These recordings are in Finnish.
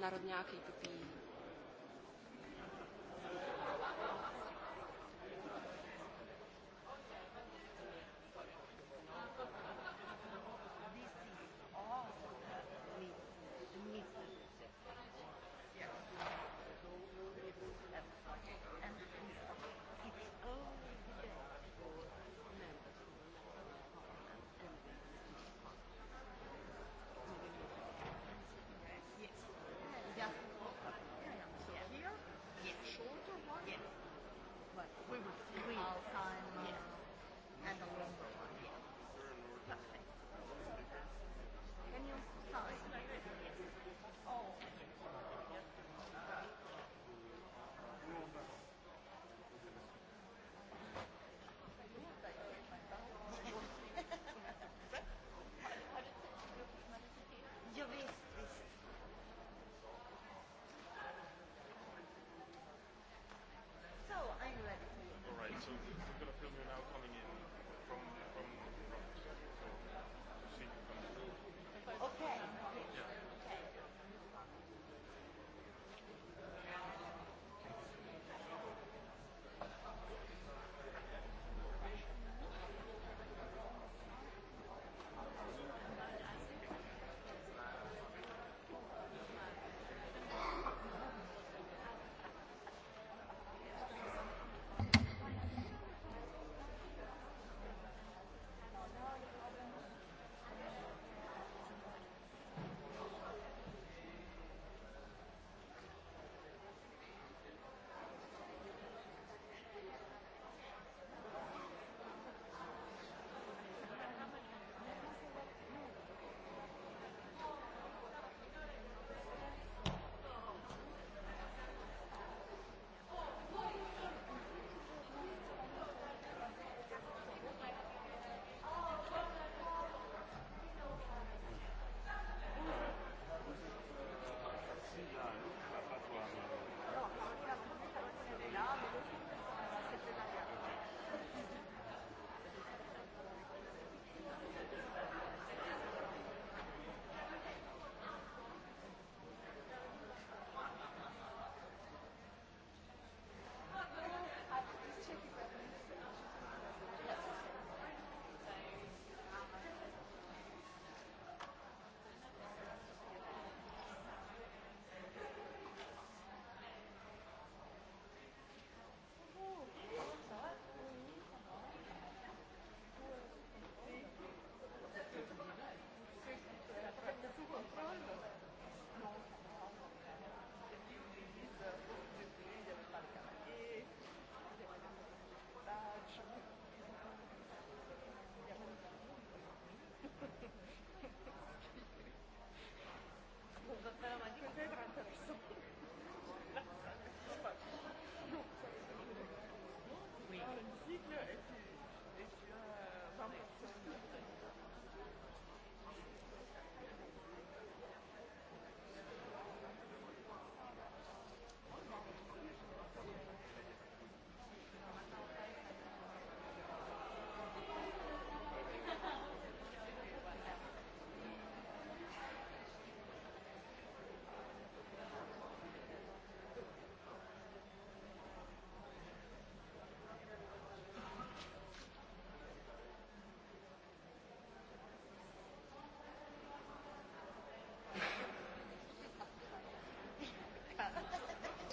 narodňáky popíjí.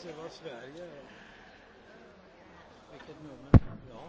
se vad Sverige är. Vilket nummer? Ja.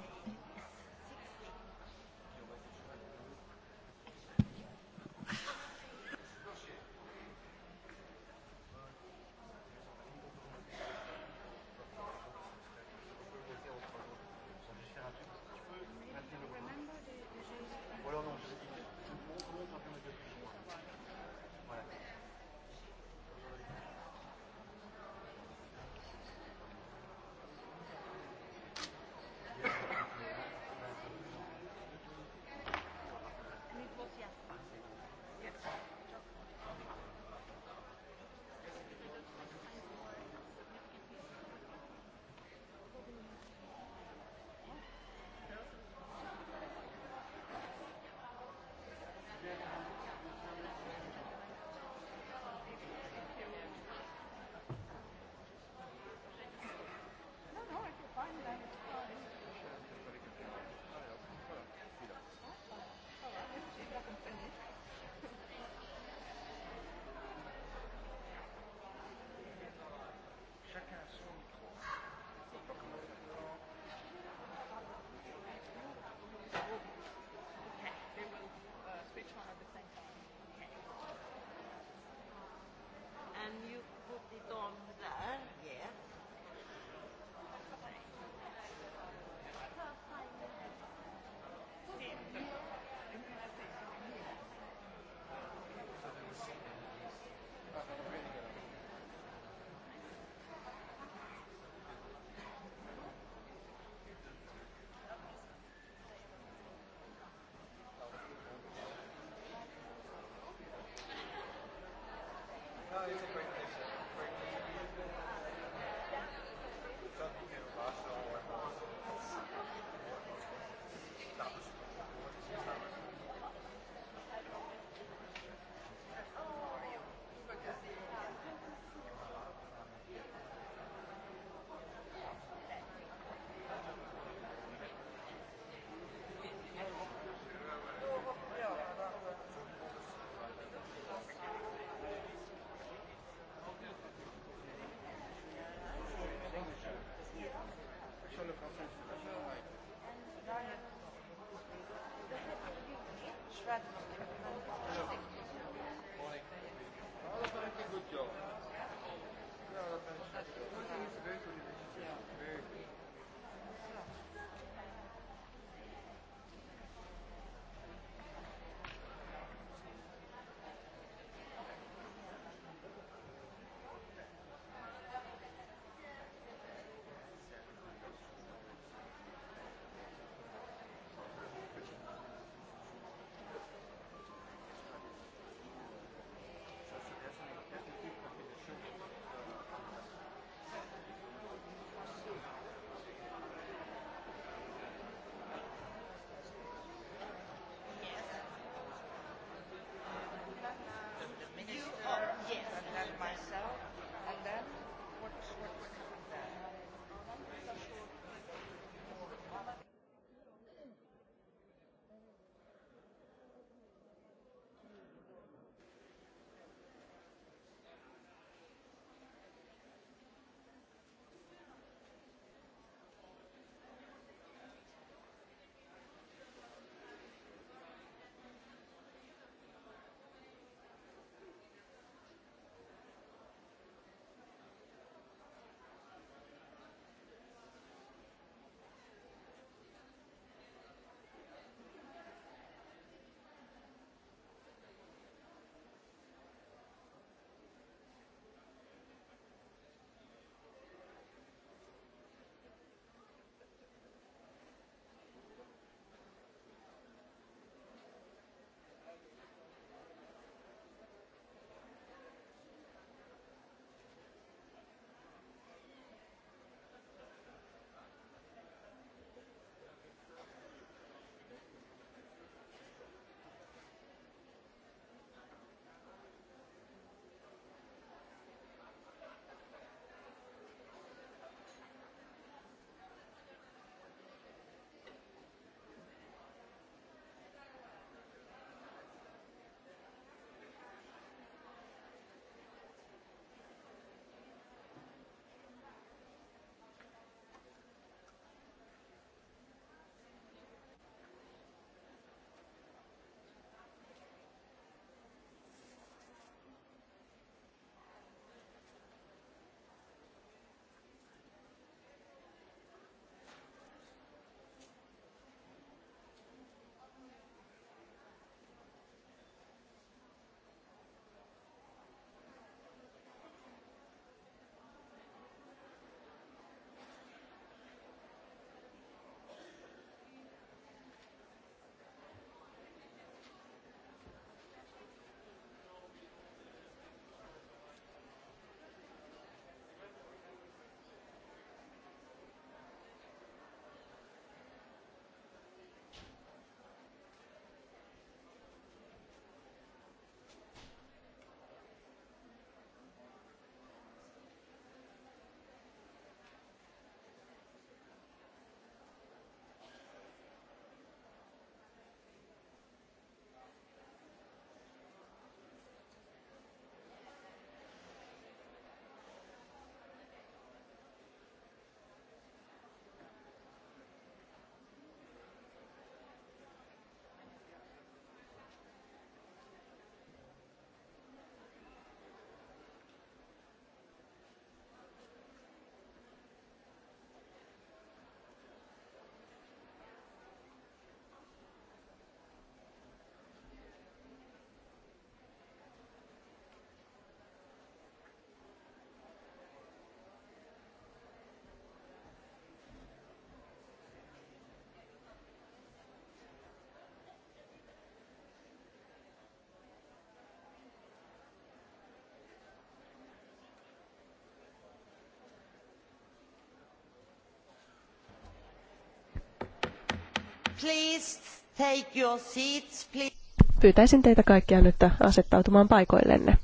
Please take your seats, please. Pyytäisin teitä kaikkia nyt asettautumaan paikoillenne.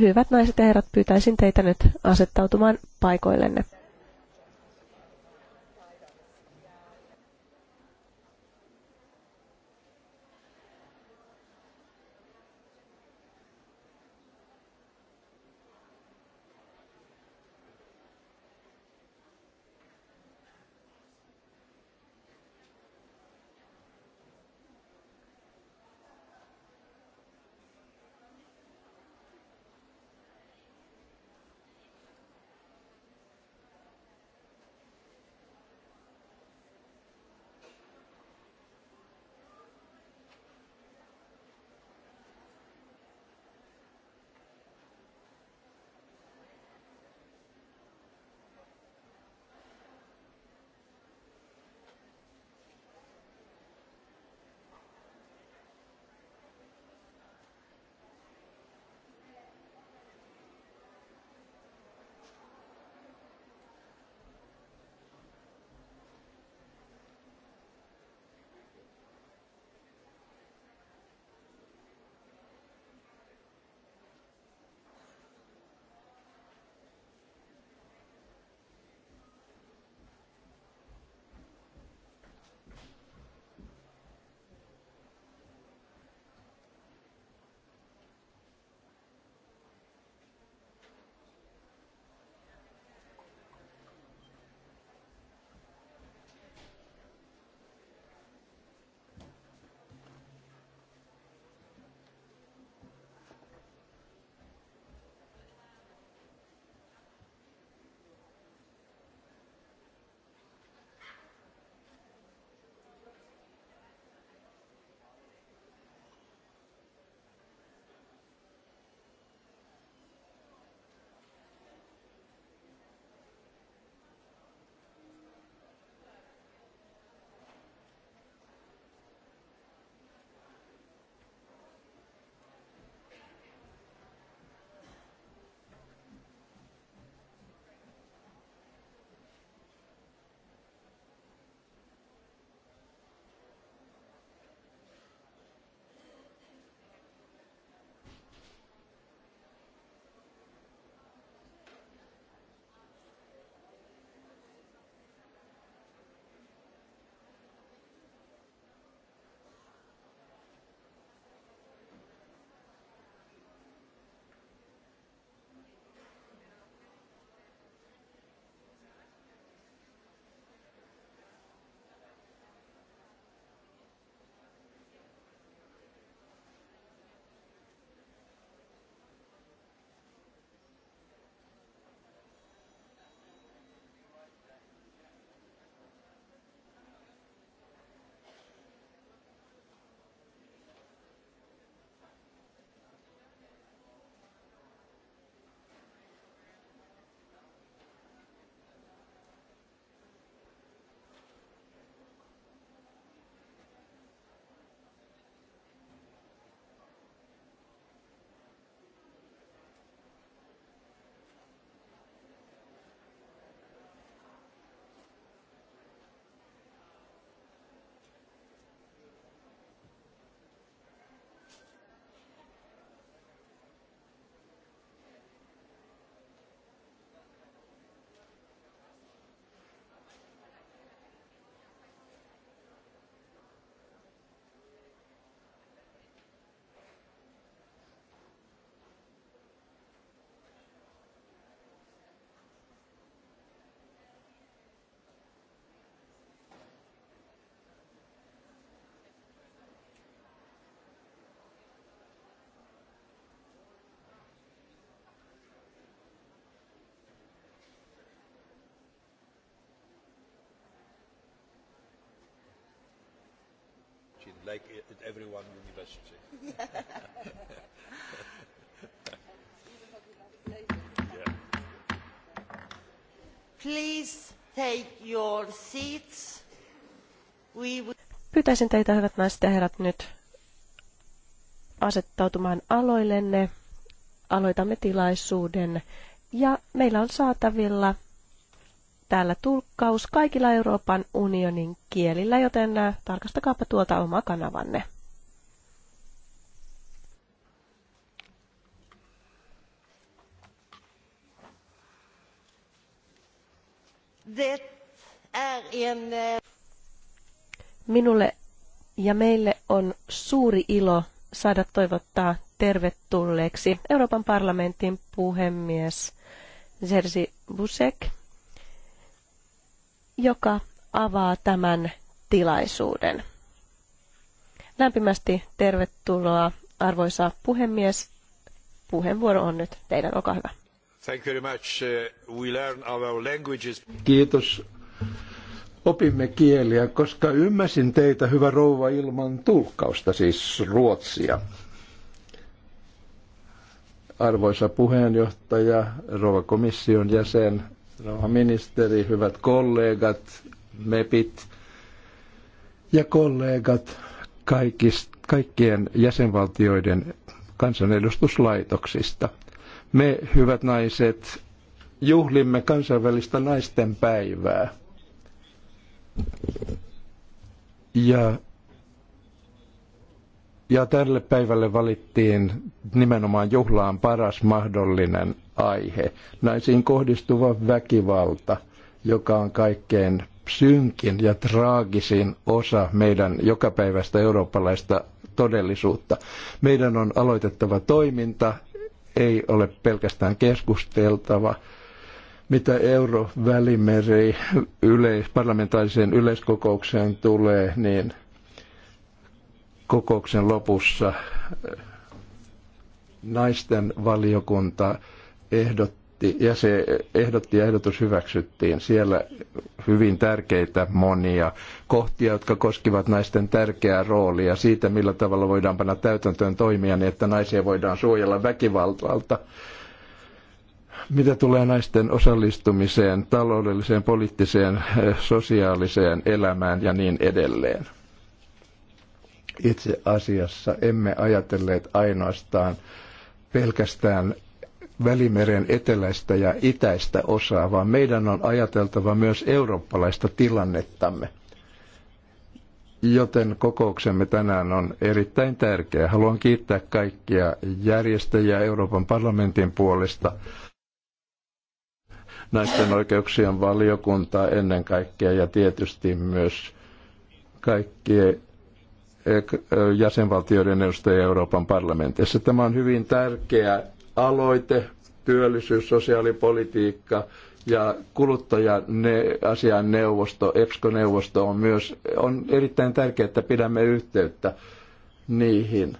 Hyvät naiset ja herrat, pyytäisin teitä nyt asettautumaan paikoillenne. like at every one university. yeah. Please take your seats. We will... Pyytäisin teitä, hyvät naiset ja herrat, nyt asettautumaan aloillenne. Aloitamme tilaisuuden ja meillä on saatavilla täällä tulkkaus kaikilla Euroopan unionin kielillä, joten äh, tarkastakaapa tuolta oma kanavanne. Er øh, Minulle ja meille on suuri ilo saada toivottaa tervetulleeksi Euroopan parlamentin puhemies Jerzy Busek joka avaa tämän tilaisuuden. Lämpimästi tervetuloa, arvoisa puhemies. Puheenvuoro on nyt teidän, olkaa hyvä. Thank you very much. Uh, we learn our languages. Kiitos. Opimme kieliä, koska ymmärsin teitä, hyvä rouva, ilman tulkkausta, siis ruotsia. Arvoisa puheenjohtaja, rouva komission jäsen, rouva ministeri, hyvät kollegat, MEPit ja kollegat kaikist, kaikkien jäsenvaltioiden kansanedustuslaitoksista. Me, hyvät naiset, juhlimme kansainvälistä naisten päivää. Ja, ja tälle päivälle valittiin nimenomaan juhlaan paras mahdollinen aihe. Naisiin kohdistuva väkivalta, joka on kaikkein synkin ja traagisin osa meidän jokapäiväistä eurooppalaista todellisuutta. Meidän on aloitettava toiminta, ei ole pelkästään keskusteltava, mitä Euro-välimeri yleis- parlamentaariseen yleiskokoukseen tulee, niin kokouksen lopussa naisten valiokunta ehdotti, ja se ehdotti ja ehdotus hyväksyttiin. Siellä hyvin tärkeitä monia kohtia, jotka koskivat naisten tärkeää roolia siitä, millä tavalla voidaan panna täytäntöön toimia niin, että naisia voidaan suojella väkivaltalta. Mitä tulee naisten osallistumiseen, taloudelliseen, poliittiseen, sosiaaliseen elämään ja niin edelleen? Itse asiassa emme ajatelleet ainoastaan pelkästään Välimeren eteläistä ja itäistä osaa, vaan meidän on ajateltava myös eurooppalaista tilannettamme. Joten kokouksemme tänään on erittäin tärkeä. Haluan kiittää kaikkia järjestäjiä Euroopan parlamentin puolesta, naisten oikeuksien valiokuntaa ennen kaikkea ja tietysti myös kaikkien e- jäsenvaltioiden edustajia Euroopan parlamentissa. Tämä on hyvin tärkeä aloite, työllisyys, sosiaalipolitiikka ja kuluttajan neuvosto, EPSCO-neuvosto on myös, on erittäin tärkeää, että pidämme yhteyttä niihin.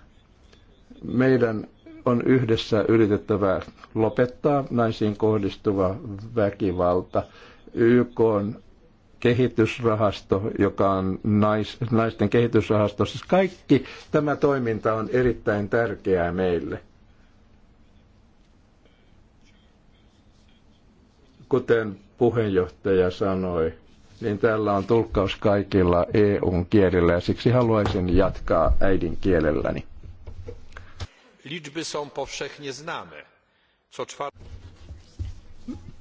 Meidän on yhdessä yritettävä lopettaa naisiin kohdistuva väkivalta. YK on kehitysrahasto, joka on nais, naisten kehitysrahasto. Siis kaikki tämä toiminta on erittäin tärkeää meille. Kuten puheenjohtaja sanoi, niin täällä on tulkkaus kaikilla EUn kielillä ja siksi haluaisin jatkaa äidinkielelläni. Liczby są powszechnie znane.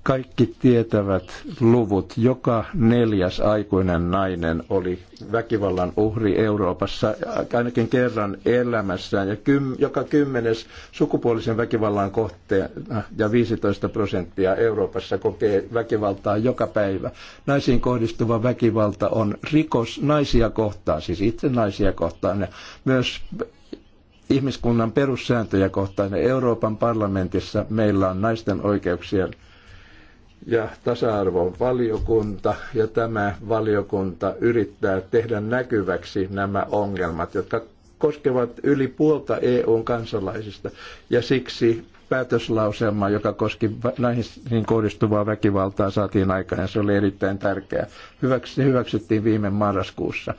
Kaikki tietävät luvut. Joka neljäs aikuinen nainen oli väkivallan uhri Euroopassa ainakin kerran elämässään. Ja kym, joka kymmenes sukupuolisen väkivallan kohteena ja 15 prosenttia Euroopassa kokee väkivaltaa joka päivä. Naisiin kohdistuva väkivalta on rikos naisia kohtaan, siis itse naisia kohtaan ja myös ihmiskunnan perussääntöjä kohtaan. Euroopan parlamentissa meillä on naisten oikeuksien ja tasa-arvon valiokunta ja tämä valiokunta yrittää tehdä näkyväksi nämä ongelmat, jotka koskevat yli puolta EUn kansalaisista ja siksi päätöslauselma, joka koski näihin kohdistuvaa väkivaltaa, saatiin aikaan ja se oli erittäin tärkeää. Hyväks, se hyväksyttiin viime marraskuussa.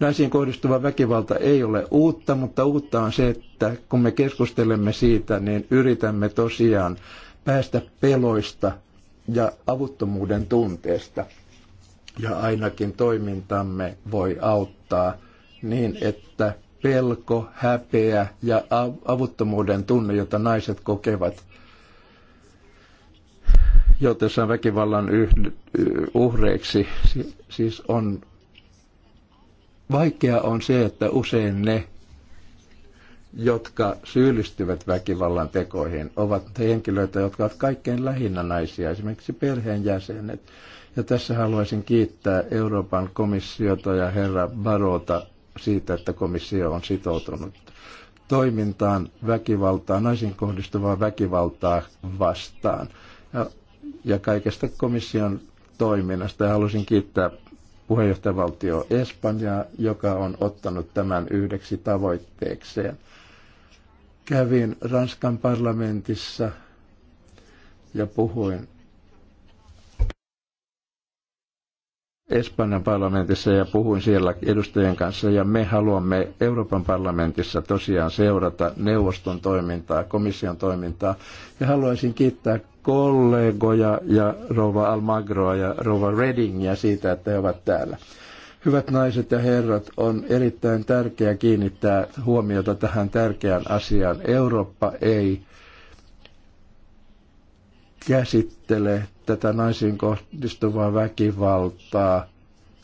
Naisiin kohdistuva väkivalta ei ole uutta, mutta uutta on se, että kun me keskustelemme siitä, niin yritämme tosiaan päästä peloista ja avuttomuuden tunteesta. Ja ainakin toimintamme voi auttaa niin, että pelko, häpeä ja avuttomuuden tunne, jota naiset kokevat, joutessaan väkivallan uhreiksi, siis on vaikea on se, että usein ne jotka syyllistyvät väkivallan tekoihin, ovat henkilöitä, jotka ovat kaikkein lähinnä naisia, esimerkiksi perheenjäsenet. Ja tässä haluaisin kiittää Euroopan komissiota ja herra Barota siitä, että komissio on sitoutunut toimintaan väkivaltaa, naisiin kohdistuvaa väkivaltaa vastaan. Ja, ja kaikesta komission toiminnasta. Ja halusin kiittää puheenjohtajavaltio Espanjaa, joka on ottanut tämän yhdeksi tavoitteekseen kävin Ranskan parlamentissa ja puhuin Espanjan parlamentissa ja puhuin siellä edustajien kanssa ja me haluamme Euroopan parlamentissa tosiaan seurata neuvoston toimintaa, komission toimintaa ja haluaisin kiittää kollegoja ja Rova Almagroa ja Rova Reddingia siitä, että he ovat täällä. Hyvät naiset ja herrat, on erittäin tärkeää kiinnittää huomiota tähän tärkeään asiaan. Eurooppa ei käsittele tätä naisiin kohdistuvaa väkivaltaa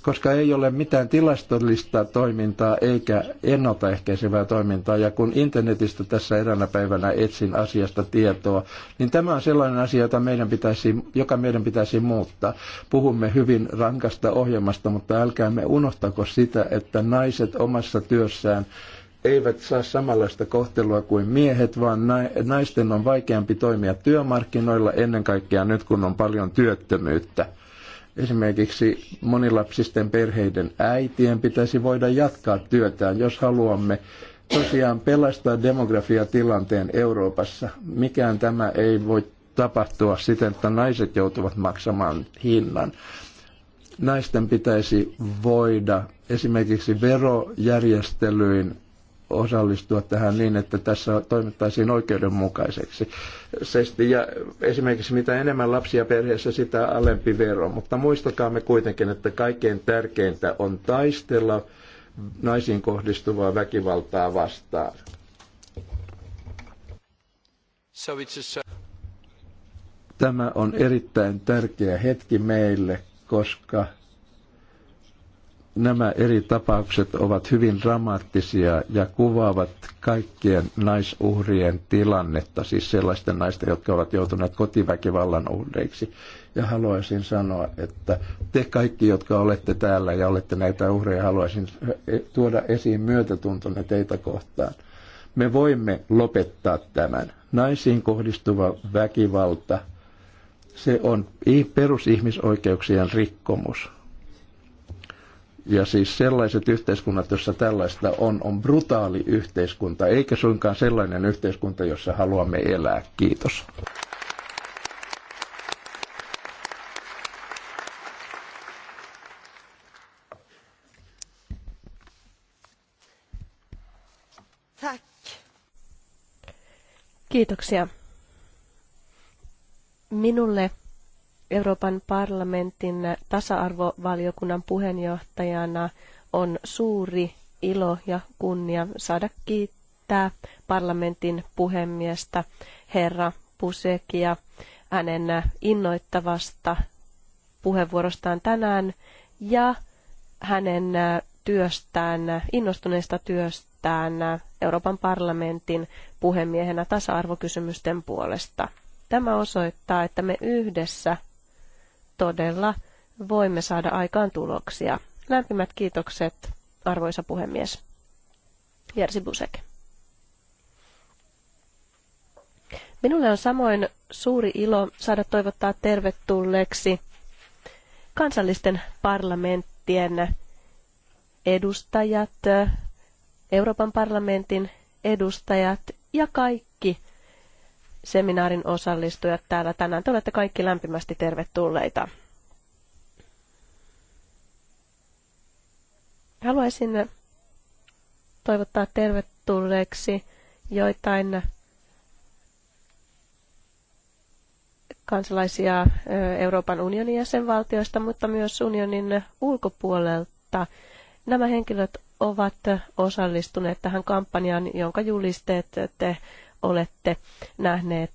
koska ei ole mitään tilastollista toimintaa eikä ennaltaehkäisevää toimintaa. Ja kun internetistä tässä eräänä päivänä etsin asiasta tietoa, niin tämä on sellainen asia, jota meidän pitäisi, joka meidän pitäisi muuttaa. Puhumme hyvin rankasta ohjelmasta, mutta älkäämme unohtako sitä, että naiset omassa työssään eivät saa samanlaista kohtelua kuin miehet, vaan naisten on vaikeampi toimia työmarkkinoilla ennen kaikkea nyt, kun on paljon työttömyyttä Esimerkiksi monilapsisten perheiden äitien pitäisi voida jatkaa työtään, jos haluamme tosiaan pelastaa demografiatilanteen Euroopassa. Mikään tämä ei voi tapahtua siten, että naiset joutuvat maksamaan hinnan. Naisten pitäisi voida esimerkiksi verojärjestelyin osallistua tähän niin, että tässä toimittaisiin oikeudenmukaiseksi. Sesti ja esimerkiksi mitä enemmän lapsia perheessä, sitä alempi vero. Mutta muistakaa me kuitenkin, että kaikkein tärkeintä on taistella naisiin kohdistuvaa väkivaltaa vastaan. Tämä on erittäin tärkeä hetki meille, koska Nämä eri tapaukset ovat hyvin dramaattisia ja kuvaavat kaikkien naisuhrien tilannetta, siis sellaisten naisten, jotka ovat joutuneet kotiväkivallan uhreiksi. Ja haluaisin sanoa, että te kaikki, jotka olette täällä ja olette näitä uhreja, haluaisin eh, tuoda esiin myötätuntonne teitä kohtaan. Me voimme lopettaa tämän. Naisiin kohdistuva väkivalta, se on perusihmisoikeuksien rikkomus ja siis sellaiset yhteiskunnat, joissa tällaista on, on brutaali yhteiskunta, eikä suinkaan sellainen yhteiskunta, jossa haluamme elää. Kiitos. Kiitoksia. Minulle Euroopan parlamentin tasa-arvovaliokunnan puheenjohtajana on suuri ilo ja kunnia saada kiittää parlamentin puhemiestä herra Pusekia hänen innoittavasta puheenvuorostaan tänään ja hänen työstään, innostuneesta työstään Euroopan parlamentin puhemiehenä tasa-arvokysymysten puolesta. Tämä osoittaa, että me yhdessä todella voimme saada aikaan tuloksia. Lämpimät kiitokset, arvoisa puhemies. Jersi Busek. Minulle on samoin suuri ilo saada toivottaa tervetulleeksi kansallisten parlamenttien edustajat, Euroopan parlamentin edustajat ja kaikki seminaarin osallistujat täällä tänään. Te olette kaikki lämpimästi tervetulleita. Haluaisin toivottaa tervetulleeksi joitain kansalaisia Euroopan unionin jäsenvaltioista, mutta myös unionin ulkopuolelta. Nämä henkilöt ovat osallistuneet tähän kampanjaan, jonka julisteet te olette nähneet,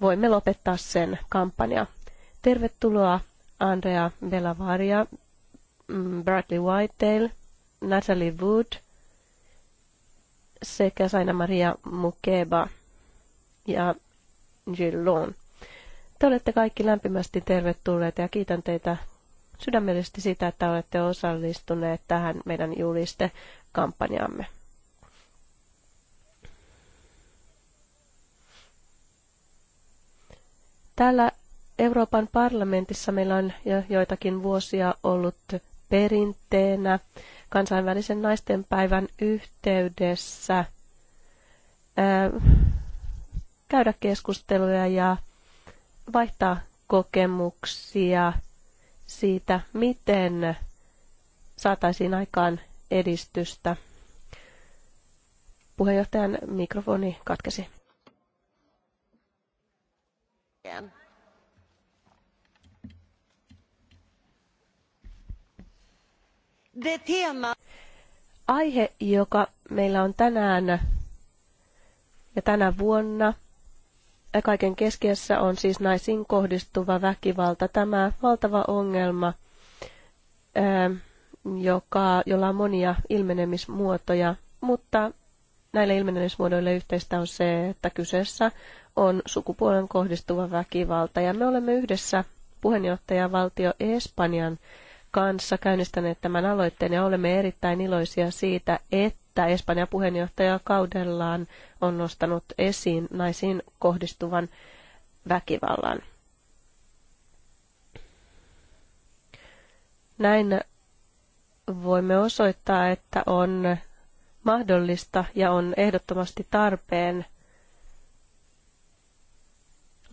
voimme lopettaa sen kampanja. Tervetuloa Andrea Belavaria, mm, Bradley Whitetail, Natalie Wood sekä Saina Maria Mukeba ja Jill Loon. Te olette kaikki lämpimästi tervetulleet ja kiitän teitä sydämellisesti sitä, että olette osallistuneet tähän meidän juliste kampanjaamme. Täällä Euroopan parlamentissa meillä on jo joitakin vuosia ollut perinteenä kansainvälisen naistenpäivän yhteydessä käydä keskusteluja ja vaihtaa kokemuksia siitä, miten saataisiin aikaan edistystä. Puheenjohtajan mikrofoni katkesi again. Aihe, joka meillä on tänään ja tänä vuonna kaiken keskiössä on siis naisiin kohdistuva väkivalta. Tämä valtava ongelma, ähm, joka, jolla on monia ilmenemismuotoja, mutta näille ilmenemismuodoille yhteistä on se, että kyseessä on sukupuolen kohdistuva väkivalta. Ja me olemme yhdessä puheenjohtajavaltio Espanjan kanssa käynnistäneet tämän aloitteen ja olemme erittäin iloisia siitä, että Espanjan puheenjohtaja kaudellaan on nostanut esiin naisiin kohdistuvan väkivallan. Näin voimme osoittaa, että on mahdollista ja on ehdottomasti tarpeen –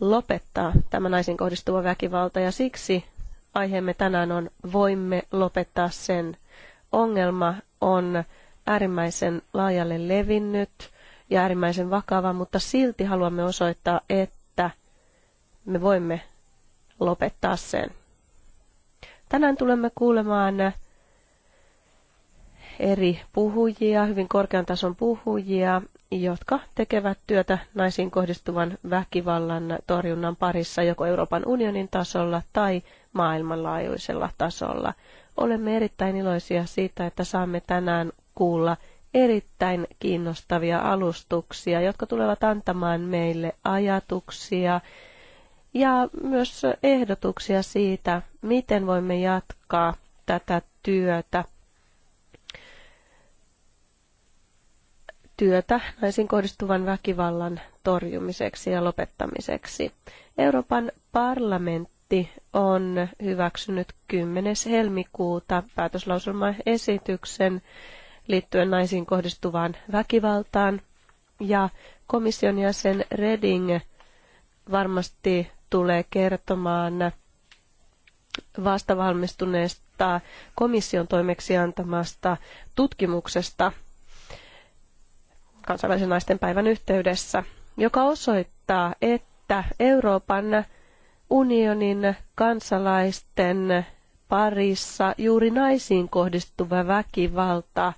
lopettaa tämä naisiin kohdistuva väkivalta ja siksi aiheemme tänään on Voimme lopettaa sen. Ongelma on äärimmäisen laajalle levinnyt ja äärimmäisen vakava, mutta silti haluamme osoittaa, että me voimme lopettaa sen. Tänään tulemme kuulemaan eri puhujia, hyvin korkean tason puhujia, jotka tekevät työtä naisiin kohdistuvan väkivallan torjunnan parissa joko Euroopan unionin tasolla tai maailmanlaajuisella tasolla. Olemme erittäin iloisia siitä, että saamme tänään kuulla erittäin kiinnostavia alustuksia, jotka tulevat antamaan meille ajatuksia ja myös ehdotuksia siitä, miten voimme jatkaa tätä työtä työtä naisiin kohdistuvan väkivallan torjumiseksi ja lopettamiseksi. Euroopan parlamentti on hyväksynyt 10. helmikuuta päätöslauselmaesityksen liittyen naisiin kohdistuvaan väkivaltaan. Ja komission jäsen Reding varmasti tulee kertomaan vastavalmistuneesta komission toimeksi antamasta tutkimuksesta kansainvälisen naisten päivän yhteydessä, joka osoittaa, että Euroopan unionin kansalaisten parissa juuri naisiin kohdistuva väkivalta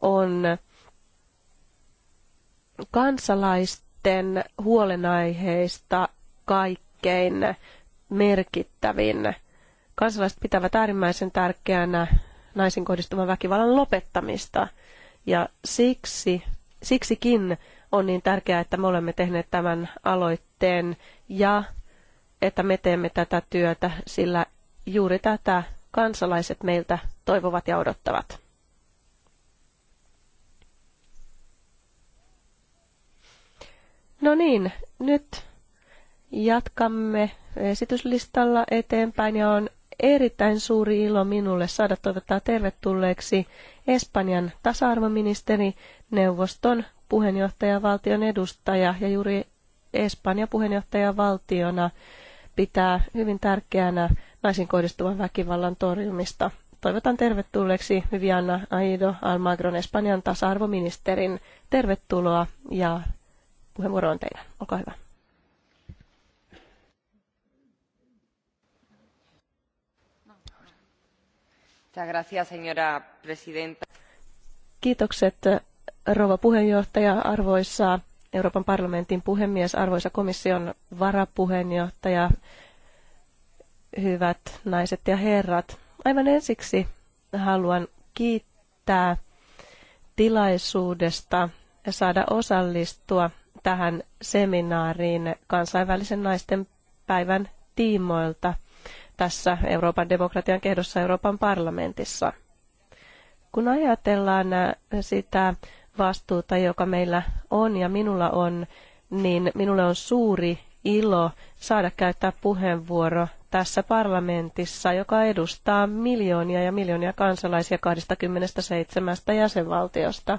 on kansalaisten huolenaiheista kaikkein merkittävin. Kansalaiset pitävät äärimmäisen tärkeänä naisiin kohdistuvan väkivallan lopettamista ja siksi Siksikin on niin tärkeää, että me olemme tehneet tämän aloitteen ja että me teemme tätä työtä, sillä juuri tätä kansalaiset meiltä toivovat ja odottavat. No niin, nyt jatkamme esityslistalla eteenpäin ja on erittäin suuri ilo minulle saada toivottaa tervetulleeksi Espanjan tasa-arvoministeri, neuvoston puheenjohtajavaltion edustaja ja juuri Espanja puheenjohtajavaltiona pitää hyvin tärkeänä naisiin kohdistuvan väkivallan torjumista. Toivotan tervetulleeksi Viviana Aido Almagron Espanjan tasa-arvoministerin. Tervetuloa ja puheenvuoro on teidän. Olkaa hyvä. Kiitokset rouva puheenjohtaja, arvoisa Euroopan parlamentin puhemies, arvoisa komission varapuheenjohtaja, hyvät naiset ja herrat. Aivan ensiksi haluan kiittää tilaisuudesta saada osallistua tähän seminaariin kansainvälisen naisten päivän tiimoilta tässä Euroopan demokratian kehdossa Euroopan parlamentissa. Kun ajatellaan äh, sitä vastuuta, joka meillä on ja minulla on, niin minulle on suuri ilo saada käyttää puheenvuoro tässä parlamentissa, joka edustaa miljoonia ja miljoonia kansalaisia 27 jäsenvaltiosta.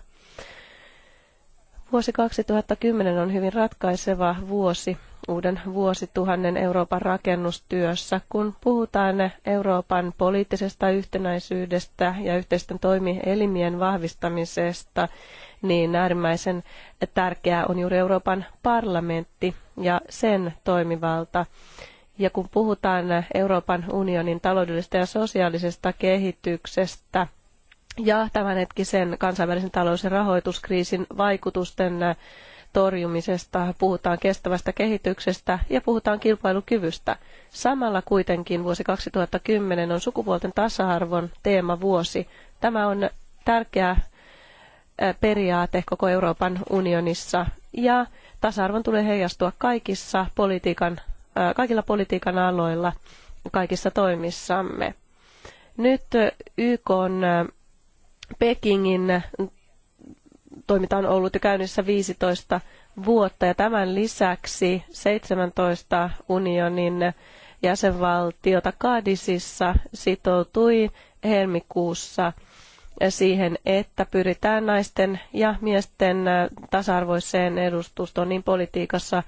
Vuosi 2010 on hyvin ratkaiseva vuosi uuden vuosituhannen Euroopan rakennustyössä, kun puhutaan Euroopan poliittisesta yhtenäisyydestä ja yhteisten toimielimien vahvistamisesta, niin äärimmäisen tärkeää on juuri Euroopan parlamentti ja sen toimivalta. Ja kun puhutaan Euroopan unionin taloudellisesta ja sosiaalisesta kehityksestä ja tämänhetkisen kansainvälisen talous- ja rahoituskriisin vaikutusten torjumisesta, puhutaan kestävästä kehityksestä ja puhutaan kilpailukyvystä. Samalla kuitenkin vuosi 2010 on sukupuolten tasa-arvon teemavuosi. Tämä on tärkeä periaate koko Euroopan unionissa ja tasa-arvon tulee heijastua kaikissa politiikan, kaikilla politiikan aloilla, kaikissa toimissamme. Nyt YK on Pekingin toiminta on ollut jo käynnissä 15 vuotta ja tämän lisäksi 17 unionin jäsenvaltiota Kadisissa sitoutui helmikuussa siihen, että pyritään naisten ja miesten tasa-arvoiseen edustustoon niin politiikassa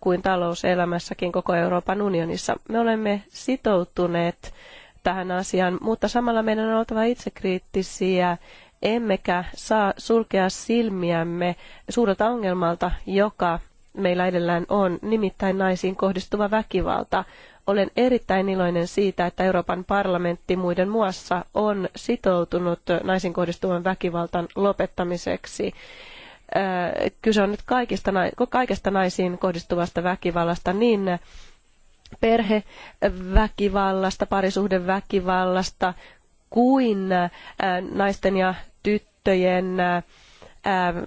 kuin talouselämässäkin koko Euroopan unionissa. Me olemme sitoutuneet tähän asiaan, mutta samalla meidän on oltava itsekriittisiä emmekä saa sulkea silmiämme suurelta ongelmalta, joka meillä edellään on, nimittäin naisiin kohdistuva väkivalta. Olen erittäin iloinen siitä, että Euroopan parlamentti muiden muassa on sitoutunut naisiin kohdistuvan väkivaltan lopettamiseksi. Äh, kyse on nyt kaikista, kaikesta naisiin kohdistuvasta väkivallasta, niin perheväkivallasta, parisuhdeväkivallasta kuin äh, naisten ja tyttöjen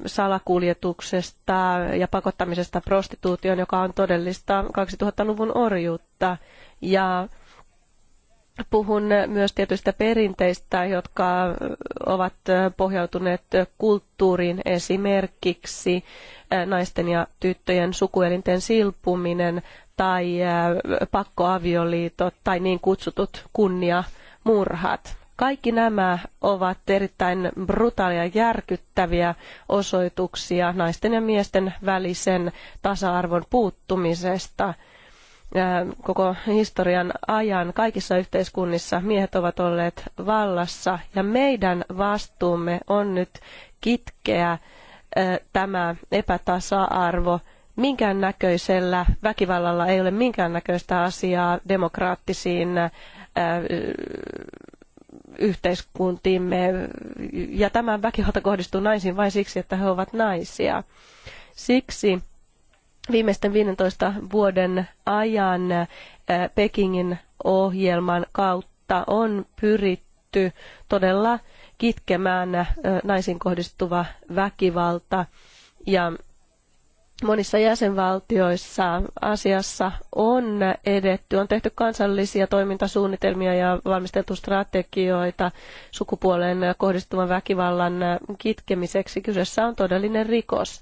salakuljetuksesta ja pakottamisesta prostituutioon, joka on todellista 2000-luvun orjuutta. Ja puhun myös tietyistä perinteistä, jotka ovat pohjautuneet kulttuuriin esimerkiksi naisten ja tyttöjen sukuelinten silpuminen tai pakkoavioliitot tai niin kutsutut kunniamurhat. Kaikki nämä ovat erittäin brutaalia ja järkyttäviä osoituksia naisten ja miesten välisen tasa-arvon puuttumisesta koko historian ajan kaikissa yhteiskunnissa miehet ovat olleet vallassa ja meidän vastuumme on nyt kitkeä tämä epätasa-arvo. Minkään näköisellä väkivallalla ei ole minkään näköistä asiaa demokraattisiin yhteiskuntiimme ja tämä väkivalta kohdistuu naisiin vain siksi, että he ovat naisia. Siksi viimeisten 15 vuoden ajan Pekingin ohjelman kautta on pyritty todella kitkemään naisiin kohdistuva väkivalta ja monissa jäsenvaltioissa asiassa on edetty. On tehty kansallisia toimintasuunnitelmia ja valmisteltu strategioita sukupuoleen kohdistuvan väkivallan kitkemiseksi. Kyseessä on todellinen rikos.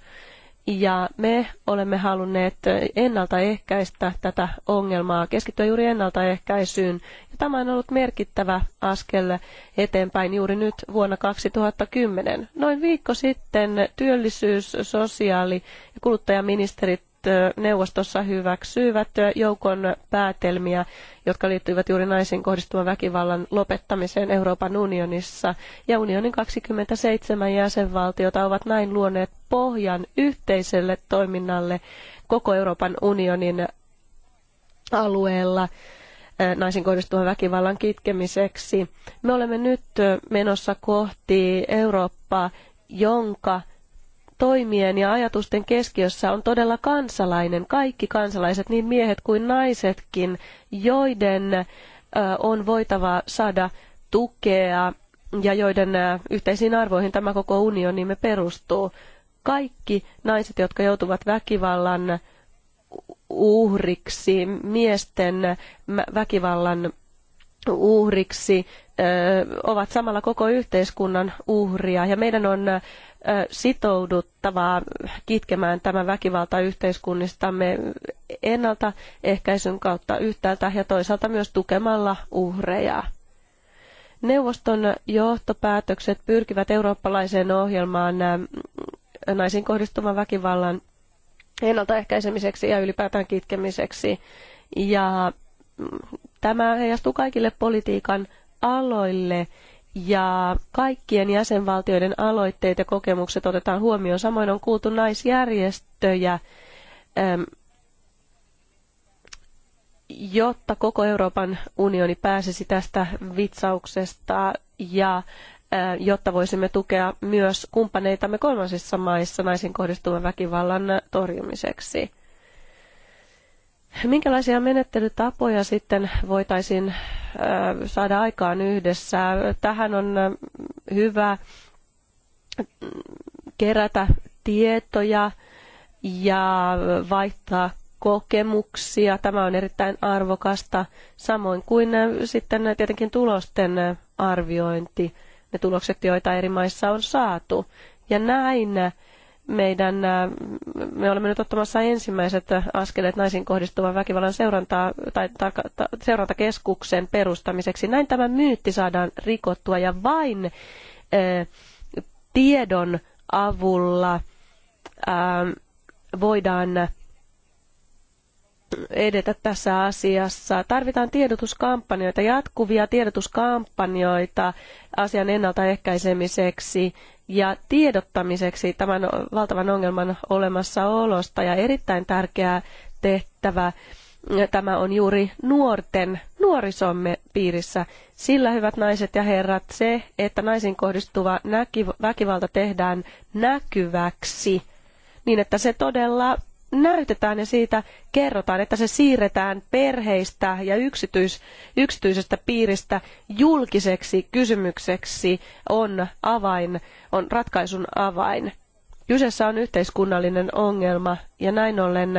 Ja me olemme halunneet ennaltaehkäistä tätä ongelmaa, keskittyä juuri ennaltaehkäisyyn. Ja tämä on ollut merkittävä askel eteenpäin juuri nyt vuonna 2010. Noin viikko sitten työllisyys-, sosiaali- ja kuluttajaministerit neuvostossa hyväksyivät joukon päätelmiä, jotka liittyivät juuri naisiin kohdistuvan väkivallan lopettamiseen Euroopan unionissa. Ja unionin 27 jäsenvaltiota ovat näin luoneet pohjan yhteiselle toiminnalle koko Euroopan unionin alueella naisiin kohdistuvan väkivallan kitkemiseksi. Me olemme nyt menossa kohti Eurooppaa, jonka toimien ja ajatusten keskiössä on todella kansalainen, kaikki kansalaiset, niin miehet kuin naisetkin, joiden on voitava saada tukea ja joiden yhteisiin arvoihin tämä koko unionimme perustuu. Kaikki naiset, jotka joutuvat väkivallan uhriksi, miesten väkivallan uhriksi, ovat samalla koko yhteiskunnan uhria. Ja meidän on sitouduttavaa kitkemään tämä väkivalta yhteiskunnistamme ennaltaehkäisyn kautta yhtäältä ja toisaalta myös tukemalla uhreja. Neuvoston johtopäätökset pyrkivät eurooppalaiseen ohjelmaan naisiin kohdistuvan väkivallan ennaltaehkäisemiseksi ja ylipäätään kitkemiseksi. Ja mm, tämä heijastuu kaikille politiikan aloille ja kaikkien jäsenvaltioiden aloitteet ja kokemukset otetaan huomioon. Samoin on kuultu naisjärjestöjä, ähm, jotta koko Euroopan unioni pääsisi tästä vitsauksesta ja äh, jotta voisimme tukea myös kumppaneitamme kolmansissa maissa naisiin kohdistuvan väkivallan torjumiseksi. Minkälaisia menettelytapoja sitten voitaisiin saada aikaan yhdessä. Tähän on hyvä mm, kerätä tietoja ja vaihtaa kokemuksia. Tämä on erittäin arvokasta, samoin kuin sitten tietenkin tulosten arviointi, ne tulokset, joita eri maissa on saatu. Ja näin meidän, me olemme nyt ottamassa ensimmäiset askeleet naisiin kohdistuvan väkivallan seurantaa, tai ta, ta, seurantakeskuksen perustamiseksi. Näin tämä myytti saadaan rikottua ja vain ä, tiedon avulla ä, voidaan edetä tässä asiassa. Tarvitaan tiedotuskampanjoita, jatkuvia tiedotuskampanjoita asian ennaltaehkäisemiseksi ja tiedottamiseksi tämän valtavan ongelman olemassaolosta ja erittäin tärkeää tehtävä tämä on juuri nuorten, nuorisomme piirissä. Sillä, hyvät naiset ja herrat, se, että naisiin kohdistuva väkivalta tehdään näkyväksi, niin että se todella näytetään ja siitä kerrotaan, että se siirretään perheistä ja yksityis, yksityisestä piiristä julkiseksi kysymykseksi on avain, on ratkaisun avain. Kyseessä on yhteiskunnallinen ongelma ja näin ollen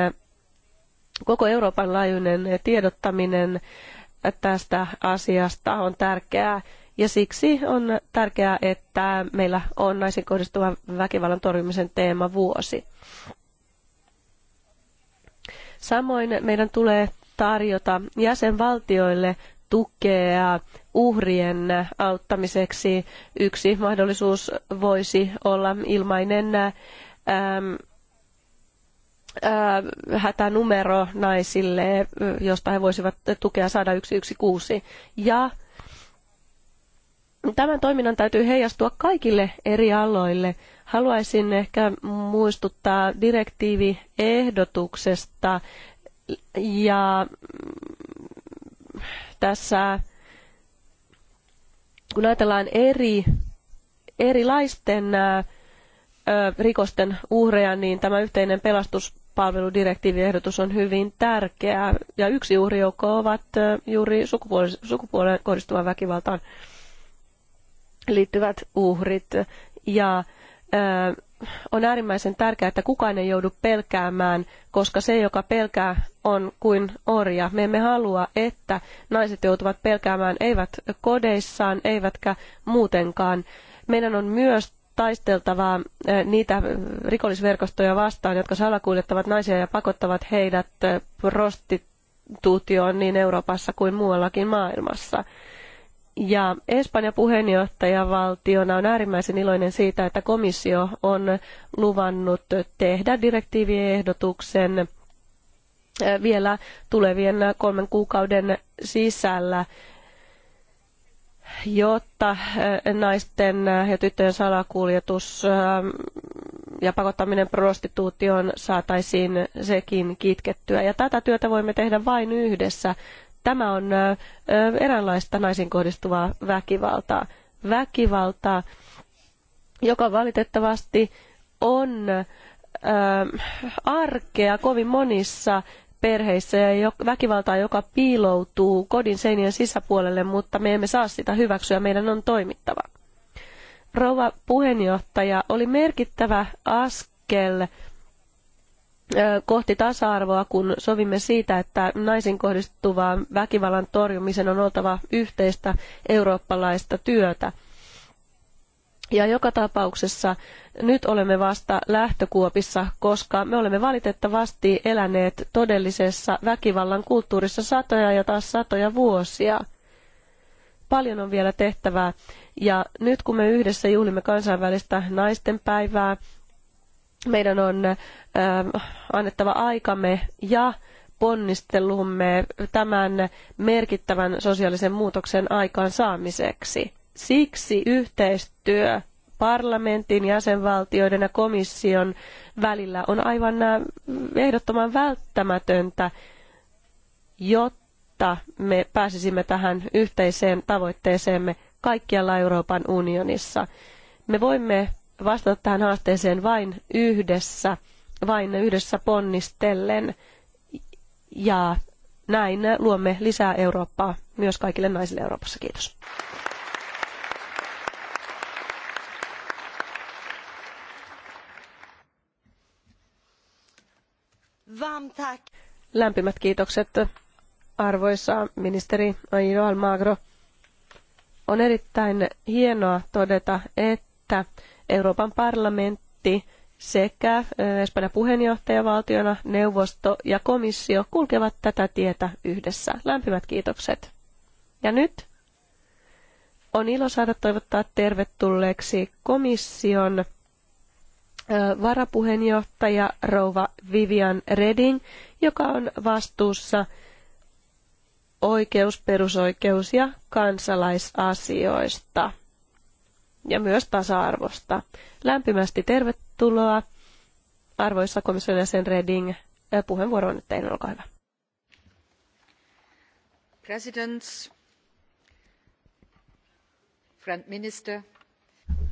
koko Euroopan laajuinen tiedottaminen tästä asiasta on tärkeää. Ja siksi on tärkeää, että meillä on naisiin kohdistuvan väkivallan torjumisen teema vuosi. Samoin meidän tulee tarjota jäsenvaltioille tukea uhrien auttamiseksi. Yksi mahdollisuus voisi olla ilmainen äm, äh, hätänumero naisille, josta he voisivat tukea saada 116. Ja tämän toiminnan täytyy heijastua kaikille eri aloille Haluaisin ehkä muistuttaa direktiiviehdotuksesta ja mm, tässä kun ajatellaan eri, erilaisten rikosten uhreja, niin tämä yhteinen pelastuspalveludirektiiviehdotus on hyvin tärkeä. Ja yksi uhrijoukko ovat juuri sukupuoleen kohdistuvan väkivaltaan liittyvät uhrit. Ja on äärimmäisen tärkeää, että kukaan ei joudu pelkäämään, koska se, joka pelkää, on kuin orja. Me emme halua, että naiset joutuvat pelkäämään eivät kodeissaan, eivätkä muutenkaan. Meidän on myös taisteltavaa niitä rikollisverkostoja vastaan, jotka salakuljettavat naisia ja pakottavat heidät prostituutioon niin Euroopassa kuin muuallakin maailmassa. Ja Espanjan puheenjohtajavaltiona on äärimmäisen iloinen siitä, että komissio on luvannut tehdä direktiiviehdotuksen eh, vielä tulevien kolmen kuukauden sisällä, jotta eh, naisten ja tyttöjen salakuljetus eh, ja pakottaminen prostituutioon saataisiin sekin kitkettyä. Ja tätä työtä voimme tehdä vain yhdessä Tämä on eräänlaista naisiin kohdistuvaa väkivaltaa. Väkivaltaa, joka valitettavasti on arkea kovin monissa perheissä ja väkivaltaa, joka piiloutuu kodin seinien sisäpuolelle, mutta me emme saa sitä hyväksyä, meidän on toimittava. Rouva puheenjohtaja, oli merkittävä askel kohti tasa-arvoa, kun sovimme siitä, että naisiin kohdistuvan väkivallan torjumisen on oltava yhteistä eurooppalaista työtä. Ja joka tapauksessa nyt olemme vasta lähtökuopissa, koska me olemme valitettavasti eläneet todellisessa väkivallan kulttuurissa satoja ja taas satoja vuosia. Paljon on vielä tehtävää ja nyt kun me yhdessä juhlimme kansainvälistä naisten päivää, meidän on ähm, annettava aikamme ja ponnistelumme tämän merkittävän sosiaalisen muutoksen aikaansaamiseksi. Siksi yhteistyö parlamentin, jäsenvaltioiden ja komission välillä on aivan äh, ehdottoman välttämätöntä, jotta me pääsisimme tähän yhteiseen tavoitteeseemme kaikkialla Euroopan unionissa. Me voimme vastata tähän haasteeseen vain yhdessä, vain yhdessä ponnistellen ja näin luomme lisää Eurooppaa myös kaikille naisille Euroopassa. Kiitos. Lämpimät kiitokset arvoisa ministeri Aino Almagro. On erittäin hienoa todeta, että Euroopan parlamentti sekä Espanjan puheenjohtajavaltiona neuvosto ja komissio kulkevat tätä tietä yhdessä. Lämpimät kiitokset. Ja nyt on ilo saada toivottaa tervetulleeksi komission varapuheenjohtaja rouva Vivian Reding, joka on vastuussa oikeus, perusoikeus ja kansalaisasioista ja myös tasa-arvosta. Lämpimästi tervetuloa arvoissa komission jäsen Reding. Puheenvuoro on nyt teille, olkaa hyvä. Presidents, Minister.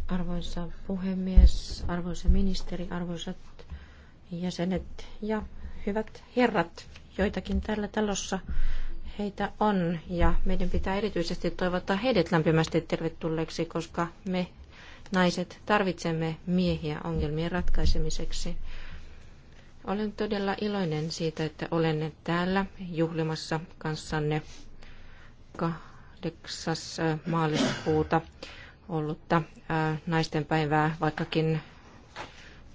Arvoisa puhemies, arvoisa ministeri, arvoisat jäsenet ja hyvät herrat, joitakin täällä talossa heitä on ja meidän pitää erityisesti toivottaa heidät lämpimästi tervetulleeksi, koska me naiset tarvitsemme miehiä ongelmien ratkaisemiseksi. Olen todella iloinen siitä, että olen täällä juhlimassa kanssanne 8. Äh, maaliskuuta ollutta äh, naisten päivää, vaikkakin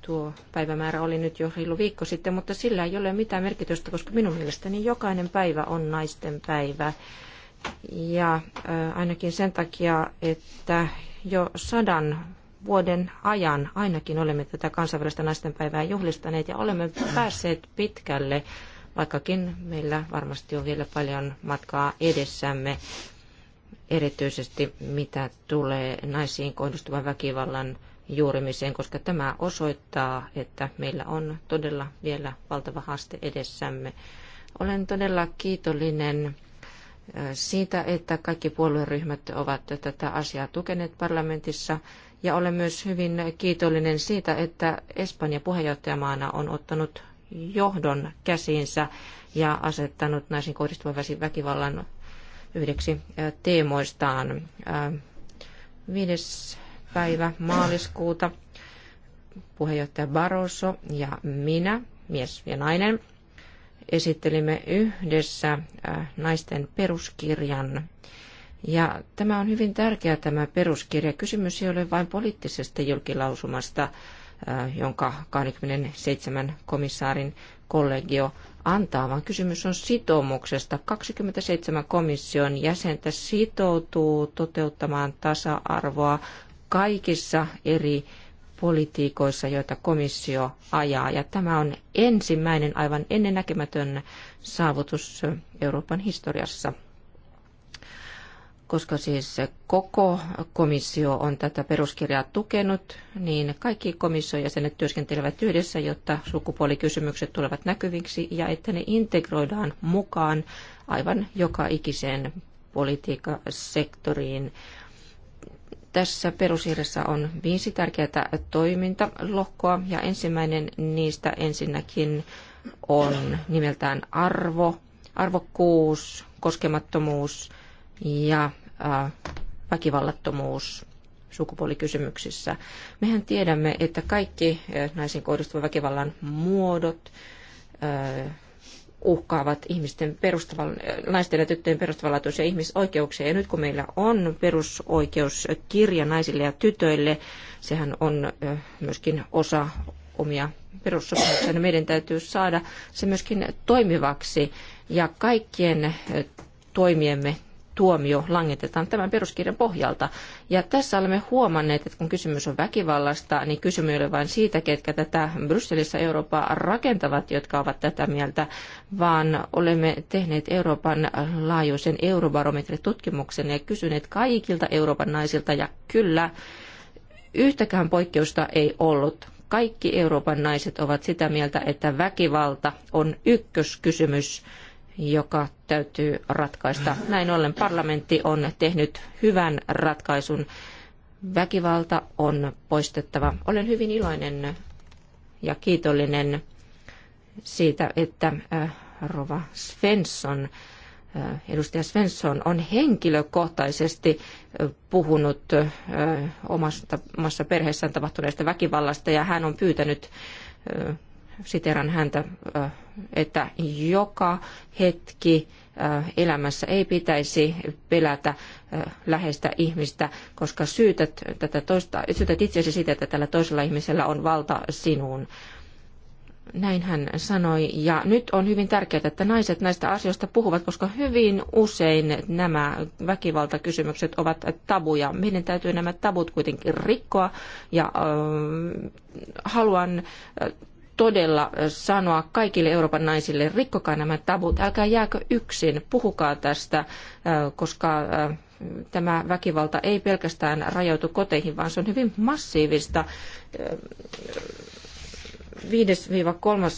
Tuo päivämäärä oli nyt jo reilu viikko sitten, mutta sillä ei ole mitään merkitystä, koska minun mielestäni jokainen päivä on naisten päivä. Ja ainakin sen takia, että jo sadan vuoden ajan ainakin olemme tätä kansainvälistä naistenpäivää juhlistaneet ja olemme päässeet pitkälle, vaikkakin meillä varmasti on vielä paljon matkaa edessämme, erityisesti mitä tulee naisiin kohdistuvan väkivallan juurimiseen, koska tämä osoittaa, että meillä on todella vielä valtava haaste edessämme. Olen todella kiitollinen siitä, että kaikki puolueryhmät ovat tätä asiaa tukeneet parlamentissa. Ja olen myös hyvin kiitollinen siitä, että Espanja puheenjohtajamaana on ottanut johdon käsiinsä ja asettanut naisiin kohdistuvan väkivallan yhdeksi teemoistaan. 5 päivä maaliskuuta puheenjohtaja Barroso ja minä, mies ja nainen, esittelimme yhdessä äh, naisten peruskirjan. Ja tämä on hyvin tärkeä tämä peruskirja. Kysymys ei ole vain poliittisesta julkilausumasta, äh, jonka 27 komissaarin kollegio antaa, vaan kysymys on sitoumuksesta. 27 komission jäsentä sitoutuu toteuttamaan tasa-arvoa kaikissa eri politiikoissa, joita komissio ajaa. Ja tämä on ensimmäinen aivan ennennäkemätön saavutus Euroopan historiassa koska siis koko komissio on tätä peruskirjaa tukenut, niin kaikki komission jäsenet työskentelevät yhdessä, jotta sukupuolikysymykset tulevat näkyviksi ja että ne integroidaan mukaan aivan joka ikiseen politiikkasektoriin tässä perusiirressä on viisi tärkeää toimintalohkoa ja ensimmäinen niistä ensinnäkin on nimeltään arvo, arvokkuus, koskemattomuus ja väkivallattomuus sukupuolikysymyksissä. Mehän tiedämme, että kaikki naisiin kohdistuvan väkivallan muodot uhkaavat ihmisten naisten ja tyttöjen perustavanlaatuisia ihmisoikeuksia. Ja nyt kun meillä on perusoikeuskirja naisille ja tytöille, sehän on myöskin osa omia perussopimuksia, niin meidän täytyy saada se myöskin toimivaksi. Ja kaikkien toimiemme tuomio langetetaan tämän peruskirjan pohjalta. Ja tässä olemme huomanneet, että kun kysymys on väkivallasta, niin kysymys ei ole vain siitä, ketkä tätä Brysselissä Eurooppaa rakentavat, jotka ovat tätä mieltä, vaan olemme tehneet Euroopan laajuisen eurobarometritutkimuksen ja kysyneet kaikilta Euroopan naisilta, ja kyllä, yhtäkään poikkeusta ei ollut kaikki Euroopan naiset ovat sitä mieltä, että väkivalta on ykköskysymys joka täytyy ratkaista. Näin ollen parlamentti on tehnyt hyvän ratkaisun. Väkivalta on poistettava. Olen hyvin iloinen ja kiitollinen siitä, että äh, Rova Svensson, äh, edustaja Svensson on henkilökohtaisesti äh, puhunut omassa perheessään tapahtuneesta väkivallasta ja hän on pyytänyt siteran häntä, että joka hetki elämässä ei pitäisi pelätä läheistä ihmistä, koska syytät, tätä toista, syytät itseäsi siitä, että tällä toisella ihmisellä on valta sinuun. Näin hän sanoi. Ja nyt on hyvin tärkeää, että naiset näistä asioista puhuvat, koska hyvin usein nämä väkivaltakysymykset ovat tabuja. Meidän täytyy nämä tabut kuitenkin rikkoa. Ja äh, haluan todella sanoa kaikille Euroopan naisille, rikkokaa nämä tabut, älkää jääkö yksin, puhukaa tästä, koska tämä väkivalta ei pelkästään rajoitu koteihin, vaan se on hyvin massiivista 5-3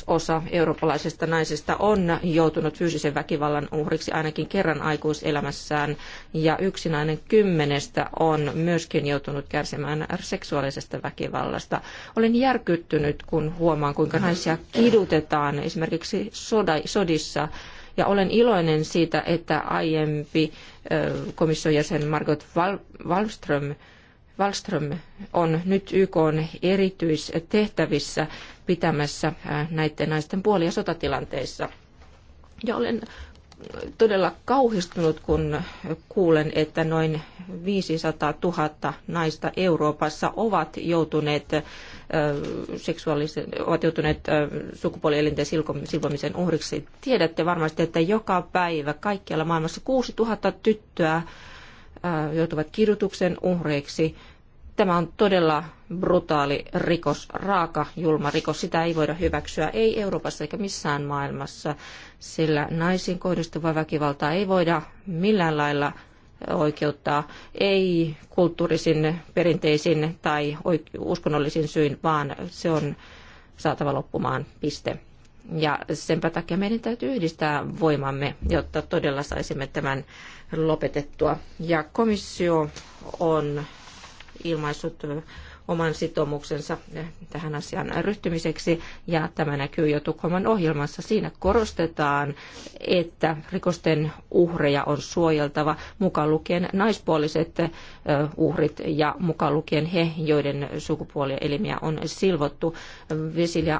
osa eurooppalaisista naisista on joutunut fyysisen väkivallan uhriksi ainakin kerran aikuiselämässään ja yksi nainen kymmenestä on myöskin joutunut kärsimään seksuaalisesta väkivallasta. Olen järkyttynyt, kun huomaan, kuinka naisia kidutetaan esimerkiksi sodissa ja olen iloinen siitä, että aiempi komission jäsen Margot Wallström Wallström on nyt YK erityistehtävissä pitämässä näiden naisten puolia sotatilanteissa. Ja olen todella kauhistunut, kun kuulen, että noin 500 000 naista Euroopassa ovat joutuneet, ovat joutuneet sukupuolielinten silpomisen uhriksi. Tiedätte varmasti, että joka päivä kaikkialla maailmassa 6 000 tyttöä joutuvat kidutuksen uhreiksi Tämä on todella brutaali rikos, raaka, julma rikos. Sitä ei voida hyväksyä, ei Euroopassa eikä missään maailmassa, sillä naisiin kohdistuvaa väkivaltaa ei voida millään lailla oikeuttaa, ei kulttuurisin, perinteisin tai uskonnollisin syyn, vaan se on saatava loppumaan piste. Ja senpä takia meidän täytyy yhdistää voimamme, jotta todella saisimme tämän lopetettua. Ja komissio on ilmaissut oman sitoumuksensa eh, tähän asiaan ryhtymiseksi, ja tämä näkyy jo Tukholman ohjelmassa. Siinä korostetaan, että rikosten uhreja on suojeltava, mukaan lukien naispuoliset eh, uhrit ja mukaan lukien he, joiden sukupuolielimiä on silvottu. Cecilia,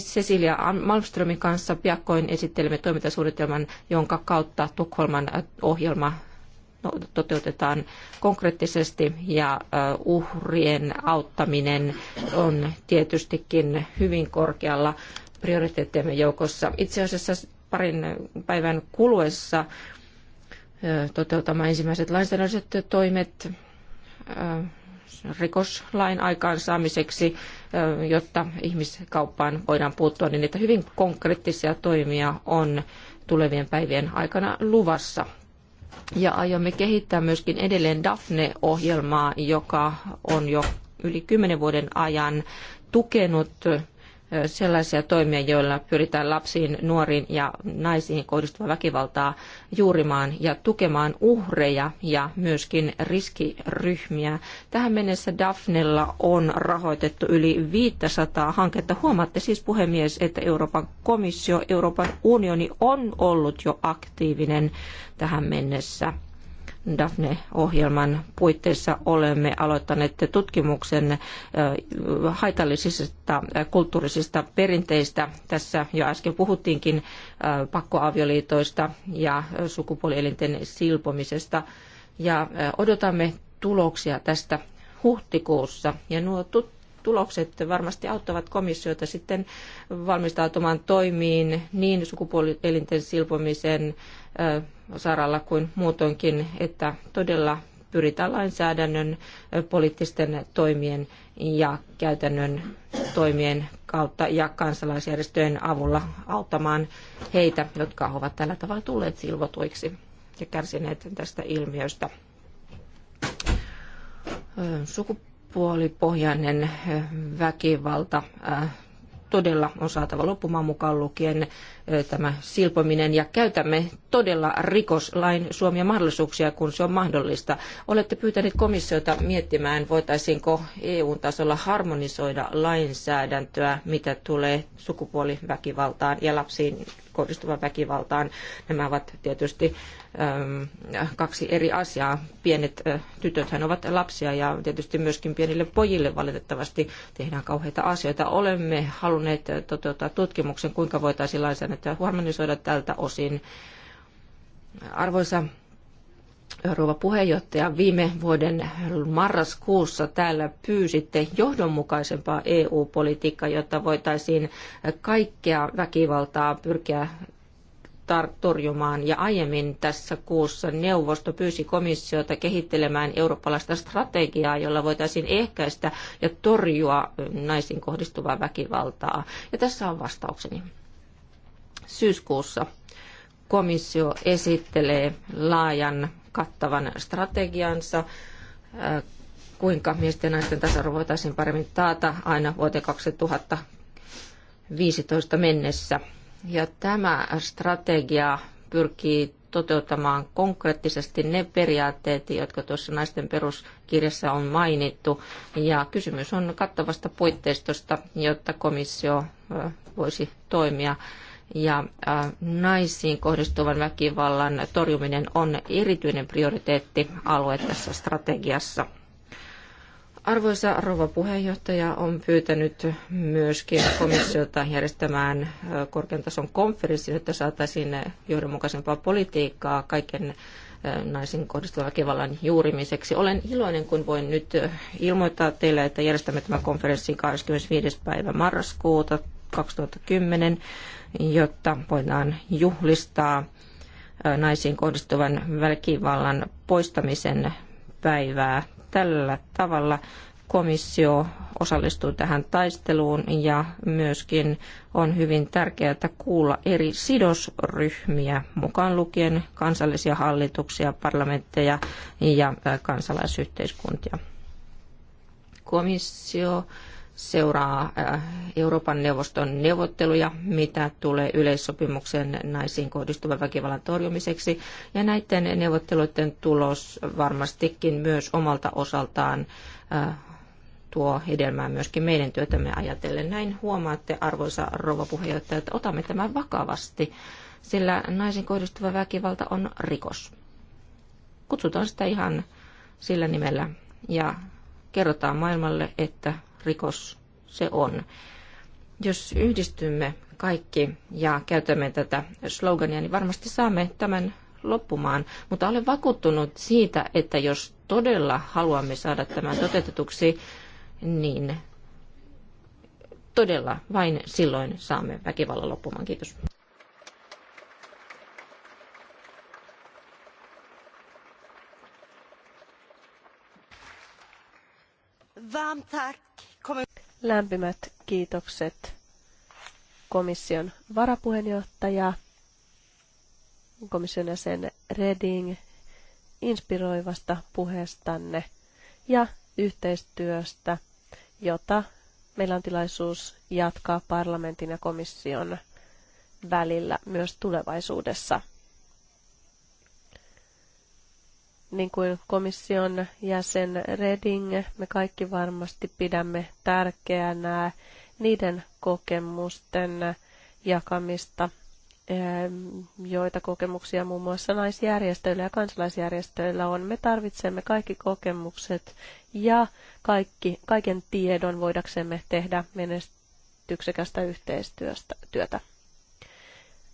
Cecilia Malmströmin kanssa piakkoin esittelemme toimintasuunnitelman, jonka kautta Tukholman eh, ohjelma toteutetaan konkreettisesti ja uhrien auttaminen on tietystikin hyvin korkealla prioriteettiemme joukossa. Itse asiassa parin päivän kuluessa toteutamaan ensimmäiset lainsäädännölliset toimet rikoslain aikaansaamiseksi, jotta ihmiskauppaan voidaan puuttua, niin että hyvin konkreettisia toimia on tulevien päivien aikana luvassa ja aiomme kehittää myöskin edelleen Daphne-ohjelmaa, joka on jo yli kymmenen vuoden ajan tukenut sellaisia toimia, joilla pyritään lapsiin, nuoriin ja naisiin kohdistuvaa väkivaltaa juurimaan ja tukemaan uhreja ja myöskin riskiryhmiä. Tähän mennessä Daphnella on rahoitettu yli 500 hanketta. Huomaatte siis puhemies, että Euroopan komissio, Euroopan unioni on ollut jo aktiivinen tähän mennessä. Daphne-ohjelman puitteissa olemme aloittaneet tutkimuksen haitallisista kulttuurisista perinteistä. Tässä jo äsken puhuttiinkin pakkoavioliitoista ja sukupuolielinten silpomisesta. Ja odotamme tuloksia tästä huhtikuussa. Ja nuo tut- tulokset varmasti auttavat komissiota sitten valmistautumaan toimiin niin sukupuolielinten silpomisen saralla kuin muutoinkin, että todella pyritään lainsäädännön, poliittisten toimien ja käytännön toimien kautta ja kansalaisjärjestöjen avulla auttamaan heitä, jotka ovat tällä tavalla tulleet silvotuiksi ja kärsineet tästä ilmiöstä. Sukupuolielinten sukupuolipohjainen väkivalta todella on saatava loppumaan mukaan lukien tämä silpominen ja käytämme todella rikoslain suomia mahdollisuuksia, kun se on mahdollista. Olette pyytäneet komissiota miettimään, voitaisiinko EU-tasolla harmonisoida lainsäädäntöä, mitä tulee sukupuoliväkivaltaan ja lapsiin kohdistuvan väkivaltaan. Nämä ovat tietysti kaksi eri asiaa. Pienet tytöthän ovat lapsia ja tietysti myöskin pienille pojille valitettavasti tehdään kauheita asioita. Olemme halunneet toteuttaa tutkimuksen, kuinka voitaisiin lainsäädäntöä lainsäädäntöä harmonisoida tältä osin. Arvoisa rouva puheenjohtaja, viime vuoden marraskuussa täällä pyysitte johdonmukaisempaa EU-politiikkaa, jotta voitaisiin kaikkea väkivaltaa pyrkiä torjumaan. Ja aiemmin tässä kuussa neuvosto pyysi komissiota kehittelemään eurooppalaista strategiaa, jolla voitaisiin ehkäistä ja torjua naisiin kohdistuvaa väkivaltaa. Ja tässä on vastaukseni. Syyskuussa komissio esittelee laajan kattavan strategiansa, äh, kuinka miesten ja naisten tasa-arvo voitaisiin paremmin taata aina vuoteen 2015 mennessä. Ja tämä strategia pyrkii toteuttamaan konkreettisesti ne periaatteet, jotka tuossa naisten peruskirjassa on mainittu. Ja kysymys on kattavasta puitteistosta, jotta komissio äh, voisi toimia ja äh, naisiin kohdistuvan väkivallan torjuminen on erityinen prioriteettialue tässä strategiassa. Arvoisa rouva puheenjohtaja on pyytänyt myöskin komissiota järjestämään äh, korkean tason konferenssin, että saataisiin johdonmukaisempaa politiikkaa kaiken äh, naisiin kohdistuvan väkivallan juurimiseksi. Olen iloinen, kun voin nyt ilmoittaa teille, että järjestämme tämän konferenssin 25. päivä marraskuuta 2010 jotta voidaan juhlistaa naisiin kohdistuvan väkivallan poistamisen päivää. Tällä tavalla komissio osallistuu tähän taisteluun ja myöskin on hyvin tärkeää kuulla eri sidosryhmiä, mukaan lukien kansallisia hallituksia, parlamentteja ja kansalaisyhteiskuntia. Komissio seuraa äh, Euroopan neuvoston neuvotteluja, mitä tulee yleissopimukseen naisiin kohdistuvan väkivallan torjumiseksi. Ja näiden neuvotteluiden tulos varmastikin myös omalta osaltaan äh, tuo hedelmää myöskin meidän työtämme ajatellen. Näin huomaatte, arvoisa rouva puheenjohtaja, että otamme tämän vakavasti, sillä naisiin kohdistuva väkivalta on rikos. Kutsutaan sitä ihan sillä nimellä ja kerrotaan maailmalle, että rikos se on. Jos yhdistymme kaikki ja käytämme tätä slogania, niin varmasti saamme tämän loppumaan. Mutta olen vakuuttunut siitä, että jos todella haluamme saada tämän toteutetuksi, niin todella vain silloin saamme väkivallan loppumaan. Kiitos. Varmt tack Lämpimät kiitokset komission varapuheenjohtaja, komission jäsen Reding, inspiroivasta puheestanne ja yhteistyöstä, jota meillä on tilaisuus jatkaa parlamentin ja komission välillä myös tulevaisuudessa. niin kuin komission jäsen Reding, me kaikki varmasti pidämme tärkeänä niiden kokemusten jakamista, joita kokemuksia muun muassa naisjärjestöillä ja kansalaisjärjestöillä on. Me tarvitsemme kaikki kokemukset ja kaikki, kaiken tiedon voidaksemme tehdä menestyksekästä yhteistyötä.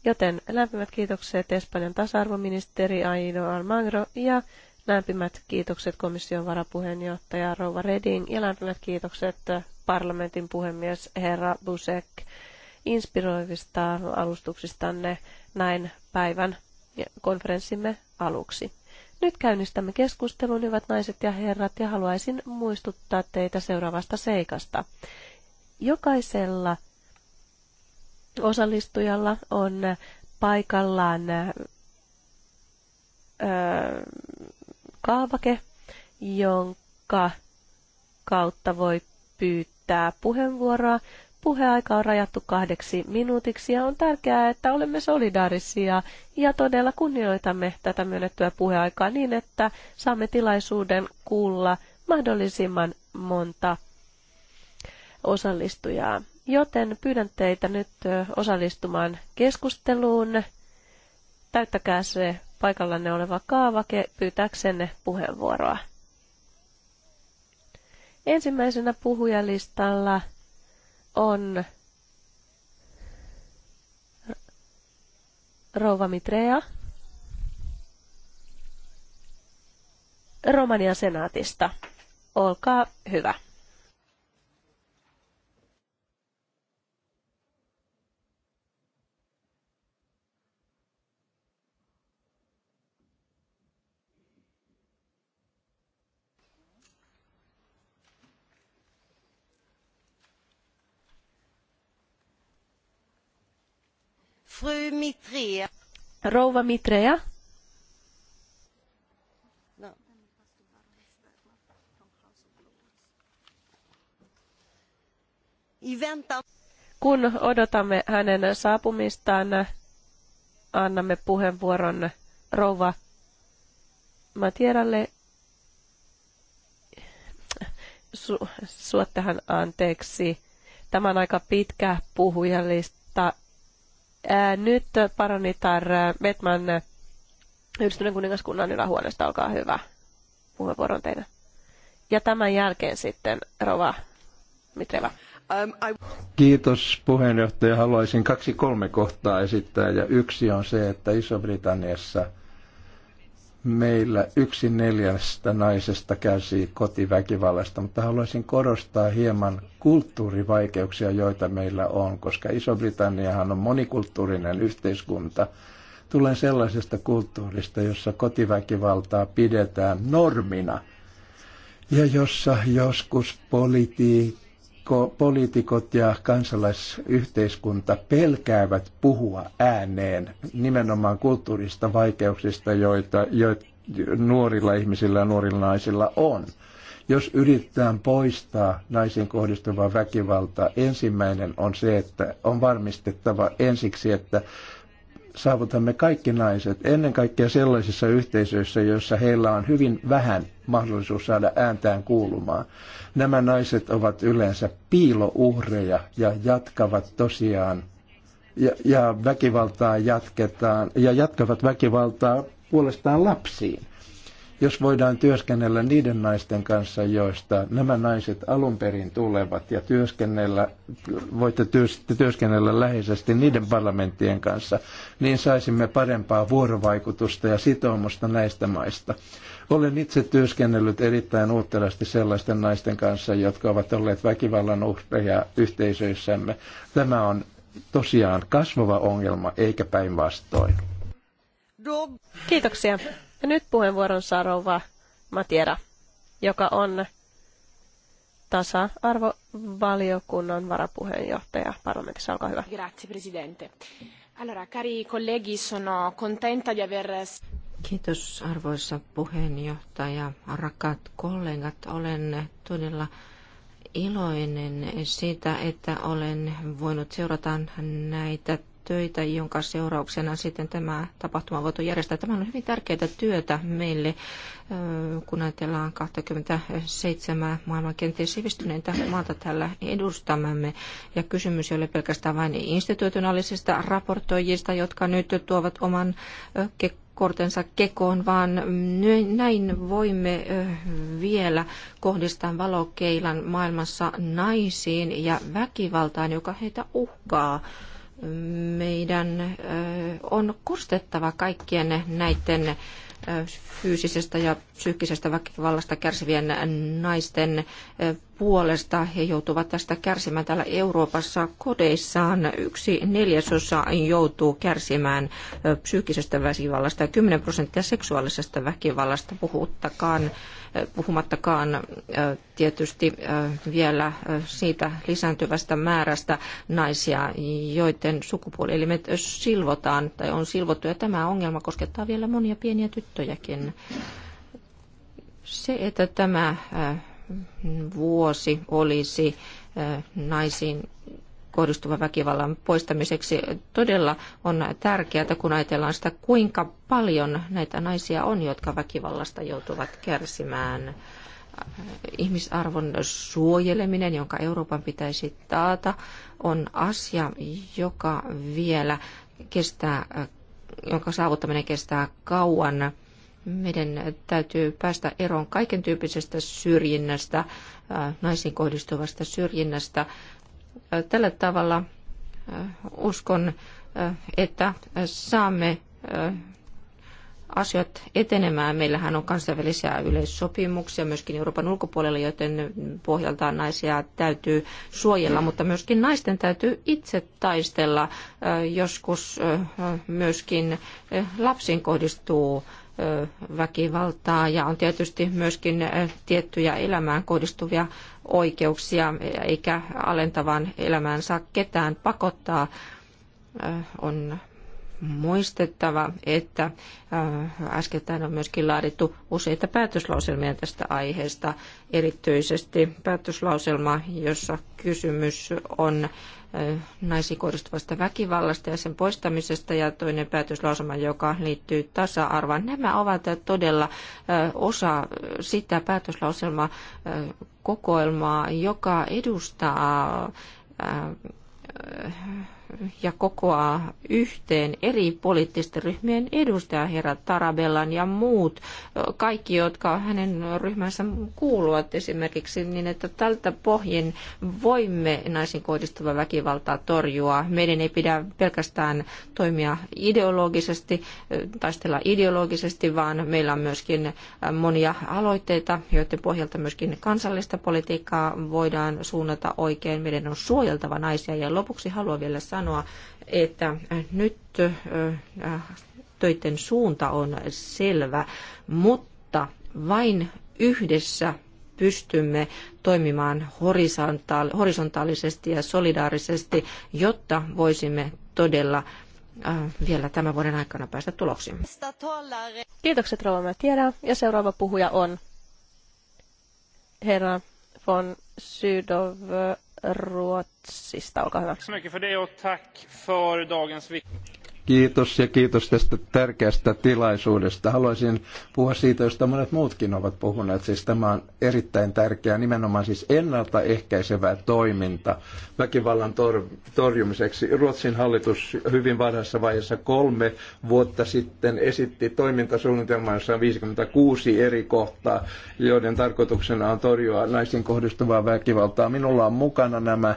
Joten lämpimät kiitokset Espanjan tasa-arvoministeri Aino Almagro ja Lämpimät kiitokset komission varapuheenjohtaja Rouva Reding ja lämpimät kiitokset parlamentin puhemies herra Busek inspiroivista alustuksistanne näin päivän konferenssimme aluksi. Nyt käynnistämme keskustelun, hyvät naiset ja herrat, ja haluaisin muistuttaa teitä seuraavasta seikasta. Jokaisella osallistujalla on paikallaan öö, kaavake, jonka kautta voi pyytää puheenvuoroa. Puheaika on rajattu kahdeksi minuutiksi ja on tärkeää, että olemme solidaarisia ja todella kunnioitamme tätä myönnettyä puheaikaa niin, että saamme tilaisuuden kuulla mahdollisimman monta osallistujaa. Joten pyydän teitä nyt osallistumaan keskusteluun. Täyttäkää se paikallanne oleva kaavake pyytääksenne puheenvuoroa. Ensimmäisenä puhujalistalla on rouva Mitrea Romania senaatista. Olkaa hyvä. Fru Mitrea. Rouva Mitrea. No. Kun odotamme hänen saapumistaan, annamme puheenvuoron rouva Matieralle. Su- suottehan anteeksi. Tämä on aika pitkä puhujalista nyt Paranitar Vetman Yhdistyneen kuningaskunnan ylähuoneesta, olkaa hyvä. Puheenvuoron teidän. Ja tämän jälkeen sitten Rova Mitreva. Um, Kiitos puheenjohtaja. Haluaisin kaksi kolme kohtaa esittää ja yksi on se, että Iso-Britanniassa – meillä yksi neljästä naisesta kärsii kotiväkivallasta, mutta haluaisin korostaa hieman kulttuurivaikeuksia, joita meillä on, koska Iso-Britanniahan on monikulttuurinen yhteiskunta. Tulen sellaisesta kulttuurista, jossa kotiväkivaltaa pidetään normina ja jossa joskus politiikka Joko poliitikot ja kansalaisyhteiskunta pelkäävät puhua ääneen nimenomaan kulttuurista vaikeuksista, joita, joita nuorilla ihmisillä ja nuorilla naisilla on? Jos yritetään poistaa naisiin kohdistuvaa väkivaltaa, ensimmäinen on se, että on varmistettava ensiksi, että saavutamme kaikki naiset, ennen kaikkea sellaisissa yhteisöissä, joissa heillä on hyvin vähän mahdollisuus saada ääntään kuulumaan. Nämä naiset ovat yleensä piilouhreja ja jatkavat tosiaan ja, ja väkivaltaa jatketaan ja jatkavat väkivaltaa puolestaan lapsiin jos voidaan työskennellä niiden naisten kanssa, joista nämä naiset alun perin tulevat, ja työskennellä, voitte työskennellä läheisesti niiden parlamenttien kanssa, niin saisimme parempaa vuorovaikutusta ja sitoumusta näistä maista. Olen itse työskennellyt erittäin uutterasti sellaisten naisten kanssa, jotka ovat olleet väkivallan uhreja yhteisöissämme. Tämä on tosiaan kasvava ongelma, eikä päinvastoin. Kiitoksia. Ja nyt puheenvuoron saa rouva Matiera, joka on tasa-arvovaliokunnan varapuheenjohtaja parlamentissa. Olkaa hyvä. Grazie, presidente. Allora, cari colleghi, sono contenta di aver... Kiitos arvoisa puheenjohtaja. Rakkaat kollegat, olen todella iloinen siitä, että olen voinut seurata näitä töitä, jonka seurauksena sitten tämä tapahtuma voitu järjestää. Tämä on hyvin tärkeää työtä meille, kun ajatellaan 27 maailman kenties sivistyneitä maata täällä edustamamme. Ja kysymys ei ole pelkästään vain institutionaalisista raportoijista, jotka nyt tuovat oman kortensa kekoon, vaan näin voimme vielä kohdistaa valokeilan maailmassa naisiin ja väkivaltaan, joka heitä uhkaa meidän on kustettava kaikkien näiden fyysisestä ja psyykkisestä väkivallasta kärsivien naisten puolesta. He joutuvat tästä kärsimään täällä Euroopassa kodeissaan. Yksi neljäsosa joutuu kärsimään psyykkisestä väkivallasta ja 10 prosenttia seksuaalisesta väkivallasta puhuttakaan puhumattakaan tietysti vielä siitä lisääntyvästä määrästä naisia, joiden sukupuolielimet silvotaan tai on silvottu. Ja tämä ongelma koskettaa vielä monia pieniä tyttöjäkin. Se, että tämä vuosi olisi naisiin kohdistuvan väkivallan poistamiseksi todella on tärkeää, kun ajatellaan sitä, kuinka paljon näitä naisia on, jotka väkivallasta joutuvat kärsimään. Ihmisarvon suojeleminen, jonka Euroopan pitäisi taata, on asia, joka vielä kestää, jonka saavuttaminen kestää kauan. Meidän täytyy päästä eroon kaiken tyyppisestä syrjinnästä, naisiin kohdistuvasta syrjinnästä. Tällä tavalla uskon, että saamme asiat etenemään. Meillähän on kansainvälisiä yleissopimuksia myöskin Euroopan ulkopuolella, joten pohjaltaan naisia täytyy suojella, mutta myöskin naisten täytyy itse taistella. Joskus myöskin lapsiin kohdistuu väkivaltaa ja on tietysti myöskin tiettyjä elämään kohdistuvia oikeuksia eikä alentavan elämään saa ketään pakottaa. On muistettava, että äskettäin on myöskin laadittu useita päätöslauselmia tästä aiheesta, erityisesti päätöslauselma, jossa kysymys on naisiin kohdistuvasta väkivallasta ja sen poistamisesta ja toinen päätöslausuma, joka liittyy tasa-arvoon. Nämä ovat todella osa sitä päätöslauselmaa kokoelmaa, joka edustaa ja kokoaa yhteen eri poliittisten ryhmien edustajia, herra Tarabellan ja muut, kaikki, jotka hänen ryhmänsä kuuluvat esimerkiksi, niin että tältä pohjin voimme naisiin kohdistuvaa väkivaltaa torjua. Meidän ei pidä pelkästään toimia ideologisesti, taistella ideologisesti, vaan meillä on myöskin monia aloitteita, joiden pohjalta myöskin kansallista politiikkaa voidaan suunnata oikein. Meidän on suojeltava naisia ja lopuksi haluan vielä sanoa, sanoa, että nyt töiden suunta on selvä, mutta vain yhdessä pystymme toimimaan horisontaalisesti ja solidaarisesti, jotta voisimme todella vielä tämän vuoden aikana päästä tuloksiin. Kiitokset Rova Mätiedä. Ja seuraava puhuja on herra von Sydow Ruotsista. Olkaa hyvä. Kiitos ja kiitos tästä tärkeästä tilaisuudesta. Haluaisin puhua siitä, josta monet muutkin ovat puhuneet. Siis tämä on erittäin tärkeää, nimenomaan siis ennaltaehkäisevää toiminta väkivallan tor- torjumiseksi. Ruotsin hallitus hyvin varhaisessa vaiheessa kolme vuotta sitten esitti toimintasuunnitelmaa, jossa on 56 eri kohtaa, joiden tarkoituksena on torjua naisiin kohdistuvaa väkivaltaa. Minulla on mukana nämä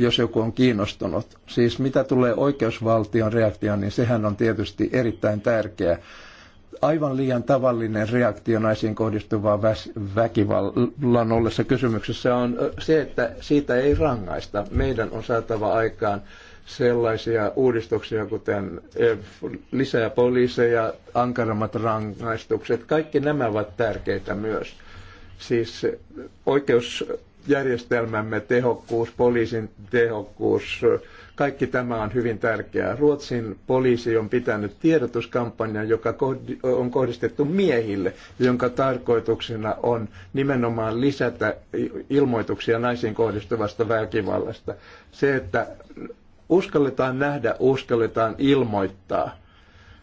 jos joku on kiinnostunut. Siis mitä tulee oikeusvaltion reaktioon, niin sehän on tietysti erittäin tärkeä. Aivan liian tavallinen reaktio naisiin kohdistuvaan väkivallan ollessa kysymyksessä on se, että siitä ei rangaista. Meidän on saatava aikaan sellaisia uudistuksia, kuten lisää poliiseja, ankarammat rangaistukset. Kaikki nämä ovat tärkeitä myös. Siis oikeus järjestelmämme tehokkuus, poliisin tehokkuus, kaikki tämä on hyvin tärkeää. Ruotsin poliisi on pitänyt tiedotuskampanjan, joka on kohdistettu miehille, jonka tarkoituksena on nimenomaan lisätä ilmoituksia naisiin kohdistuvasta väkivallasta. Se, että uskalletaan nähdä, uskalletaan ilmoittaa –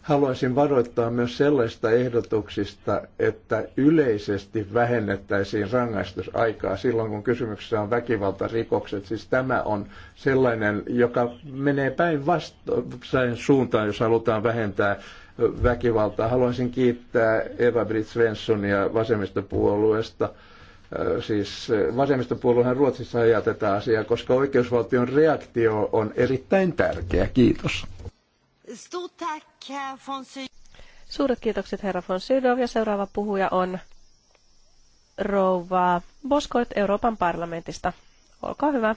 Haluaisin varoittaa myös sellaista ehdotuksista, että yleisesti vähennettäisiin rangaistusaikaa silloin, kun kysymyksessä on väkivaltarikokset. Siis tämä on sellainen, joka menee päin vastaan suuntaan, jos halutaan vähentää väkivaltaa. Haluaisin kiittää Eva Britt Svenssonia vasemmistopuolueesta äh, siis äh, vasemmistopuolueen Ruotsissa ajatetaan tätä asiaa, koska oikeusvaltion reaktio on erittäin tärkeä. Kiitos. Suuret kiitokset herra von Sydow ja seuraava puhuja on rouva Boskoit Euroopan parlamentista. Olkaa hyvä.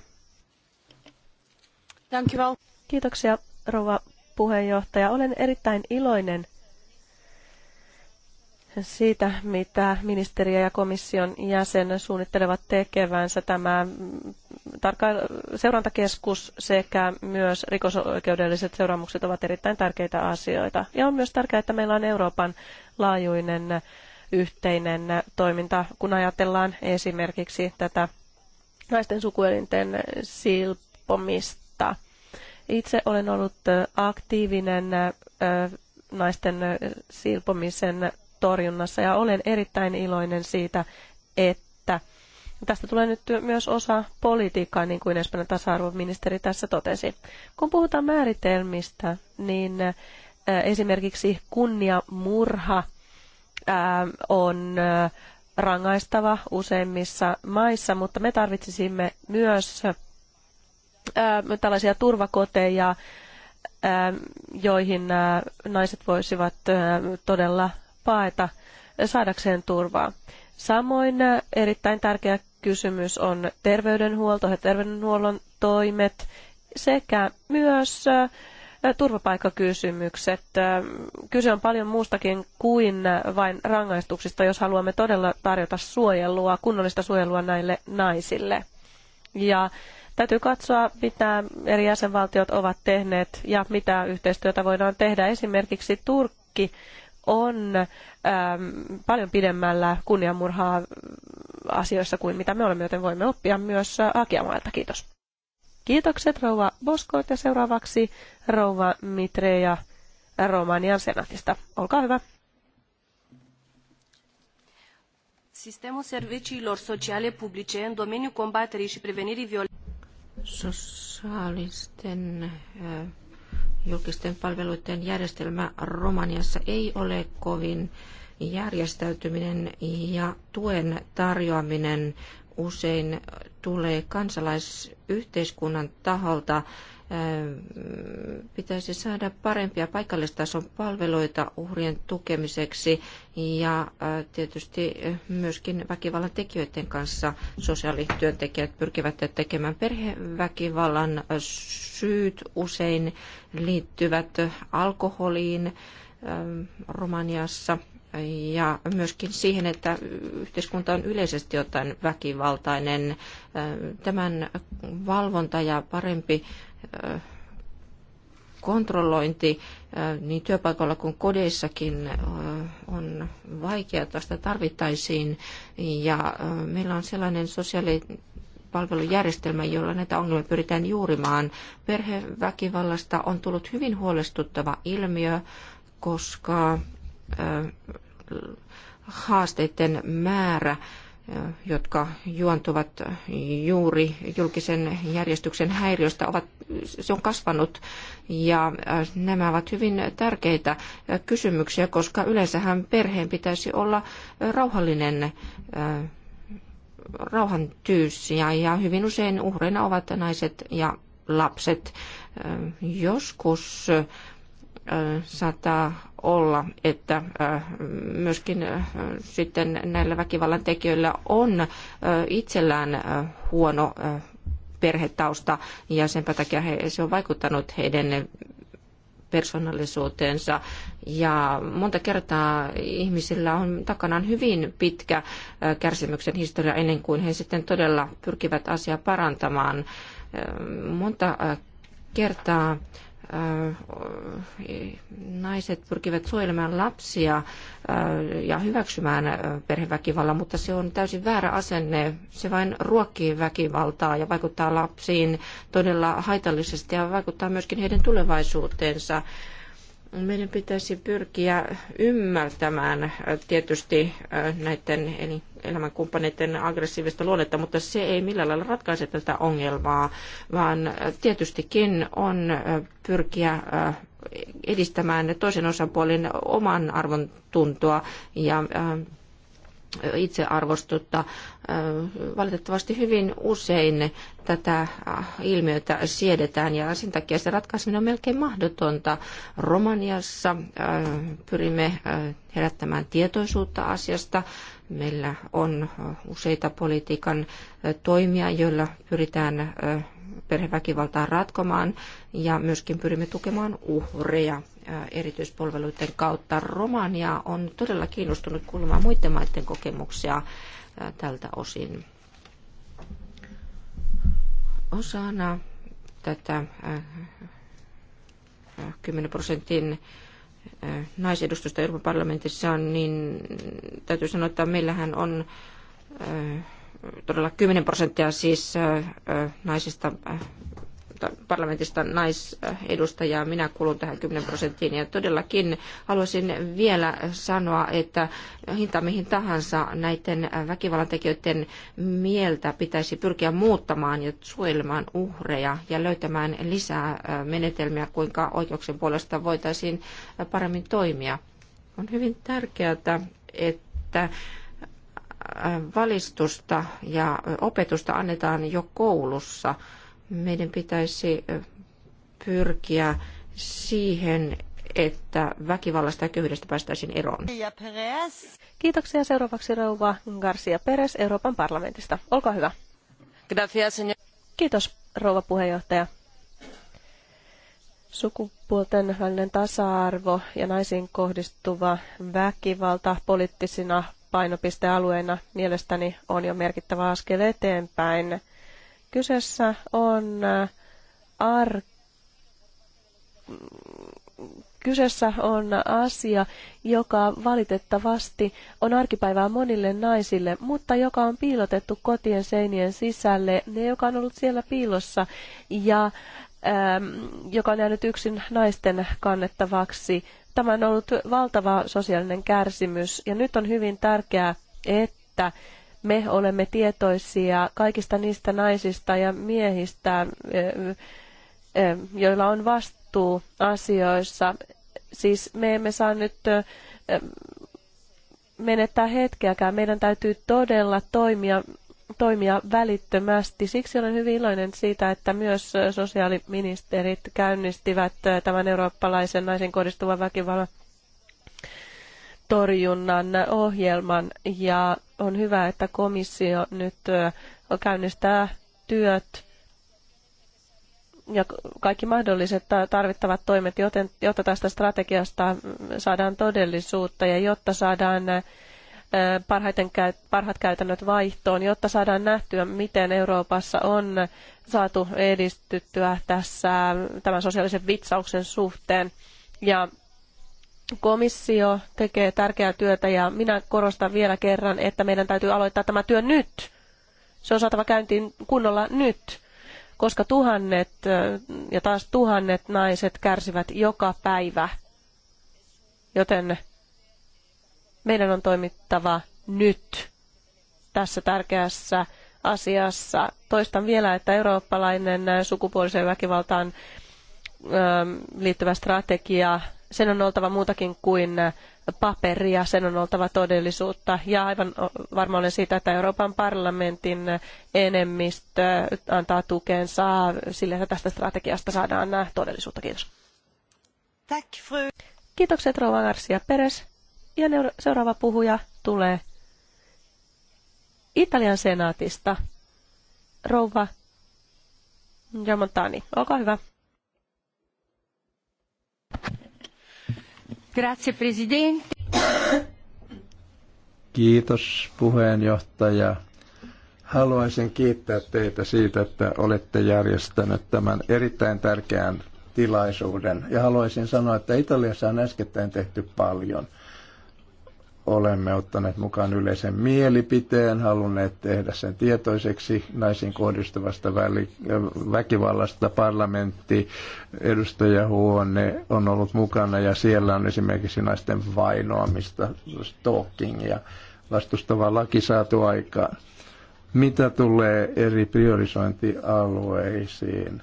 Dankjewel. Kiitoksia rouva puheenjohtaja. Olen erittäin iloinen siitä, mitä ministeriö ja komission jäsen suunnittelevat tekevänsä. Tämä seurantakeskus sekä myös rikosoikeudelliset seuraamukset ovat erittäin tärkeitä asioita. Ja on myös tärkeää, että meillä on Euroopan laajuinen yhteinen toiminta, kun ajatellaan esimerkiksi tätä naisten sukuelinten silpomista. Itse olen ollut aktiivinen naisten silpomisen torjunnassa ja olen erittäin iloinen siitä, että Tästä tulee nyt myös osa politiikkaa, niin kuin Espanjan tasa-arvoministeri tässä totesi. Kun puhutaan määritelmistä, niin esimerkiksi kunniamurha on rangaistava useimmissa maissa, mutta me tarvitsisimme myös tällaisia turvakoteja, joihin naiset voisivat todella paeta saadakseen turvaa. Samoin erittäin tärkeä kysymys on terveydenhuolto ja terveydenhuollon toimet sekä myös turvapaikkakysymykset. Kyse on paljon muustakin kuin vain rangaistuksista, jos haluamme todella tarjota suojelua, kunnollista suojelua näille naisille. Ja täytyy katsoa, mitä eri jäsenvaltiot ovat tehneet ja mitä yhteistyötä voidaan tehdä. Esimerkiksi Turkki on äm, paljon pidemmällä kunniamurhaa asioissa kuin mitä me olemme, joten voimme oppia myös äh, Akiamailta. Kiitos. Kiitokset rouva Boskort ja seuraavaksi rouva Mitreja Romanian senatista. Olkaa hyvä. Sistemul serviciilor sociale publice în domeniul combaterii și prevenirii violenței. Sosiaalisten äh, eh, julkisten palveluiden järjestelmä Romaniassa ei ole kovin järjestäytyminen ja tuen tarjoaminen usein tulee kansalaisyhteiskunnan taholta pitäisi saada parempia paikallistason palveluita uhrien tukemiseksi ja tietysti myöskin väkivallan tekijöiden kanssa sosiaalityöntekijät pyrkivät tekemään perheväkivallan syyt usein liittyvät alkoholiin Romaniassa ja myöskin siihen, että yhteiskunta on yleisesti ottaen väkivaltainen. Tämän valvonta ja parempi kontrollointi niin työpaikoilla kuin kodeissakin on vaikeaa, tästä tarvittaisiin. Ja meillä on sellainen sosiaalipalvelujärjestelmä, jolla näitä ongelmia pyritään juurimaan. Perheväkivallasta on tullut hyvin huolestuttava ilmiö, koska haasteiden määrä jotka juontuvat juuri julkisen järjestyksen häiriöstä, ovat, se on kasvanut. Ja äh, nämä ovat hyvin tärkeitä kysymyksiä, koska yleensähän perheen pitäisi olla rauhallinen äh, rauhan ja hyvin usein uhreina ovat naiset ja lapset. Äh, joskus saattaa olla, että äh, myöskin äh, sitten näillä väkivallan tekijöillä on äh, itsellään huono perhetausta ja sen takia he, se on vaikuttanut heidän persoonallisuuteensa. Ja monta kertaa ihmisillä on takanaan hyvin pitkä kärsimyksen historia ennen kuin he sitten todella pyrkivät asiaa parantamaan. Monta kertaa naiset pyrkivät suojelemaan lapsia ja hyväksymään perheväkivallan, mutta se on täysin väärä asenne. Se vain ruokkii väkivaltaa ja vaikuttaa lapsiin todella haitallisesti ja vaikuttaa myöskin heidän tulevaisuuteensa. Meidän pitäisi pyrkiä ymmärtämään tietysti näiden elämänkumppaneiden aggressiivista luonnetta, mutta se ei millään lailla ratkaise tätä ongelmaa, vaan tietystikin on pyrkiä edistämään toisen osapuolen oman arvon tuntoa ja itsearvostusta. Valitettavasti hyvin usein tätä ilmiötä siedetään ja sen takia se ratkaiseminen on melkein mahdotonta. Romaniassa pyrimme herättämään tietoisuutta asiasta Meillä on useita politiikan toimia, joilla pyritään perheväkivaltaa ratkomaan ja myöskin pyrimme tukemaan uhreja erityispalveluiden kautta. Romania on todella kiinnostunut kuulemaan muiden maiden kokemuksia tältä osin. Osana tätä 10 prosentin naisedustusta Euroopan parlamentissa on, niin täytyy sanoa, että meillähän on todella 10 prosenttia siis naisista parlamentista naisedustajaa. Minä kuulun tähän 10 prosenttiin ja todellakin haluaisin vielä sanoa, että hinta mihin tahansa näiden väkivallantekijöiden mieltä pitäisi pyrkiä muuttamaan ja suojelemaan uhreja ja löytämään lisää äh, menetelmiä, kuinka oikeuksien puolesta voitaisiin äh, paremmin toimia. On hyvin tärkeää, että äh, valistusta ja opetusta annetaan jo koulussa meidän pitäisi pyrkiä siihen, että väkivallasta ja köyhyydestä päästäisiin eroon. Kiitoksia. Seuraavaksi rouva Garcia Perez Euroopan parlamentista. Olkaa hyvä. Kiitos, rouva puheenjohtaja. Sukupuolten välinen tasa-arvo ja naisiin kohdistuva väkivalta poliittisina painopistealueina mielestäni on jo merkittävä askel eteenpäin. Kyseessä on äh, ar... Kyseessä on asia, joka valitettavasti on arkipäivää monille naisille, mutta joka on piilotettu kotien seinien sisälle, ne joka on ollut siellä piilossa ja ähm, joka on jäänyt yksin naisten kannettavaksi. Tämä on ollut valtava sosiaalinen kärsimys ja nyt on hyvin tärkeää, että me olemme tietoisia kaikista niistä naisista ja miehistä, joilla on vastuu asioissa. Siis me emme saa nyt menettää hetkeäkään. Meidän täytyy todella toimia, toimia välittömästi. Siksi olen hyvin iloinen siitä, että myös sosiaaliministerit käynnistivät tämän eurooppalaisen naisen kohdistuvan väkivallan torjunnan ohjelman ja on hyvä, että komissio nyt käynnistää työt ja kaikki mahdolliset tarvittavat toimet, joten, jotta tästä strategiasta saadaan todellisuutta ja jotta saadaan parhaiten, parhaat käytännöt vaihtoon, jotta saadaan nähtyä, miten Euroopassa on saatu edistyttyä tässä tämän sosiaalisen vitsauksen suhteen. Ja komissio tekee tärkeää työtä ja minä korostan vielä kerran, että meidän täytyy aloittaa tämä työ nyt. Se on saatava käyntiin kunnolla nyt, koska tuhannet ja taas tuhannet naiset kärsivät joka päivä. Joten meidän on toimittava nyt tässä tärkeässä asiassa. Toistan vielä, että eurooppalainen sukupuolisen väkivaltaan liittyvä strategia sen on oltava muutakin kuin paperia, sen on oltava todellisuutta. Ja aivan varma olen siitä, että Euroopan parlamentin enemmistö antaa tukensa sille, että tästä strategiasta saadaan todellisuutta. Kiitos. Kiitokset Rova Garcia Peres. Ja seuraava puhuja tulee Italian senaatista. Rouva Giamontani, olkaa hyvä. Grazie presidente. Kiitos puheenjohtaja. Haluaisin kiittää teitä siitä, että olette järjestäneet tämän erittäin tärkeän tilaisuuden. Ja haluaisin sanoa, että Italiassa on äskettäin tehty paljon – olemme ottaneet mukaan yleisen mielipiteen, halunneet tehdä sen tietoiseksi naisiin kohdistuvasta väkivallasta. Parlamentti, edustajahuone on ollut mukana ja siellä on esimerkiksi naisten vainoamista, stalkingia, vastustava laki saatu aikaan. Mitä tulee eri priorisointialueisiin?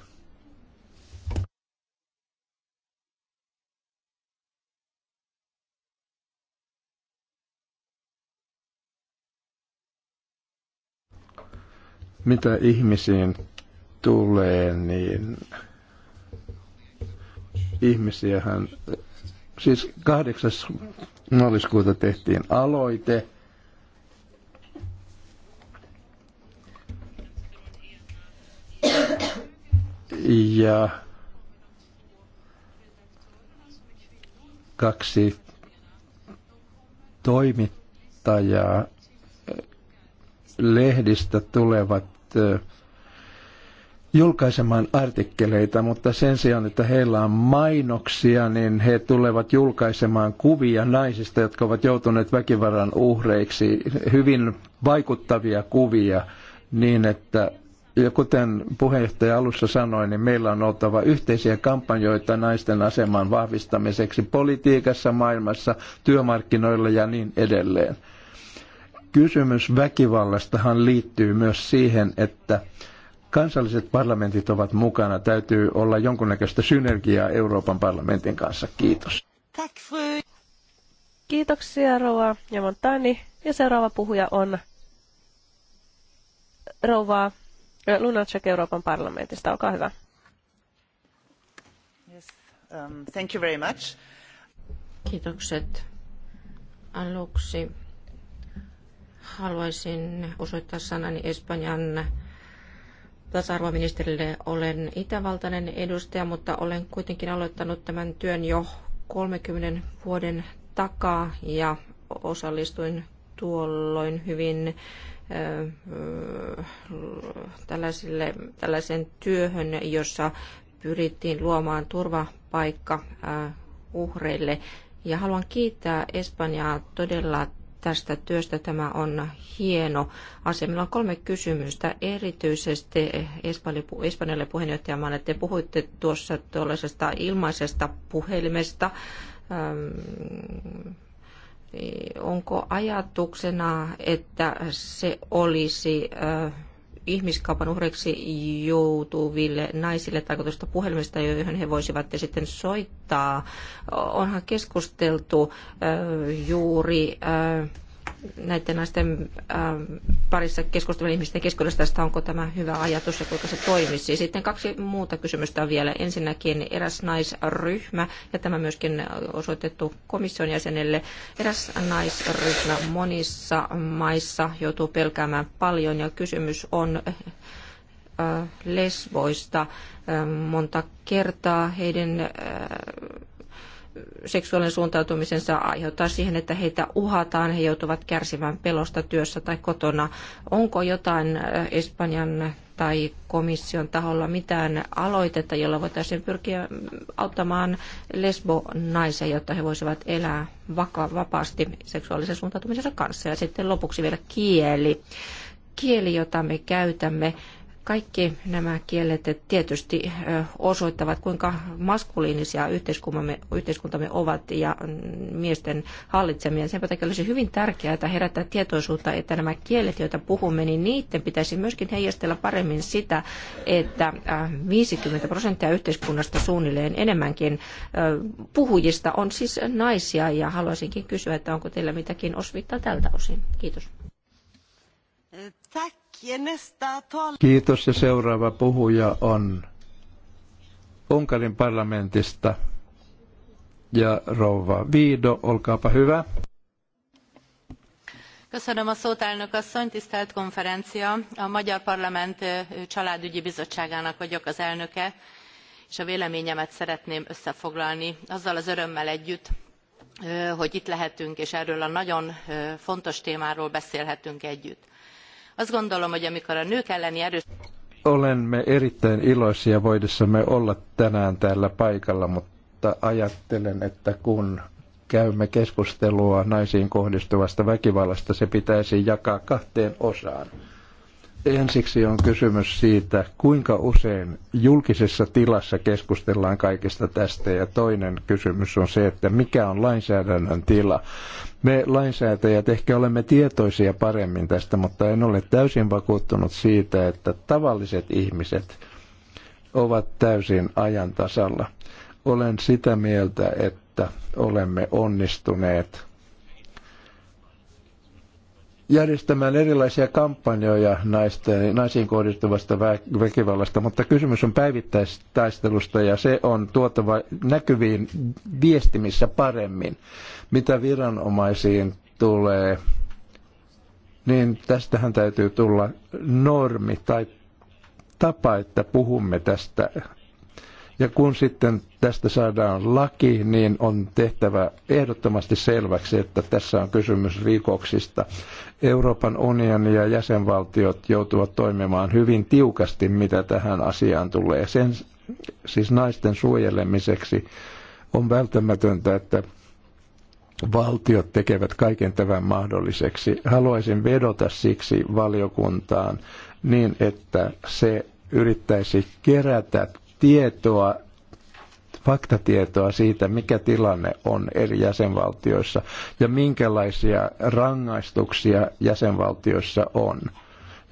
Mitä ihmisiin tulee, niin ihmisiähän, siis 8. maaliskuuta tehtiin aloite, ja kaksi toimittajaa lehdistä tulevat julkaisemaan artikkeleita, mutta sen sijaan, että heillä on mainoksia, niin he tulevat julkaisemaan kuvia naisista, jotka ovat joutuneet väkivallan uhreiksi, hyvin vaikuttavia kuvia, niin että ja kuten puheenjohtaja alussa sanoi, niin meillä on oltava yhteisiä kampanjoita naisten aseman vahvistamiseksi politiikassa, maailmassa, työmarkkinoilla ja niin edelleen. Kysymys väkivallastahan liittyy myös siihen, että kansalliset parlamentit ovat mukana. Täytyy olla jonkunnäköistä synergiaa Euroopan parlamentin kanssa. Kiitos. Kiitoksia Rova ja Montani. Ja seuraava puhuja on Rova Lunacek Euroopan parlamentista. Olkaa hyvä. Yes, um, thank you very much. Kiitokset. Aluksi haluaisin osoittaa sanani Espanjan tasa-arvoministerille. Olen itävaltainen edustaja, mutta olen kuitenkin aloittanut tämän työn jo 30 vuoden takaa ja osallistuin tuolloin hyvin äh, tällaiseen tällaisen työhön, jossa pyrittiin luomaan turvapaikka äh, uhreille. Ja haluan kiittää Espanjaa todella tästä työstä. Tämä on hieno asia. Meillä on kolme kysymystä. Erityisesti Espanjalle että te puhuitte tuossa tuollaisesta ilmaisesta puhelimesta. Onko ajatuksena, että se olisi ihmiskaupan uhreiksi joutuville naisille tarkoitusta puhelimesta, joihin he voisivat sitten soittaa. Onhan keskusteltu juuri näiden naisten ähm, parissa keskustelun ihmisten keskuudessa että onko tämä hyvä ajatus ja kuinka se toimisi. Sitten kaksi muuta kysymystä on vielä. Ensinnäkin eräs naisryhmä, ja tämä myöskin osoitettu komission jäsenelle. Eräs naisryhmä monissa maissa joutuu pelkäämään paljon, ja kysymys on äh, lesboista äh, monta kertaa heidän äh, seksuaalinen suuntautumisensa aiheuttaa siihen, että heitä uhataan, he joutuvat kärsimään pelosta työssä tai kotona. Onko jotain Espanjan tai komission taholla mitään aloitetta, jolla voitaisiin pyrkiä auttamaan lesbonaisia, jotta he voisivat elää vaka- vapaasti seksuaalisen suuntautumisensa kanssa. Ja sitten lopuksi vielä kieli. Kieli, jota me käytämme, kaikki nämä kielet tietysti osoittavat, kuinka maskuliinisia yhteiskuntamme, yhteiskuntamme ovat ja mm, miesten hallitsemia. Sen takia olisi hyvin tärkeää että herättää tietoisuutta, että nämä kielet, joita puhumme, niin niiden pitäisi myöskin heijastella paremmin sitä, että 50 prosenttia yhteiskunnasta suunnilleen enemmänkin puhujista on siis naisia. Ja haluaisinkin kysyä, että onko teillä mitäkin osvittaa tältä osin. Kiitos. Kiitos ja seuraava puhuja on Unkarin parlamentista ja rouva Viido, olkaapa hyvä. Köszönöm a szót, elnök asszony, tisztelt konferencia. A Magyar Parlament Családügyi Bizottságának vagyok az elnöke, és a véleményemet szeretném összefoglalni azzal az örömmel együtt, hogy itt lehetünk, és erről a nagyon fontos témáról beszélhetünk együtt Azt gondolom, hogy amikor a nők elleni erős... Olemme erittäin iloisia voidessamme olla tänään täällä paikalla, mutta ajattelen, että kun käymme keskustelua naisiin kohdistuvasta väkivallasta, se pitäisi jakaa kahteen osaan. Ensiksi on kysymys siitä, kuinka usein julkisessa tilassa keskustellaan kaikesta tästä. Ja toinen kysymys on se, että mikä on lainsäädännön tila. Me lainsäätäjät ehkä olemme tietoisia paremmin tästä, mutta en ole täysin vakuuttunut siitä, että tavalliset ihmiset ovat täysin ajan tasalla. Olen sitä mieltä, että olemme onnistuneet järjestämään erilaisia kampanjoja naisten, naisiin kohdistuvasta väkivallasta, mutta kysymys on päivittäistaistelusta ja se on tuotava näkyviin viestimissä paremmin, mitä viranomaisiin tulee. Niin tästähän täytyy tulla normi tai tapa, että puhumme tästä ja kun sitten tästä saadaan laki, niin on tehtävä ehdottomasti selväksi, että tässä on kysymys rikoksista. Euroopan unioni ja jäsenvaltiot joutuvat toimimaan hyvin tiukasti, mitä tähän asiaan tulee. Sen, siis naisten suojelemiseksi on välttämätöntä, että valtiot tekevät kaiken tämän mahdolliseksi. Haluaisin vedota siksi valiokuntaan niin, että se yrittäisi kerätä tietoa, faktatietoa siitä, mikä tilanne on eri jäsenvaltioissa ja minkälaisia rangaistuksia jäsenvaltioissa on.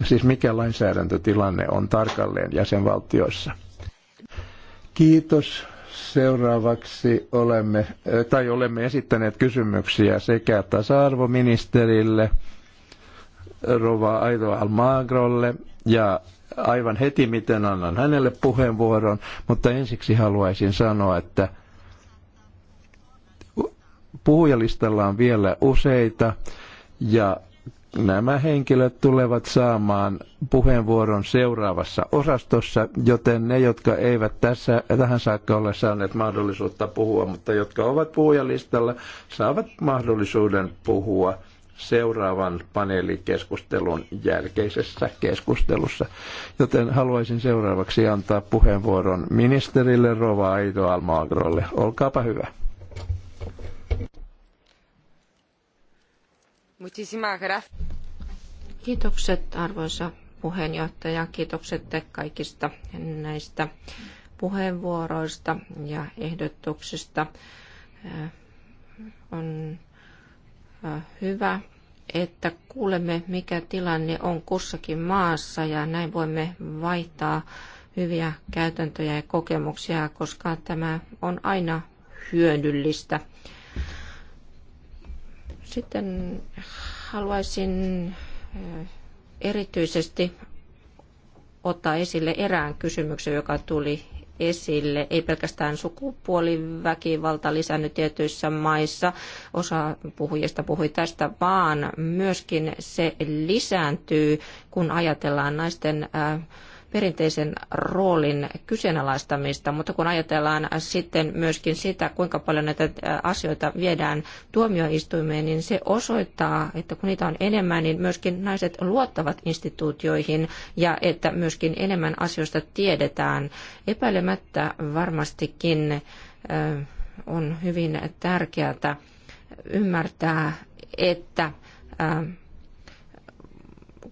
ja Siis mikä lainsäädäntötilanne on tarkalleen jäsenvaltioissa. Kiitos. Seuraavaksi olemme, tai olemme esittäneet kysymyksiä sekä tasa-arvoministerille, Rova Aito Almagrolle ja aivan heti, miten annan hänelle puheenvuoron, mutta ensiksi haluaisin sanoa, että puhujalistalla on vielä useita ja nämä henkilöt tulevat saamaan puheenvuoron seuraavassa osastossa, joten ne, jotka eivät tässä, tähän saakka ole saaneet mahdollisuutta puhua, mutta jotka ovat puhujalistalla, saavat mahdollisuuden puhua seuraavan paneelikeskustelun jälkeisessä keskustelussa. Joten haluaisin seuraavaksi antaa puheenvuoron ministerille Rova Aito Almagrolle. Olkaapa hyvä. Kiitokset arvoisa puheenjohtaja. Kiitokset te kaikista näistä puheenvuoroista ja ehdotuksista. Äh, on hyvä, että kuulemme, mikä tilanne on kussakin maassa ja näin voimme vaihtaa hyviä käytäntöjä ja kokemuksia, koska tämä on aina hyödyllistä. Sitten haluaisin erityisesti ottaa esille erään kysymyksen, joka tuli esille. Ei pelkästään sukupuoliväkivalta lisännyt tietyissä maissa, osa puhujista puhui tästä, vaan myöskin se lisääntyy, kun ajatellaan naisten äh, perinteisen roolin kyseenalaistamista, mutta kun ajatellaan sitten myöskin sitä, kuinka paljon näitä asioita viedään tuomioistuimeen, niin se osoittaa, että kun niitä on enemmän, niin myöskin naiset luottavat instituutioihin ja että myöskin enemmän asioista tiedetään. Epäilemättä varmastikin on hyvin tärkeää ymmärtää, että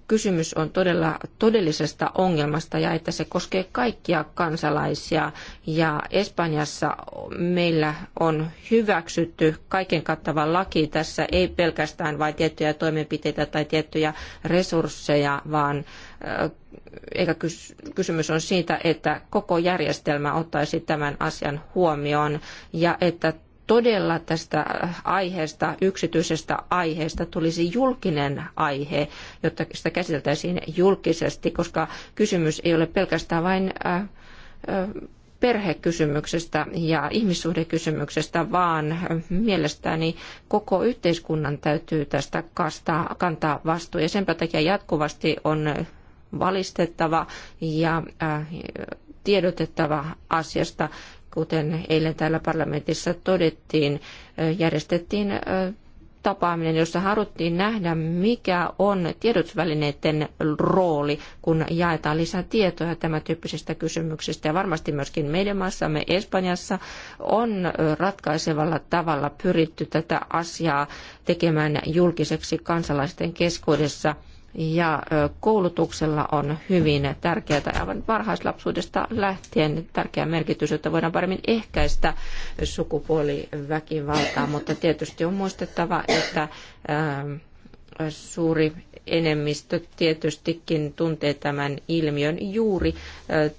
kysymys on todella todellisesta ongelmasta ja että se koskee kaikkia kansalaisia. Ja Espanjassa meillä on hyväksytty kaiken kattava laki. Tässä ei pelkästään vain tiettyjä toimenpiteitä tai tiettyjä resursseja, vaan äh, eikä kysymys on siitä, että koko järjestelmä ottaisi tämän asian huomioon ja että todella tästä aiheesta, yksityisestä aiheesta tulisi julkinen aihe, jotta sitä käsiteltäisiin julkisesti, koska kysymys ei ole pelkästään vain äh, äh, perhekysymyksestä ja ihmissuhdekysymyksestä, vaan mielestäni koko yhteiskunnan täytyy tästä kastaa, kantaa vastuu. Ja sen takia jatkuvasti on valistettava ja äh, tiedotettava asiasta kuten eilen täällä parlamentissa todettiin, järjestettiin tapaaminen, jossa haluttiin nähdä, mikä on tiedotusvälineiden rooli, kun jaetaan lisää tietoja tämän tyyppisistä kysymyksistä. Ja varmasti myöskin meidän maassamme Espanjassa on ratkaisevalla tavalla pyritty tätä asiaa tekemään julkiseksi kansalaisten keskuudessa – ja koulutuksella on hyvin tärkeää aivan varhaislapsuudesta lähtien tärkeä merkitys, jotta voidaan paremmin ehkäistä sukupuoliväkivaltaa, mutta tietysti on muistettava, että ähm, suuri enemmistö tietystikin tuntee tämän ilmiön juuri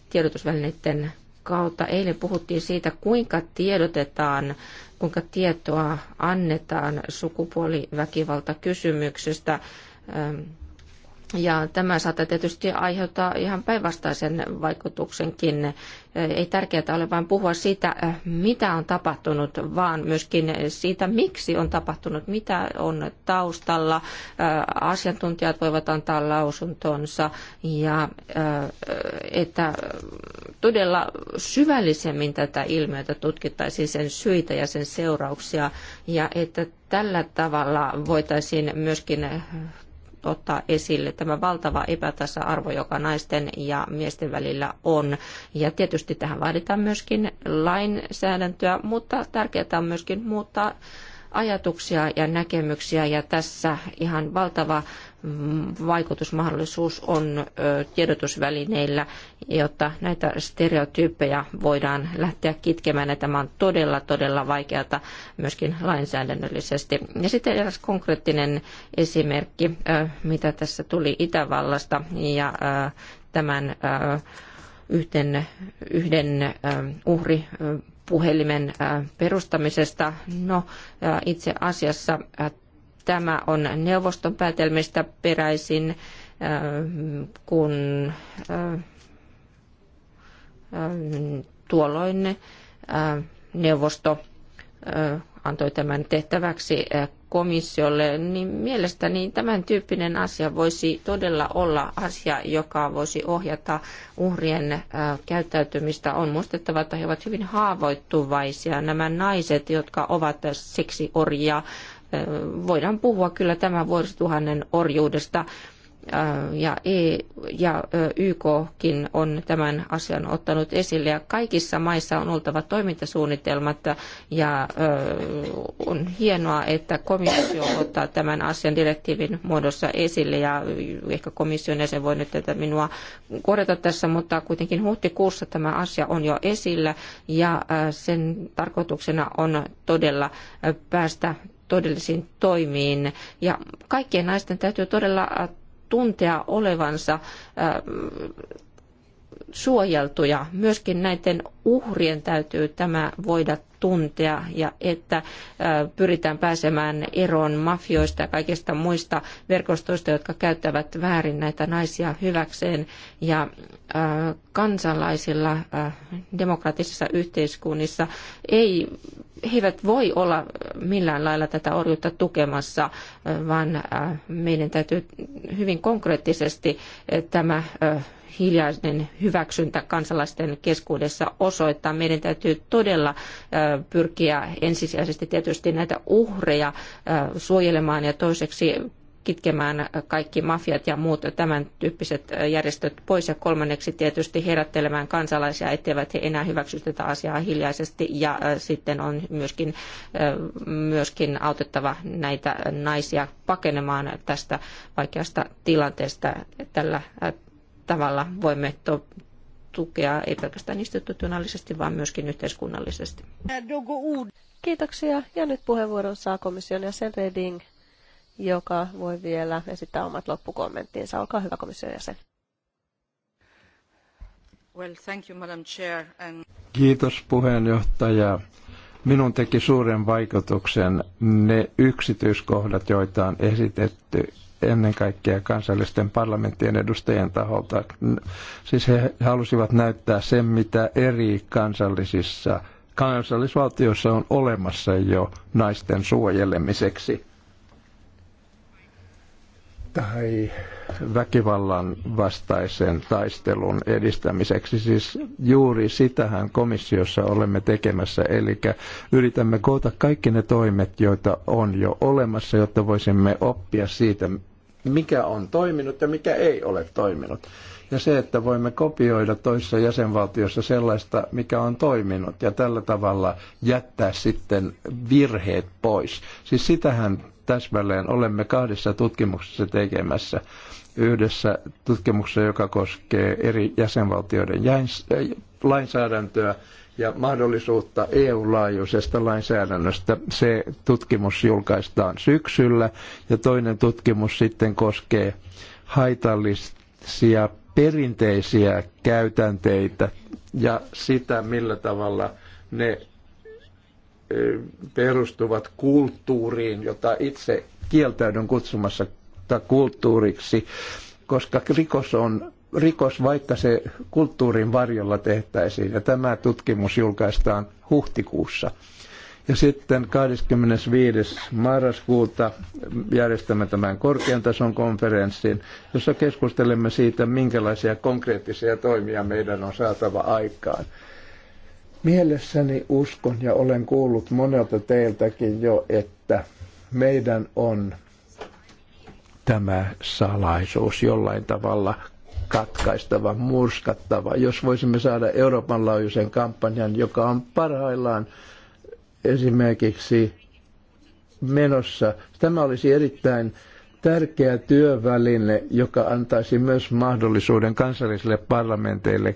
tiedotusvälineiden kautta. Eilen puhuttiin siitä, kuinka tiedotetaan, kuinka tietoa annetaan sukupuoliväkivaltakysymyksestä. kysymyksestä ja tämä saattaa tietysti aiheuttaa ihan päinvastaisen vaikutuksenkin. Ei tärkeää ole vain puhua siitä, mitä on tapahtunut, vaan myöskin siitä, miksi on tapahtunut, mitä on taustalla. Asiantuntijat voivat antaa lausuntonsa ja että todella syvällisemmin tätä ilmiötä tutkittaisiin sen syitä ja sen seurauksia ja että tällä tavalla voitaisiin myöskin ottaa esille tämä valtava epätasa-arvo, joka naisten ja miesten välillä on. Ja tietysti tähän vaaditaan myöskin lainsäädäntöä, mutta tärkeää on myöskin muuttaa ajatuksia ja näkemyksiä ja tässä ihan valtava mm, vaikutusmahdollisuus on tiedotusvälineillä, jotta näitä stereotyyppejä voidaan lähteä kitkemään. Ja tämä on todella, todella vaikeata myöskin lainsäädännöllisesti. Ja sitten eräs konkreettinen esimerkki, mitä tässä tuli Itävallasta ja tämän yhden uhri puhelimen äh, perustamisesta. No, äh, itse asiassa äh, tämä on neuvoston päätelmistä peräisin, kun tuolloin neuvosto antoi tämän tehtäväksi eh, komissiolle, niin mielestäni tämän tyyppinen asia voisi todella olla asia, joka voisi ohjata uhrien eh, käyttäytymistä. On muistettava, että he ovat hyvin haavoittuvaisia. Nämä naiset, jotka ovat seksiorjia, eh, voidaan puhua kyllä tämän vuosituhannen orjuudesta ja, e, ja YKkin on tämän asian ottanut esille. Ja kaikissa maissa on oltava toimintasuunnitelmat ja on hienoa, että komissio ottaa tämän asian direktiivin muodossa esille ja ehkä komission jäsen voi nyt tätä minua korjata tässä, mutta kuitenkin huhtikuussa tämä asia on jo esillä ja sen tarkoituksena on todella päästä todellisiin toimiin. Ja kaikkien naisten täytyy todella tuntea olevansa suojeltuja. Myöskin näiden uhrien täytyy tämä voida tuntea ja että pyritään pääsemään eroon mafioista ja kaikista muista verkostoista, jotka käyttävät väärin näitä naisia hyväkseen. Ja kansalaisilla demokraattisissa yhteiskunnissa ei, he eivät voi olla millään lailla tätä orjuutta tukemassa, vaan meidän täytyy hyvin konkreettisesti tämä hiljainen hyväksyntä kansalaisten keskuudessa osoittaa. Meidän täytyy todella pyrkiä ensisijaisesti tietysti näitä uhreja suojelemaan ja toiseksi kitkemään kaikki mafiat ja muut tämän tyyppiset järjestöt pois ja kolmanneksi tietysti herättelemään kansalaisia, etteivät he enää hyväksy tätä asiaa hiljaisesti ja sitten on myöskin, myöskin autettava näitä naisia pakenemaan tästä vaikeasta tilanteesta. Tällä tavalla voimme to- tukea, ei pelkästään institutionaalisesti, vaan myöskin yhteiskunnallisesti. Kiitoksia. Ja nyt puheenvuoron saa komission jäsen Reding, joka voi vielä esittää omat loppukommenttinsa. Olkaa hyvä komission jäsen. Well, thank you, Madam Chair, and... Kiitos puheenjohtaja. Minun teki suuren vaikutuksen ne yksityiskohdat, joita on esitetty ennen kaikkea kansallisten parlamenttien edustajien taholta. Siis he halusivat näyttää sen, mitä eri kansallisissa kansallisvaltioissa on olemassa jo naisten suojelemiseksi. Tai väkivallan vastaisen taistelun edistämiseksi. Siis juuri sitähän komissiossa olemme tekemässä, eli yritämme koota kaikki ne toimet, joita on jo olemassa, jotta voisimme oppia siitä, mikä on toiminut ja mikä ei ole toiminut. Ja se, että voimme kopioida toisessa jäsenvaltiossa sellaista, mikä on toiminut ja tällä tavalla jättää sitten virheet pois. Siis sitähän täsmälleen olemme kahdessa tutkimuksessa tekemässä. Yhdessä tutkimuksessa, joka koskee eri jäsenvaltioiden äh, lainsäädäntöä ja mahdollisuutta EU-laajuisesta lainsäädännöstä. Se tutkimus julkaistaan syksyllä ja toinen tutkimus sitten koskee haitallisia perinteisiä käytänteitä ja sitä, millä tavalla ne perustuvat kulttuuriin, jota itse kieltäydyn kutsumassa kulttuuriksi, koska rikos on rikos, vaikka se kulttuurin varjolla tehtäisiin. Ja tämä tutkimus julkaistaan huhtikuussa. Ja sitten 25. marraskuuta järjestämme tämän korkean tason konferenssin, jossa keskustelemme siitä, minkälaisia konkreettisia toimia meidän on saatava aikaan. Mielessäni uskon ja olen kuullut monelta teiltäkin jo, että meidän on tämä salaisuus jollain tavalla katkaistava, murskattava. Jos voisimme saada Euroopan laajuisen kampanjan, joka on parhaillaan esimerkiksi menossa, tämä olisi erittäin tärkeä työväline, joka antaisi myös mahdollisuuden kansallisille parlamenteille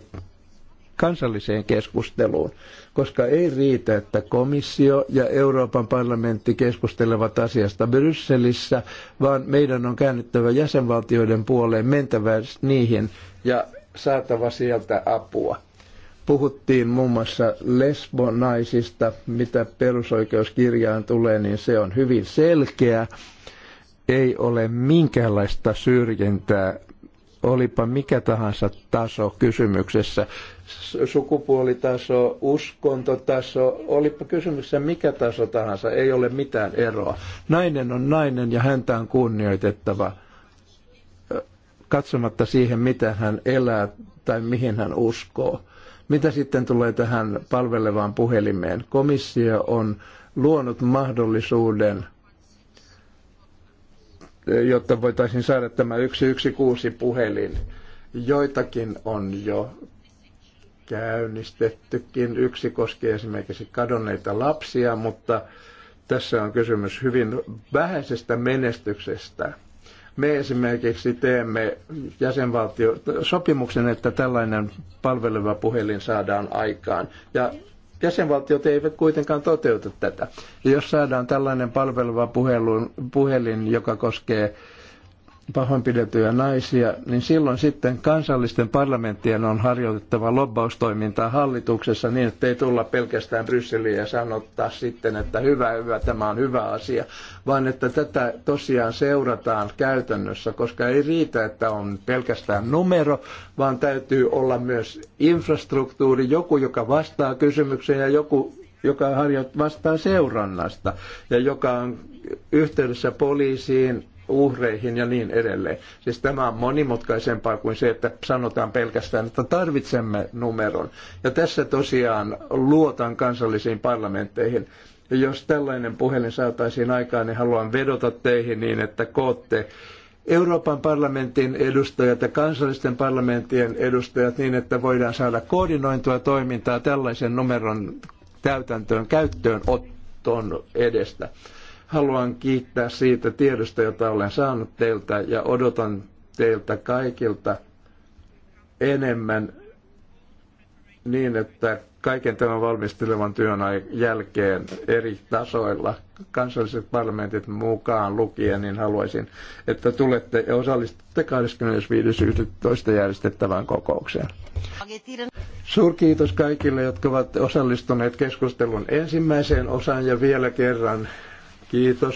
kansalliseen keskusteluun koska ei riitä, että komissio ja Euroopan parlamentti keskustelevat asiasta Brysselissä, vaan meidän on käännyttävä jäsenvaltioiden puoleen, mentävä niihin ja saatava sieltä apua. Puhuttiin muun muassa lesbonaisista, mitä perusoikeuskirjaan tulee, niin se on hyvin selkeä. Ei ole minkäänlaista syrjintää, olipa mikä tahansa taso kysymyksessä sukupuolitaso, uskontotaso, olipa kysymyksessä mikä taso tahansa, ei ole mitään eroa. Nainen on nainen ja häntä on kunnioitettava katsomatta siihen, mitä hän elää tai mihin hän uskoo. Mitä sitten tulee tähän palvelevaan puhelimeen? Komissio on luonut mahdollisuuden, jotta voitaisiin saada tämä 116 puhelin. Joitakin on jo käynnistettykin. Yksi koskee esimerkiksi kadonneita lapsia, mutta tässä on kysymys hyvin vähäisestä menestyksestä. Me esimerkiksi teemme jäsenvaltio sopimuksen, että tällainen palveleva puhelin saadaan aikaan. Ja jäsenvaltiot eivät kuitenkaan toteuta tätä. Ja jos saadaan tällainen palveleva puhelun, puhelin, joka koskee pahoinpideltyjä naisia, niin silloin sitten kansallisten parlamenttien on harjoitettava lobbaustoimintaa hallituksessa niin, että ei tulla pelkästään Brysseliin ja sanottaa sitten, että hyvä, hyvä, tämä on hyvä asia, vaan että tätä tosiaan seurataan käytännössä, koska ei riitä, että on pelkästään numero, vaan täytyy olla myös infrastruktuuri, joku, joka vastaa kysymykseen ja joku, joka harjoittaa vastaa seurannasta ja joka on yhteydessä poliisiin, uhreihin ja niin edelleen. Siis tämä on monimutkaisempaa kuin se, että sanotaan pelkästään, että tarvitsemme numeron. Ja tässä tosiaan luotan kansallisiin parlamentteihin. Ja jos tällainen puhelin saataisiin aikaan, niin haluan vedota teihin niin, että kootte Euroopan parlamentin edustajat ja kansallisten parlamenttien edustajat niin, että voidaan saada koordinointua toimintaa tällaisen numeron täytäntöön käyttöön ottoon edestä. Haluan kiittää siitä tiedosta, jota olen saanut teiltä ja odotan teiltä kaikilta enemmän niin, että kaiken tämän valmistelevan työn jälkeen eri tasoilla, kansalliset parlamentit mukaan lukien, niin haluaisin, että tulette ja osallistutte 25.11. järjestettävään kokoukseen. Suurkiitos kaikille, jotka ovat osallistuneet keskustelun ensimmäiseen osaan ja vielä kerran Kiitos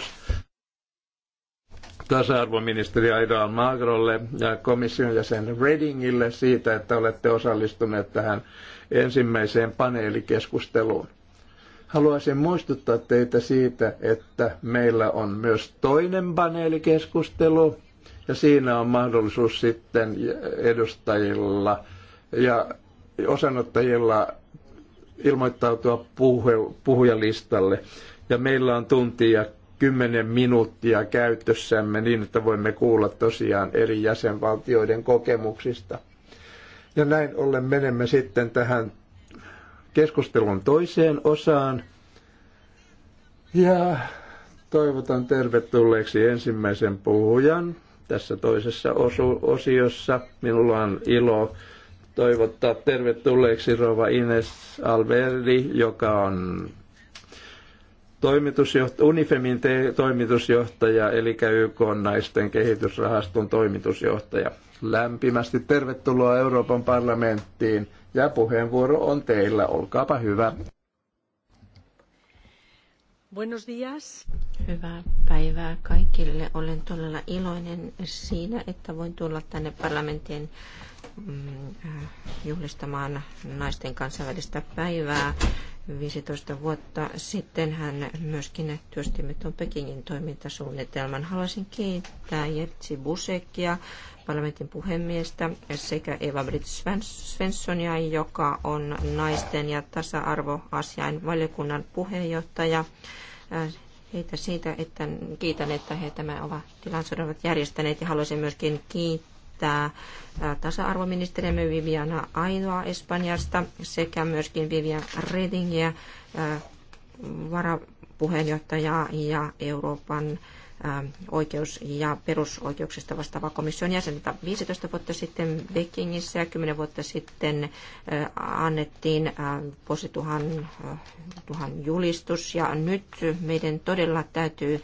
tasa-arvoministeri Aidan Magrolle ja komission jäsen Redingille siitä, että olette osallistuneet tähän ensimmäiseen paneelikeskusteluun. Haluaisin muistuttaa teitä siitä, että meillä on myös toinen paneelikeskustelu ja siinä on mahdollisuus sitten edustajilla ja osanottajilla ilmoittautua puhujalistalle ja meillä on tuntia kymmenen minuuttia käytössämme niin, että voimme kuulla tosiaan eri jäsenvaltioiden kokemuksista. Ja näin ollen menemme sitten tähän keskustelun toiseen osaan. Ja toivotan tervetulleeksi ensimmäisen puhujan tässä toisessa osu- osiossa. Minulla on ilo toivottaa tervetulleeksi Rova Ines Alberdi, joka on toimitusjohtaja, Unifemin te- toimitusjohtaja, eli YK naisten kehitysrahaston toimitusjohtaja. Lämpimästi tervetuloa Euroopan parlamenttiin ja puheenvuoro on teillä. Olkaapa hyvä. Buenos días. Hyvää päivää kaikille. Olen todella iloinen siinä, että voin tulla tänne parlamentin mm, äh, juhlistamaan naisten kansainvälistä päivää 15 vuotta sitten hän myöskin työstimme tuon Pekingin toimintasuunnitelman. Haluaisin kiittää Jertsi Busekia, parlamentin puhemiestä, sekä Eva Britt Svenssonia, joka on naisten ja tasa-arvoasiain valiokunnan puheenjohtaja. Äh, heitä siitä, että kiitän, että he tämä ovat tilaisuuden ovat järjestäneet ja haluaisin myöskin kiittää esittää tasa-arvoministerimme Viviana Ainoa Espanjasta sekä myöskin Vivian Redingiä varapuheenjohtajaa ja Euroopan Ähm, oikeus- ja perusoikeuksista vastaava komission jäsentä 15 vuotta sitten Pekingissä ja 10 vuotta sitten äh, annettiin äh, vuosituhan äh, tuhan julistus. Ja nyt meidän todella täytyy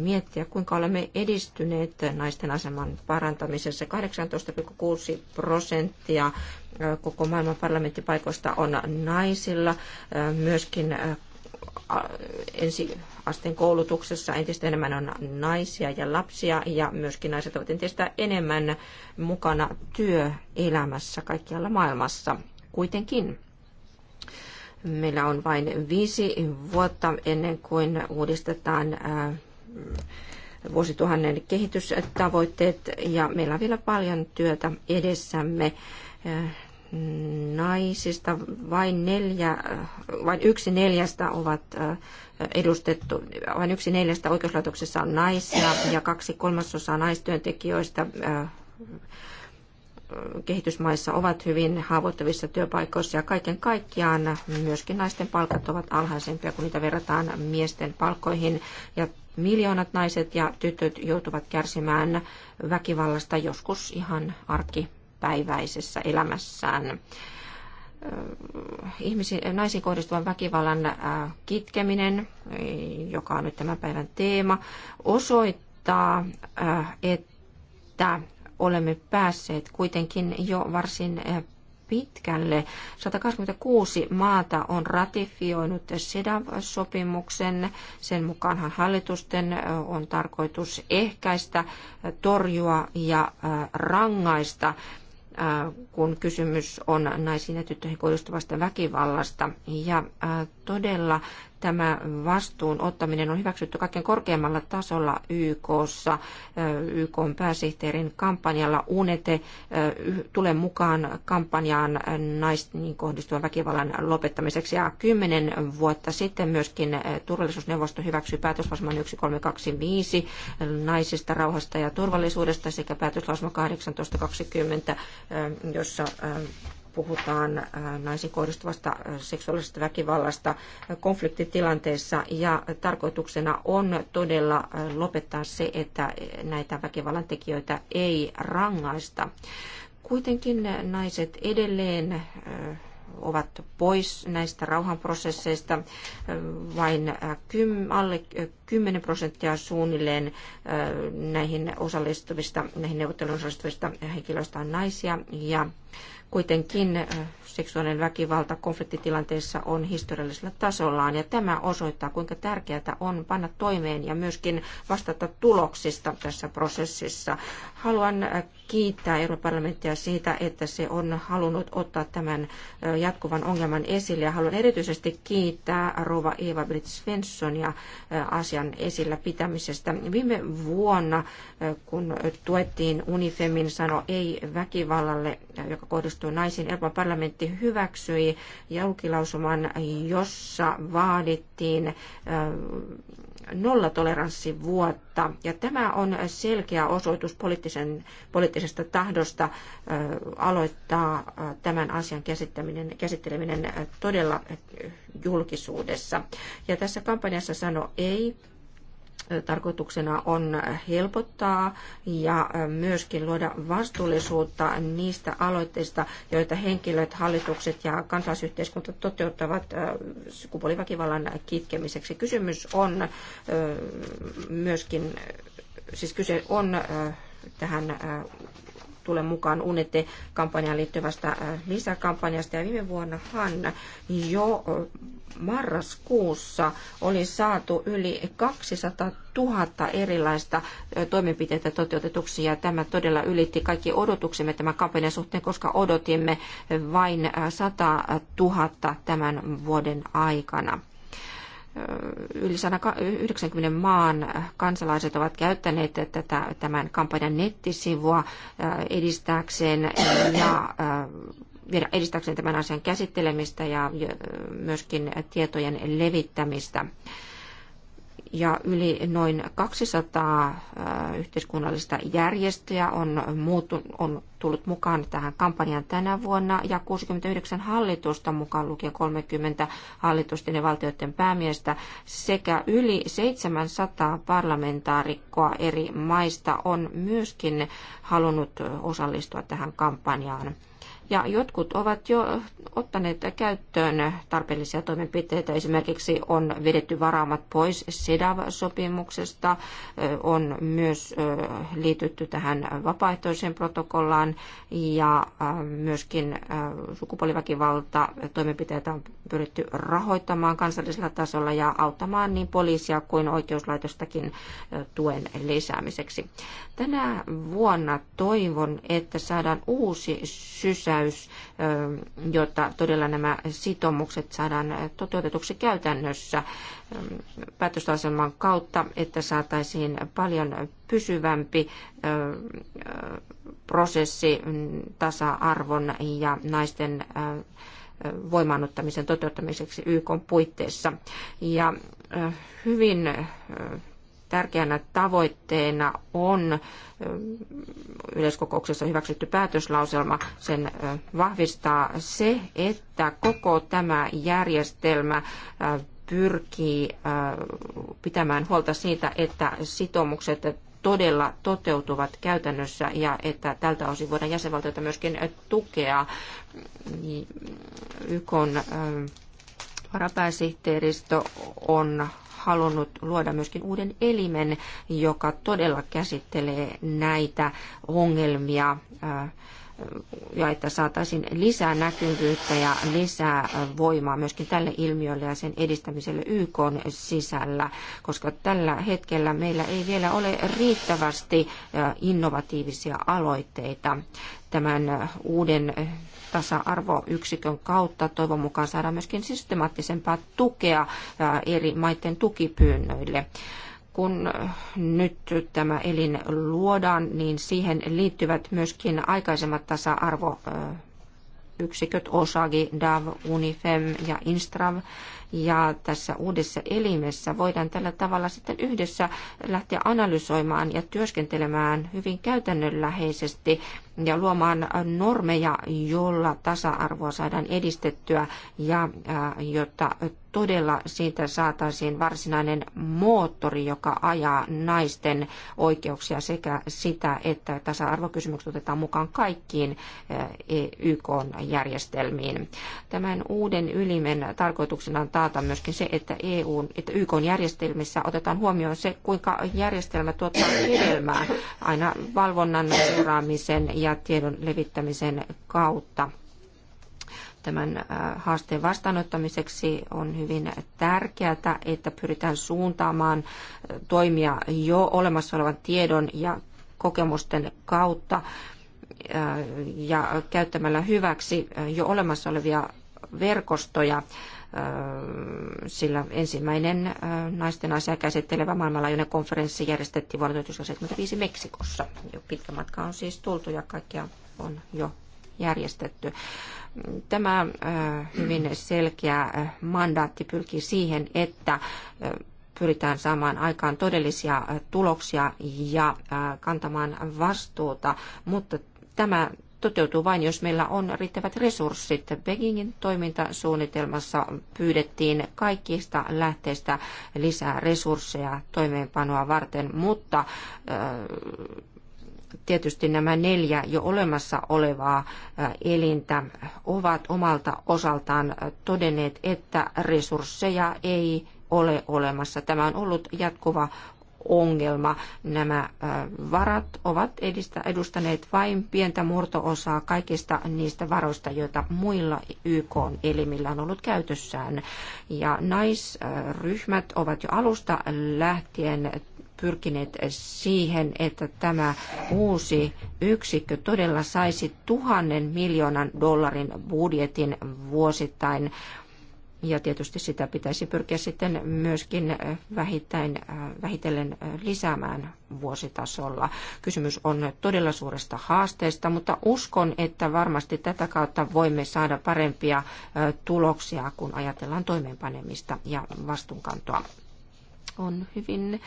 miettiä, kuinka olemme edistyneet naisten aseman parantamisessa. 18,6 prosenttia koko maailman parlamenttipaikoista on naisilla. Myöskin ensi asteen koulutuksessa. Entistä enemmän on naisia ja lapsia ja myöskin naiset ovat entistä enemmän mukana työelämässä kaikkialla maailmassa. Kuitenkin meillä on vain viisi vuotta ennen kuin uudistetaan äh, vuosituhannen kehitystavoitteet ja meillä on vielä paljon työtä edessämme äh, naisista vain, neljä, vain yksi neljästä ovat edustettu, vain yksi neljästä oikeuslaitoksessa on naisia ja kaksi kolmasosaa naistyöntekijöistä kehitysmaissa ovat hyvin haavoittuvissa työpaikoissa ja kaiken kaikkiaan myöskin naisten palkat ovat alhaisempia, kun niitä verrataan miesten palkkoihin. Ja miljoonat naiset ja tytöt joutuvat kärsimään väkivallasta joskus ihan arki päiväisessä elämässään Ihmisi, naisiin kohdistuvan väkivallan kitkeminen, joka on nyt tämän päivän teema, osoittaa, että olemme päässeet kuitenkin jo varsin pitkälle. 126 maata on ratifioinut seda sopimuksen Sen mukaanhan hallitusten on tarkoitus ehkäistä, torjua ja rangaista kun kysymys on naisiin ja tyttöihin kohdistuvasta väkivallasta. Ja todella Tämä vastuun ottaminen on hyväksytty kaiken korkeammalla tasolla YKssa. YK on pääsihteerin kampanjalla UNETE tulee mukaan kampanjaan naisiin kohdistuvan väkivallan lopettamiseksi. Ja kymmenen vuotta sitten myöskin turvallisuusneuvosto hyväksyi päätöslausuman 1325 naisista, rauhasta ja turvallisuudesta sekä päätöslausuman 1820, jossa puhutaan äh, naisiin kohdistuvasta äh, seksuaalisesta väkivallasta äh, konfliktitilanteessa ja tarkoituksena on todella lopettaa se, että näitä väkivallan tekijöitä ei rangaista. Kuitenkin naiset edelleen ovat pois näistä rauhanprosesseista. Vain alle 10 prosenttia suunnilleen näihin osallistuvista, näihin neuvotteluun osallistuvista henkilöistä on naisia. Ja Kuitenkin äh, seksuaalinen väkivalta konfliktitilanteissa on historiallisella tasollaan ja tämä osoittaa, kuinka tärkeää on panna toimeen ja myöskin vastata tuloksista tässä prosessissa. Haluan äh, kiittää Euroopan parlamenttia siitä, että se on halunnut ottaa tämän äh, jatkuvan ongelman esille ja haluan erityisesti kiittää Rova Eva Britt Svenssonia asian esillä pitämisestä. Viime vuonna, kun tuettiin Unifemin sano ei väkivallalle, joka kohdistuu kohdistuu naisen Euroopan parlamentti hyväksyi julkilausuman, jossa vaadittiin nollatoleranssin vuotta. Ja tämä on selkeä osoitus poliittisen, poliittisesta tahdosta aloittaa tämän asian käsitteleminen, käsitteleminen todella julkisuudessa. Ja tässä kampanjassa sano ei tarkoituksena on helpottaa ja myöskin luoda vastuullisuutta niistä aloitteista, joita henkilöt, hallitukset ja kansalaisyhteiskunta toteuttavat sukupuoliväkivallan kitkemiseksi. Kysymys on myöskin, siis kyse on tähän tule mukaan UNETE-kampanjaan liittyvästä äh, lisäkampanjasta. Ja viime vuonnahan jo äh, marraskuussa oli saatu yli 200 000 erilaista äh, toimenpiteitä toteutetuksi ja tämä todella ylitti kaikki odotuksemme tämän kampanjan suhteen, koska odotimme vain 100 000 tämän vuoden aikana yli 190 maan kansalaiset ovat käyttäneet tätä, tämän kampanjan nettisivua äh, edistääkseen ja äh, edistääkseen tämän asian käsittelemistä ja äh, myöskin tietojen levittämistä ja yli noin 200 äh, yhteiskunnallista järjestöä on, muuttu, on tullut mukaan tähän kampanjaan tänä vuonna ja 69 hallitusta mukaan lukien 30 hallitusten ja valtioiden päämiestä sekä yli 700 parlamentaarikkoa eri maista on myöskin halunnut osallistua tähän kampanjaan. Ja jotkut ovat jo ottaneet käyttöön tarpeellisia toimenpiteitä. Esimerkiksi on vedetty varaamat pois SEDAV-sopimuksesta, on myös liitytty tähän vapaaehtoiseen protokollaan ja myöskin sukupuoliväkivalta toimenpiteitä on pyritty rahoittamaan kansallisella tasolla ja auttamaan niin poliisia kuin oikeuslaitostakin tuen lisäämiseksi. Tänä vuonna toivon, että saadaan uusi sysäys täys, jotta todella nämä sitoumukset saadaan toteutetuksi käytännössä päätösaseman kautta, että saataisiin paljon pysyvämpi prosessi mm, tasa-arvon ja naisten voimaannuttamisen toteuttamiseksi YK puitteissa. Ja hyvin tärkeänä tavoitteena on yleiskokouksessa hyväksytty päätöslauselma sen vahvistaa se, että koko tämä järjestelmä pyrkii pitämään huolta siitä, että sitoumukset todella toteutuvat käytännössä ja että tältä osin voidaan jäsenvaltioita myöskin tukea YK varapääsihteeristö on halunnut luoda myöskin uuden elimen, joka todella käsittelee näitä ongelmia äh, ja että saataisiin lisää näkyvyyttä ja lisää voimaa myöskin tälle ilmiölle ja sen edistämiselle YK sisällä, koska tällä hetkellä meillä ei vielä ole riittävästi äh, innovatiivisia aloitteita tämän äh, uuden tasa-arvoyksikön kautta. Toivon mukaan saadaan myöskin systemaattisempaa tukea eri maiden tukipyynnöille kun nyt tämä elin luodaan, niin siihen liittyvät myöskin aikaisemmat tasa-arvo yksiköt Osagi, DAV, Unifem ja Instrav. Ja tässä uudessa elimessä voidaan tällä tavalla sitten yhdessä lähteä analysoimaan ja työskentelemään hyvin käytännönläheisesti ja luomaan normeja, jolla tasa-arvoa saadaan edistettyä ja jotta todella siitä saataisiin varsinainen moottori, joka ajaa naisten oikeuksia sekä sitä, että tasa-arvokysymykset otetaan mukaan kaikkiin YK-järjestelmiin. Tämän uuden ylimen tarkoituksena on taata myöskin se, että, EU, että YK-järjestelmissä otetaan huomioon se, kuinka järjestelmä tuottaa hedelmää aina valvonnan seuraamisen ja tiedon levittämisen kautta. Tämän äh, haasteen vastaanottamiseksi on hyvin tärkeää, että pyritään suuntaamaan äh, toimia jo olemassa olevan tiedon ja kokemusten kautta äh, ja käyttämällä hyväksi jo olemassa olevia verkostoja sillä ensimmäinen naisten asia käsittelevä maailmanlaajuinen konferenssi järjestettiin vuonna 1975 Meksikossa. Jo pitkä matka on siis tultu ja kaikkea on jo järjestetty. Tämä hyvin selkeä mandaatti pyrkii siihen, että pyritään saamaan aikaan todellisia tuloksia ja kantamaan vastuuta, mutta tämä toteutuu vain, jos meillä on riittävät resurssit. Pekingin toimintasuunnitelmassa pyydettiin kaikista lähteistä lisää resursseja toimeenpanoa varten, mutta tietysti nämä neljä jo olemassa olevaa elintä ovat omalta osaltaan todenneet, että resursseja ei ole olemassa. Tämä on ollut jatkuva ongelma. Nämä äh, varat ovat edustaneet vain pientä murtoosaa kaikista niistä varoista, joita muilla YK-elimillä on ollut käytössään. Ja naisryhmät ovat jo alusta lähtien pyrkineet siihen, että tämä uusi yksikkö todella saisi tuhannen miljoonan dollarin budjetin vuosittain ja tietysti sitä pitäisi pyrkiä sitten myöskin äh, vähittäin, äh, vähitellen äh, lisäämään vuositasolla. Kysymys on todella suuresta haasteesta, mutta uskon, että varmasti tätä kautta voimme saada parempia tuloksia, kun ajatellaan toimeenpanemista ja vastuunkantoa on hyvin,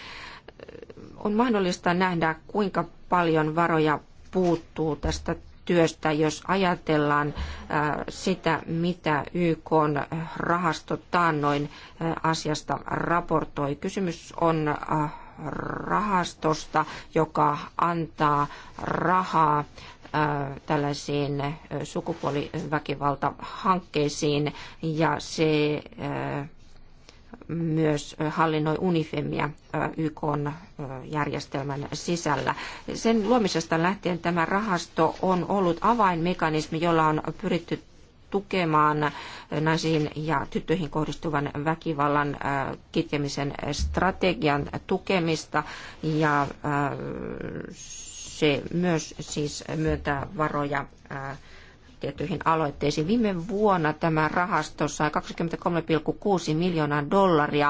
on mahdollista nähdä, kuinka paljon varoja puuttuu tästä työstä, jos ajatellaan äh, sitä, mitä YK rahasto taannoin äh, asiasta raportoi. Kysymys on äh, rahastosta, joka antaa rahaa tällaisiin sukupuoliväkivaltahankkeisiin ja se myös hallinnoi Unifemia YK järjestelmän sisällä. Sen luomisesta lähtien tämä rahasto on ollut avainmekanismi, jolla on pyritty tukemaan naisiin ja tyttöihin kohdistuvan väkivallan kitkemisen strategian tukemista ja se myös siis myöntää varoja tiettyihin aloitteisiin. Viime vuonna tämä rahasto sai 23,6 miljoonaa dollaria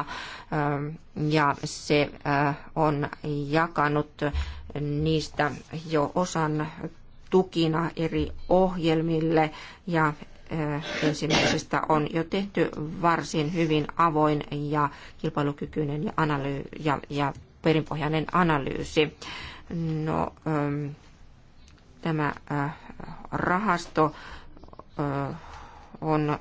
ähm, ja se äh, on jakanut niistä jo osan tukina eri ohjelmille ja äh, ensimmäisestä on jo tehty varsin hyvin avoin ja kilpailukykyinen ja, analy- ja, ja perinpohjainen analyysi. No, ähm, tämä äh, rahasto on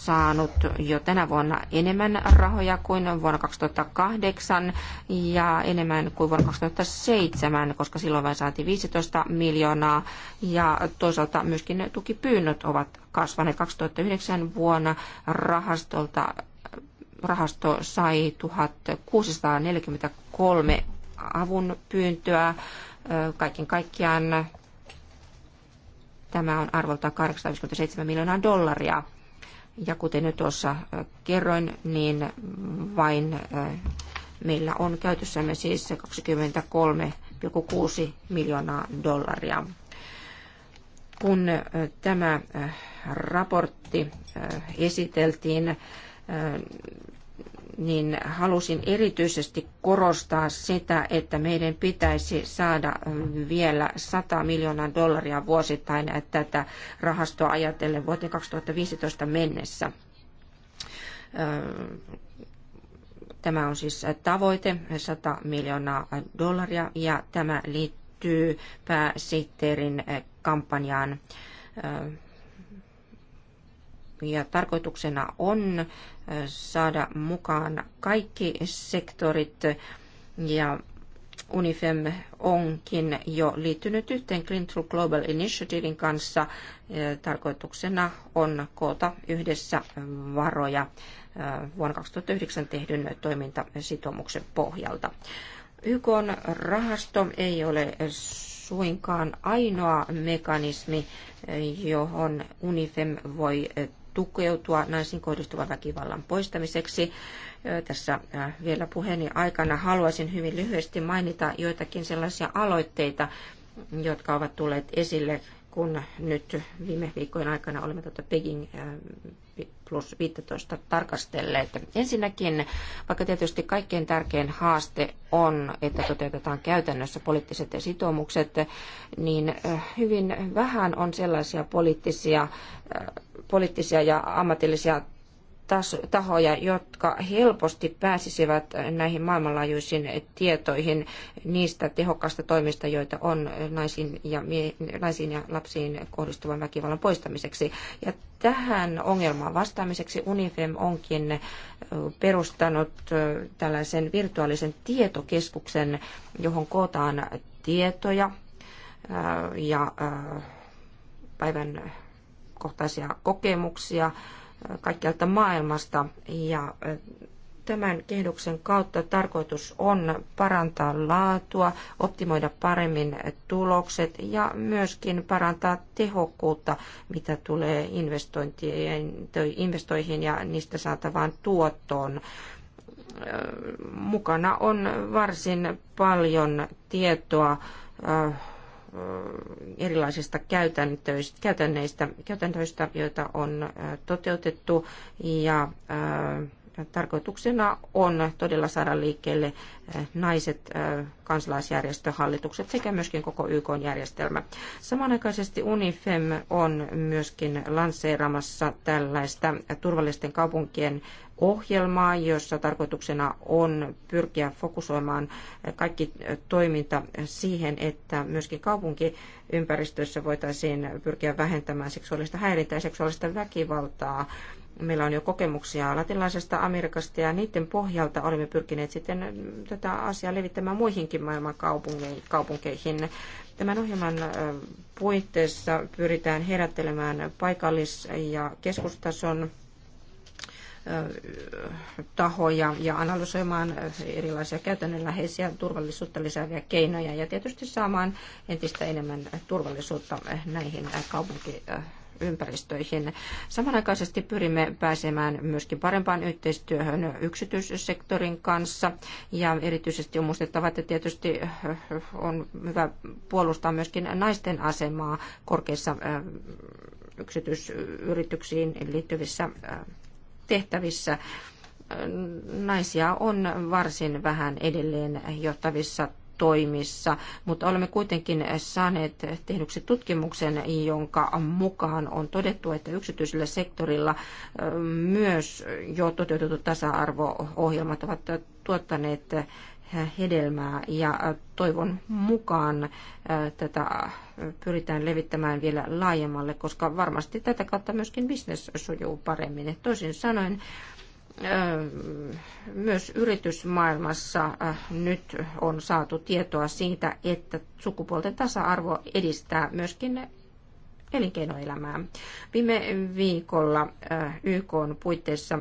saanut jo tänä vuonna enemmän rahoja kuin vuonna 2008 ja enemmän kuin vuonna 2007, koska silloin vain saatiin 15 miljoonaa ja toisaalta myöskin tukipyynnöt ovat kasvaneet 2009 vuonna rahastolta rahasto sai 1643 avunpyyntöä kaiken kaikkiaan Tämä on arvoltaan 857 miljoonaa dollaria. Ja kuten nyt tuossa kerroin, niin vain meillä on käytössämme siis 23,6 miljoonaa dollaria. Kun tämä raportti esiteltiin, niin halusin erityisesti korostaa sitä, että meidän pitäisi saada vielä 100 miljoonaa dollaria vuosittain tätä rahastoa ajatellen vuoteen 2015 mennessä. Tämä on siis tavoite, 100 miljoonaa dollaria, ja tämä liittyy pääsihteerin kampanjaan. Ja tarkoituksena on saada mukaan kaikki sektorit ja UNIFEM onkin jo liittynyt yhteen Clean Through Global Initiativein kanssa. Tarkoituksena on koota yhdessä varoja vuonna 2009 tehdyn toimintasitoumuksen pohjalta. YK rahasto ei ole suinkaan ainoa mekanismi, johon UNIFEM voi tukeutua naisiin kohdistuvan väkivallan poistamiseksi. Tässä vielä puheeni aikana haluaisin hyvin lyhyesti mainita joitakin sellaisia aloitteita, jotka ovat tulleet esille, kun nyt viime viikkojen aikana olemme tuota Pegin plus 15 tarkastelleet. Ensinnäkin, vaikka tietysti kaikkein tärkein haaste on, että toteutetaan käytännössä poliittiset sitoumukset, niin äh, hyvin vähän on sellaisia poliittisia, äh, poliittisia ja ammatillisia tahoja, jotka helposti pääsisivät näihin maailmanlaajuisiin tietoihin niistä tehokkaista toimista, joita on naisiin ja, mie- naisiin ja lapsiin kohdistuvan väkivallan poistamiseksi. Ja tähän ongelmaan vastaamiseksi UNIFEM onkin perustanut tällaisen virtuaalisen tietokeskuksen, johon kootaan tietoja äh, ja äh, päivän kohtaisia kokemuksia kaikkialta maailmasta ja tämän kehdoksen kautta tarkoitus on parantaa laatua, optimoida paremmin tulokset ja myöskin parantaa tehokkuutta, mitä tulee investointiin ja niistä saatavaan tuottoon. Mukana on varsin paljon tietoa Äh, erilaisista käytännöistä, käytännöistä, joita on äh, toteutettu ja äh, tarkoituksena on todella saada liikkeelle eh, naiset, eh, kansalaisjärjestöhallitukset sekä myöskin koko YK-järjestelmä. Samanaikaisesti UNIFEM on myöskin lanseeramassa tällaista turvallisten kaupunkien ohjelmaa, jossa tarkoituksena on pyrkiä fokusoimaan kaikki eh, toiminta siihen, että myöskin kaupunkiympäristöissä voitaisiin pyrkiä vähentämään seksuaalista häirintää ja seksuaalista väkivaltaa Meillä on jo kokemuksia latinalaisesta Amerikasta ja niiden pohjalta olemme pyrkineet sitten tätä asiaa levittämään muihinkin maailman kaupunkeihin. Tämän ohjelman puitteissa pyritään herättelemään paikallis- ja keskustason tahoja ja analysoimaan erilaisia käytännönläheisiä turvallisuutta lisääviä keinoja ja tietysti saamaan entistä enemmän turvallisuutta näihin kaupunkiin ympäristöihin. Samanaikaisesti pyrimme pääsemään myöskin parempaan yhteistyöhön yksityissektorin kanssa ja erityisesti on muistettava, että tietysti äh, on hyvä puolustaa myöskin naisten asemaa korkeissa äh, yksityisyrityksiin liittyvissä äh, tehtävissä naisia on varsin vähän edelleen johtavissa toimissa, mutta olemme kuitenkin saaneet tehdyksi tutkimuksen, jonka mukaan on todettu, että yksityisellä sektorilla myös jo toteutetut tasa-arvo-ohjelmat ovat tuottaneet hedelmää ja toivon mukaan tätä pyritään levittämään vielä laajemmalle, koska varmasti tätä kautta myöskin bisnes sujuu paremmin. Toisin sanoen myös yritysmaailmassa nyt on saatu tietoa siitä, että sukupuolten tasa-arvo edistää myöskin elinkeinoelämää. Viime viikolla YK on puitteissa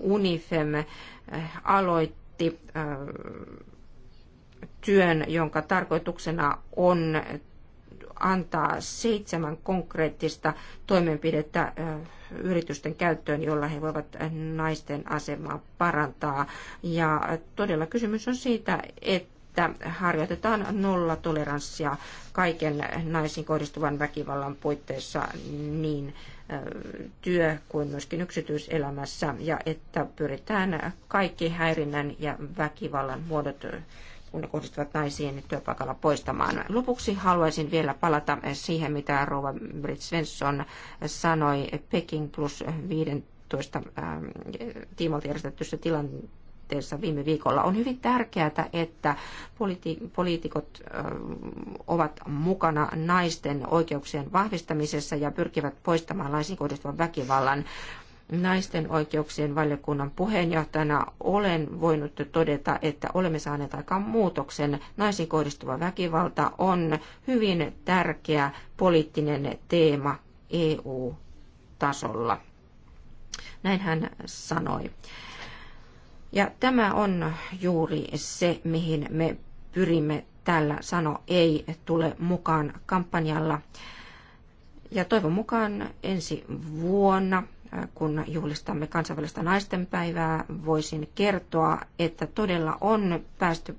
UNIFEM aloitti työn, jonka tarkoituksena on antaa seitsemän konkreettista toimenpidettä yritysten käyttöön, jolla he voivat naisten asemaa parantaa. Ja todella kysymys on siitä, että että harjoitetaan nollatoleranssia kaiken naisiin kohdistuvan väkivallan puitteissa niin työ kuin myöskin yksityiselämässä ja että pyritään kaikki häirinnän ja väkivallan muodot kun ne kohdistuvat naisiin niin työpaikalla poistamaan. Lopuksi haluaisin vielä palata siihen, mitä Rova Britt Svensson sanoi Peking plus 15 ähm, tiimolta järjestetyssä tilanteessa tilanteessa viime viikolla. On hyvin tärkeää, että politi- poliitikot äh, ovat mukana naisten oikeuksien vahvistamisessa ja pyrkivät poistamaan naisiin kohdistuvan väkivallan naisten oikeuksien valiokunnan puheenjohtajana olen voinut todeta, että olemme saaneet aikaan muutoksen. Naisiin kohdistuva väkivalta on hyvin tärkeä poliittinen teema EU-tasolla. Näin hän sanoi. Ja tämä on juuri se, mihin me pyrimme tällä sano ei tule mukaan kampanjalla. Ja toivon mukaan ensi vuonna Äh, kun juhlistamme kansainvälistä naistenpäivää, voisin kertoa, että todella on päästy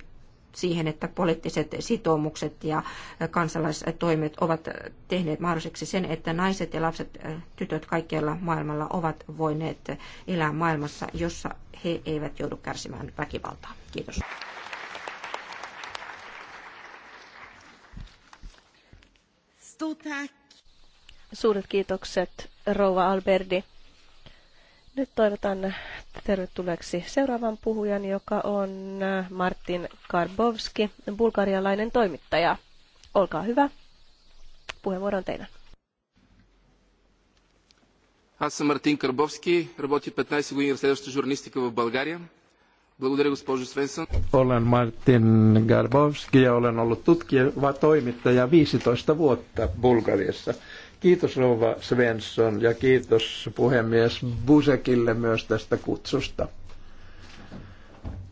siihen, että poliittiset sitoumukset ja kansalaistoimet ovat tehneet mahdolliseksi sen, että naiset ja lapset, äh, tytöt kaikkialla maailmalla ovat voineet elää maailmassa, jossa he eivät joudu kärsimään väkivaltaa. Kiitos. Suuret kiitokset, rouva Alberdi. Nyt toivotan tervetulleeksi seuraavan puhujan, joka on äh, Martin Karbovski, bulgarialainen toimittaja. Olkaa hyvä. Puheenvuoro on teidän. Аз съм Мартин Карбовски, работи 15 години разследваща журналистика в България. Благодаря, госпожо Свенсън. Olen Martin Garbovski ja olen ollut tutkija, toimittaja 15 vuotta Bulgariassa. Kiitos Rova Svensson ja kiitos puhemies Busekille myös tästä kutsusta.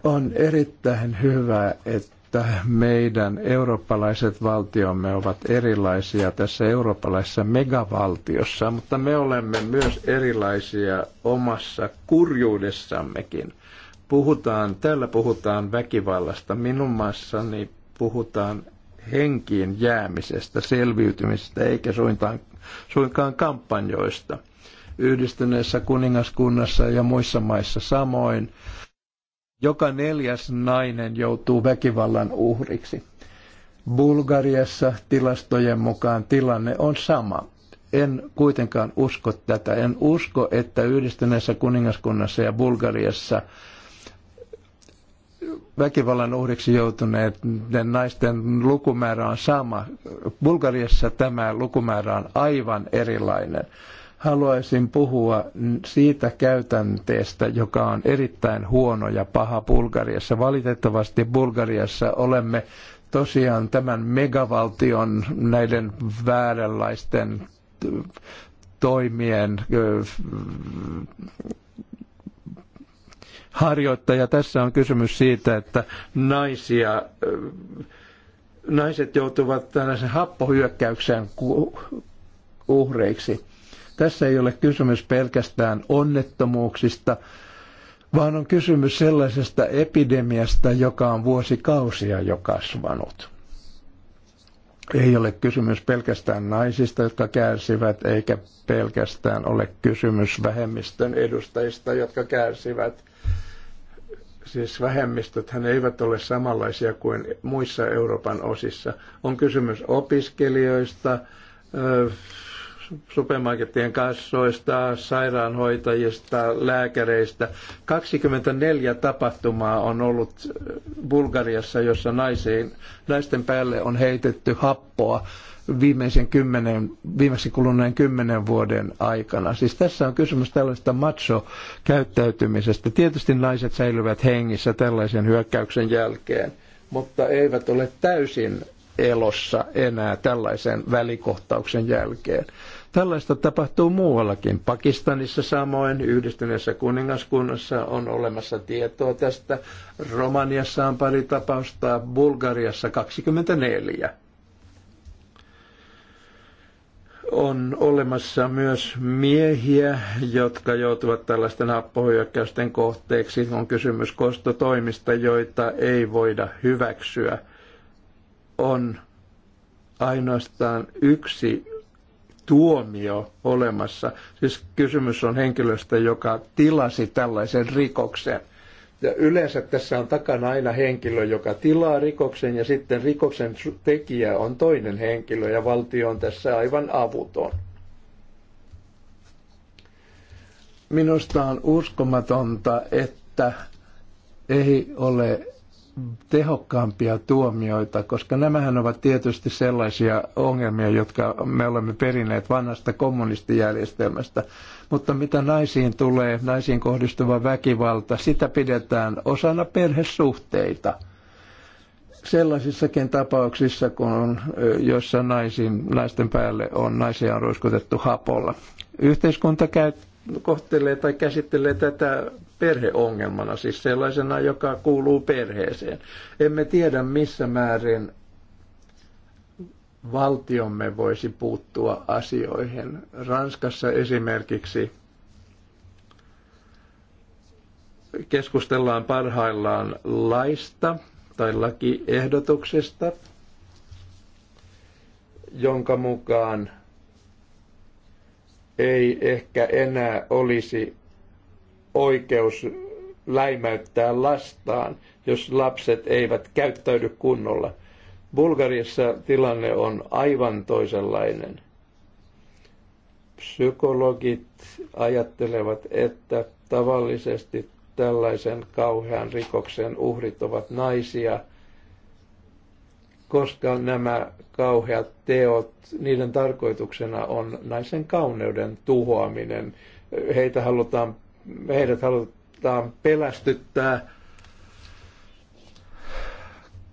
On erittäin hyvä, että meidän eurooppalaiset valtiomme ovat erilaisia tässä eurooppalaisessa megavaltiossa, mutta me olemme myös erilaisia omassa kurjuudessammekin. Puhutaan, täällä puhutaan väkivallasta. Minun maassani puhutaan henkiin jäämisestä, selviytymisestä, eikä suinkaan suinkaan kampanjoista. Yhdistyneessä kuningaskunnassa ja muissa maissa samoin. Joka neljäs nainen joutuu väkivallan uhriksi. Bulgariassa tilastojen mukaan tilanne on sama. En kuitenkaan usko tätä. En usko, että yhdistyneessä kuningaskunnassa ja Bulgariassa – väkivallan uhriksi joutuneet naisten lukumäärä on sama. Bulgariassa tämä lukumäärä on aivan erilainen. Haluaisin puhua siitä käytänteestä, joka on erittäin huono ja paha Bulgariassa. Valitettavasti Bulgariassa olemme tosiaan tämän megavaltion näiden vääränlaisten toimien harjoittaja. Tässä on kysymys siitä, että naisia, naiset joutuvat tällaisen happohyökkäyksen uhreiksi. Tässä ei ole kysymys pelkästään onnettomuuksista, vaan on kysymys sellaisesta epidemiasta, joka on vuosikausia jo kasvanut. Ei ole kysymys pelkästään naisista, jotka kärsivät, eikä pelkästään ole kysymys vähemmistön edustajista, jotka kärsivät, siis vähemmistöthän eivät ole samanlaisia kuin muissa Euroopan osissa. On kysymys opiskelijoista, supermarkettien kassoista, sairaanhoitajista, lääkäreistä. 24 tapahtumaa on ollut Bulgariassa, jossa naisiin, naisten päälle on heitetty happoa viimeisen kymmenen, viimeksi kuluneen kymmenen vuoden aikana. Siis tässä on kysymys tällaista macho-käyttäytymisestä. Tietysti naiset säilyvät hengissä tällaisen hyökkäyksen jälkeen, mutta eivät ole täysin elossa enää tällaisen välikohtauksen jälkeen. Tällaista tapahtuu muuallakin. Pakistanissa samoin, yhdistyneessä kuningaskunnassa on olemassa tietoa tästä. Romaniassa on pari tapausta, Bulgariassa 24 on olemassa myös miehiä, jotka joutuvat tällaisten happohyökkäysten kohteeksi. On kysymys kostotoimista, joita ei voida hyväksyä. On ainoastaan yksi tuomio olemassa. Siis kysymys on henkilöstä, joka tilasi tällaisen rikoksen – ja yleensä tässä on takana aina henkilö, joka tilaa rikoksen ja sitten rikoksen tekijä on toinen henkilö ja valtio on tässä aivan avuton. Minusta on uskomatonta, että ei ole tehokkaampia tuomioita, koska nämähän ovat tietysti sellaisia ongelmia, jotka me olemme perineet vanhasta kommunistijärjestelmästä. Mutta mitä naisiin tulee, naisiin kohdistuva väkivalta, sitä pidetään osana perhesuhteita. Sellaisissakin tapauksissa, kun on, joissa naisin, naisten päälle on naisia on ruiskutettu hapolla. Yhteiskunta käy, kohtelee tai käsittelee tätä perheongelmana, siis sellaisena, joka kuuluu perheeseen. Emme tiedä missä määrin valtiomme voisi puuttua asioihin. Ranskassa esimerkiksi keskustellaan parhaillaan laista tai lakiehdotuksesta, jonka mukaan ei ehkä enää olisi oikeus läimäyttää lastaan, jos lapset eivät käyttäydy kunnolla. Bulgariassa tilanne on aivan toisenlainen. Psykologit ajattelevat, että tavallisesti tällaisen kauhean rikoksen uhrit ovat naisia, koska nämä kauheat teot, niiden tarkoituksena on naisen kauneuden tuhoaminen. Heitä halutaan Meidät halutaan pelästyttää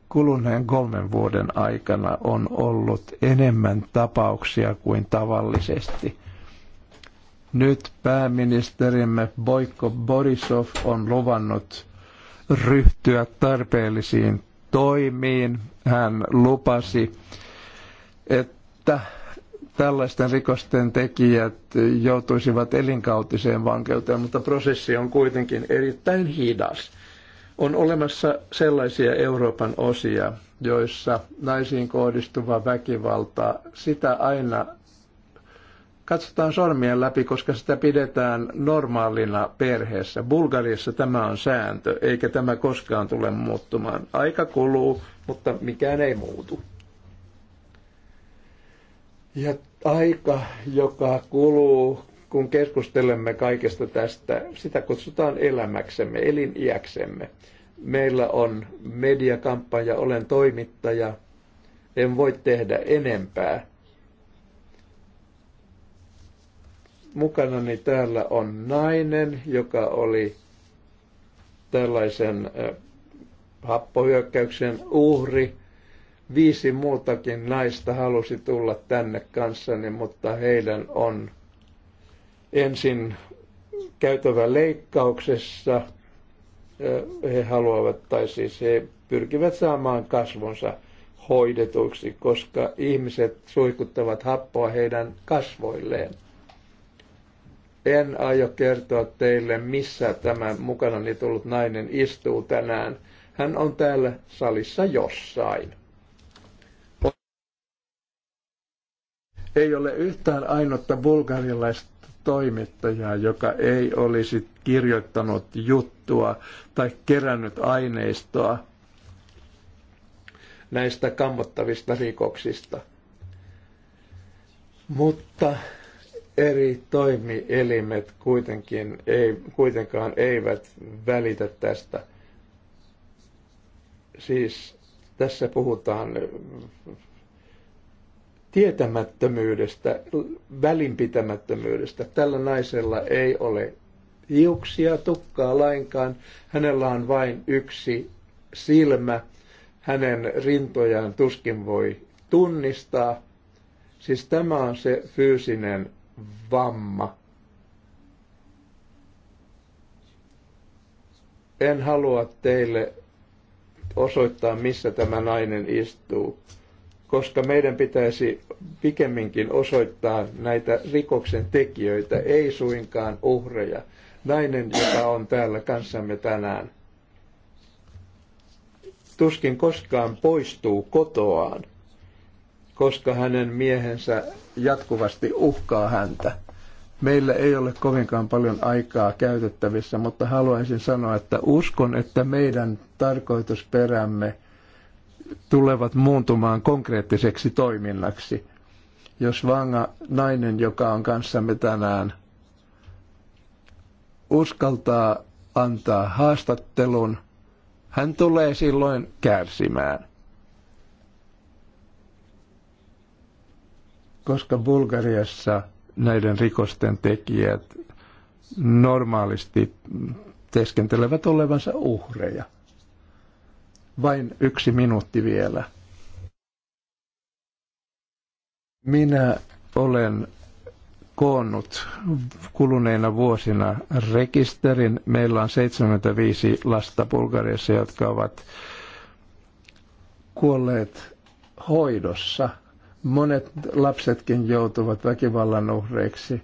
kuluneen kolmen vuoden aikana on ollut enemmän tapauksia kuin tavallisesti. Nyt pääministerimme Boiko Borisov on luvannut ryhtyä tarpeellisiin toimiin. Hän lupasi, että tällaisten rikosten tekijät joutuisivat elinkautiseen vankeuteen, mutta prosessi on kuitenkin erittäin hidas. On olemassa sellaisia Euroopan osia, joissa naisiin kohdistuva väkivalta, sitä aina katsotaan sormien läpi, koska sitä pidetään normaalina perheessä. Bulgariassa tämä on sääntö, eikä tämä koskaan tule muuttumaan. Aika kuluu, mutta mikään ei muutu. Ja aika, joka kuluu, kun keskustelemme kaikesta tästä, sitä kutsutaan elämäksemme, eliniäksemme. Meillä on mediakampanja, olen toimittaja, en voi tehdä enempää. Mukanani täällä on nainen, joka oli tällaisen äh, happohyökkäyksen uhri – Viisi muutakin naista halusi tulla tänne kanssani, mutta heidän on ensin käytävä leikkauksessa. He haluavat, tai siis he pyrkivät saamaan kasvonsa hoidetuiksi, koska ihmiset suihkuttavat happoa heidän kasvoilleen. En aio kertoa teille, missä tämä mukana tullut nainen istuu tänään. Hän on täällä salissa jossain. Ei ole yhtään ainutta bulgarilaista toimittajaa, joka ei olisi kirjoittanut juttua tai kerännyt aineistoa näistä kammottavista rikoksista. Mutta eri toimielimet kuitenkin ei, kuitenkaan eivät välitä tästä. Siis tässä puhutaan tietämättömyydestä, välinpitämättömyydestä. Tällä naisella ei ole hiuksia, tukkaa lainkaan. Hänellä on vain yksi silmä. Hänen rintojaan tuskin voi tunnistaa. Siis tämä on se fyysinen vamma. En halua teille osoittaa, missä tämä nainen istuu koska meidän pitäisi pikemminkin osoittaa näitä rikoksen tekijöitä, ei suinkaan uhreja. Nainen, joka on täällä kanssamme tänään, tuskin koskaan poistuu kotoaan, koska hänen miehensä jatkuvasti uhkaa häntä. Meillä ei ole kovinkaan paljon aikaa käytettävissä, mutta haluaisin sanoa, että uskon, että meidän tarkoitusperämme – tulevat muuntumaan konkreettiseksi toiminnaksi. Jos vanga nainen, joka on kanssamme tänään, uskaltaa antaa haastattelun, hän tulee silloin kärsimään. Koska Bulgariassa näiden rikosten tekijät normaalisti teeskentelevät olevansa uhreja – vain yksi minuutti vielä. Minä olen koonnut kuluneina vuosina rekisterin. Meillä on 75 lasta Bulgariassa, jotka ovat kuolleet hoidossa. Monet lapsetkin joutuvat väkivallan uhreiksi.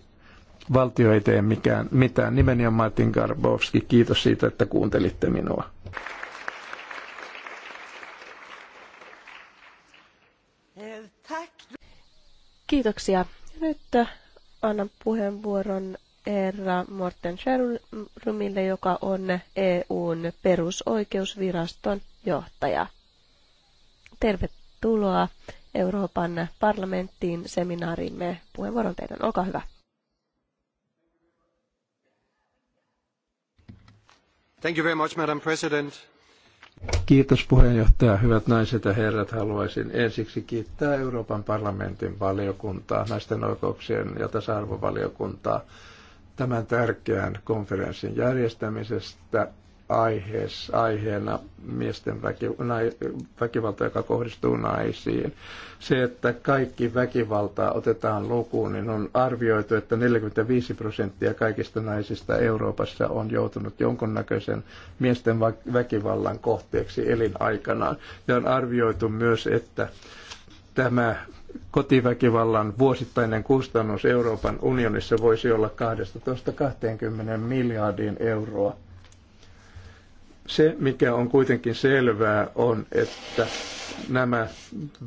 Valtio ei tee mikään, mitään. Nimeni on Martin Garbovski. Kiitos siitä, että kuuntelitte minua. Kiitoksia. Nyt annan puheenvuoron herra Morten Scherumille, joka on EUn perusoikeusviraston johtaja. Tervetuloa Euroopan parlamenttiin seminaarimme. Puheenvuoron teidän, olkaa hyvä. Thank you very much, Madam President. Kiitos puheenjohtaja. Hyvät naiset ja herrat, haluaisin ensiksi kiittää Euroopan parlamentin valiokuntaa, naisten oikeuksien ja tasa-arvovaliokuntaa tämän tärkeän konferenssin järjestämisestä aihees, aiheena miesten väki, nai, väkivalta, joka kohdistuu naisiin. Se, että kaikki väkivaltaa otetaan lukuun, niin on arvioitu, että 45 prosenttia kaikista naisista Euroopassa on joutunut jonkunnäköisen miesten väkivallan kohteeksi elinaikanaan. Ja on arvioitu myös, että tämä kotiväkivallan vuosittainen kustannus Euroopan unionissa voisi olla 12-20 miljardin euroa se, mikä on kuitenkin selvää, on, että nämä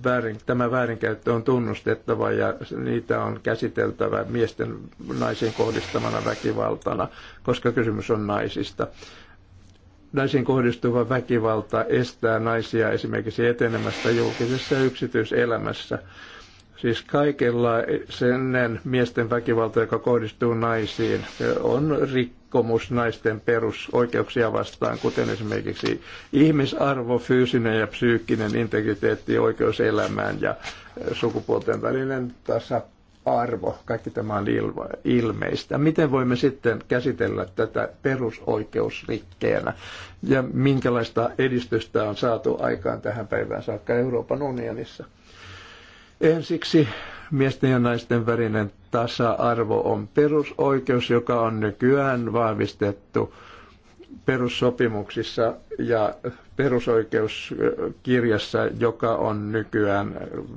väärin, tämä väärinkäyttö on tunnustettava ja niitä on käsiteltävä miesten naisiin kohdistamana väkivaltana, koska kysymys on naisista. Naisiin kohdistuva väkivalta estää naisia esimerkiksi etenemästä julkisessa ja yksityiselämässä. Siis kaikella sen miesten väkivalta, joka kohdistuu naisiin, on rikkomus naisten perusoikeuksia vastaan, kuten esimerkiksi ihmisarvo, fyysinen ja psyykkinen integriteetti, oikeus elämään ja sukupuolten välinen tasa-arvo. Kaikki tämä on ilmeistä. Miten voimme sitten käsitellä tätä perusoikeusrikkeenä ja minkälaista edistystä on saatu aikaan tähän päivään saakka Euroopan unionissa? Ensiksi miesten ja naisten välinen tasa-arvo on perusoikeus, joka on nykyään vahvistettu perussopimuksissa ja perusoikeuskirjassa, joka on nykyään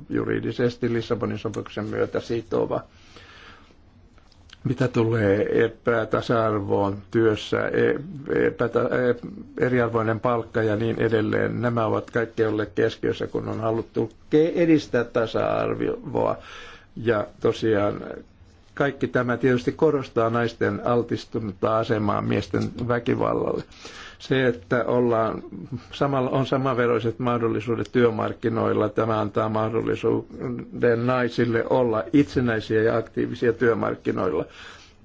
juridisesti Lissabonin sopimuksen myötä sitova. Mitä tulee epätasa-arvoon työssä, e, epätä, e, eriarvoinen palkka ja niin edelleen, nämä ovat kaikki olleet keskiössä, kun on haluttu edistää tasa-arvoa. Ja tosiaan kaikki tämä tietysti korostaa naisten altistunutta asemaa miesten väkivallalle. Se, että ollaan, samalla, on samanveroiset mahdollisuudet työmarkkinoilla, tämä antaa mahdollisuuden naisille olla itsenäisiä ja aktiivisia työmarkkinoilla.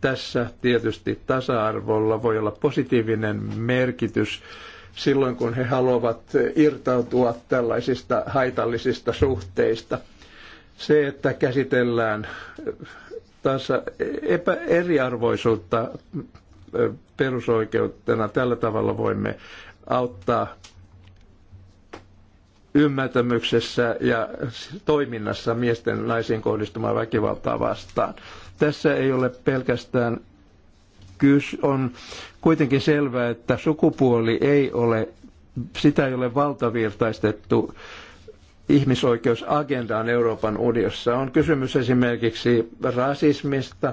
Tässä tietysti tasa-arvolla voi olla positiivinen merkitys silloin, kun he haluavat irtautua tällaisista haitallisista suhteista. Se, että käsitellään tasa epä, eriarvoisuutta perusoikeutena. Tällä tavalla voimme auttaa ymmärtämyksessä ja toiminnassa miesten naisiin kohdistumaa väkivaltaa vastaan. Tässä ei ole pelkästään kys, on kuitenkin selvää, että sukupuoli ei ole, sitä ei ole valtavirtaistettu ihmisoikeusagendaan Euroopan unionissa. On kysymys esimerkiksi rasismista,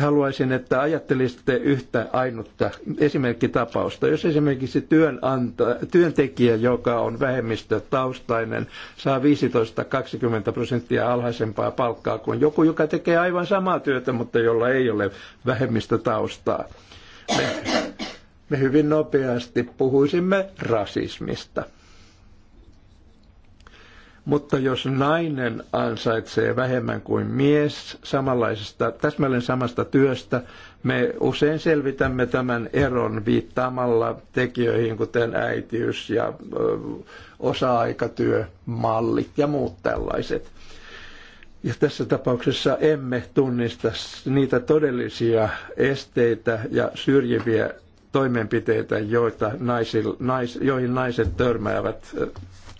haluaisin, että ajattelisitte yhtä ainutta esimerkkitapausta. Jos esimerkiksi työnanta, työntekijä, joka on vähemmistötaustainen, saa 15-20 prosenttia alhaisempaa palkkaa kuin joku, joka tekee aivan samaa työtä, mutta jolla ei ole vähemmistötaustaa. Me, me hyvin nopeasti puhuisimme rasismista. Mutta jos nainen ansaitsee vähemmän kuin mies samanlaisesta, täsmälleen samasta työstä, me usein selvitämme tämän eron viittaamalla tekijöihin, kuten äitiys ja osa-aikatyömallit ja muut tällaiset. Ja tässä tapauksessa emme tunnista niitä todellisia esteitä ja syrjiviä toimenpiteitä, joita naisil, nais, joihin naiset törmäävät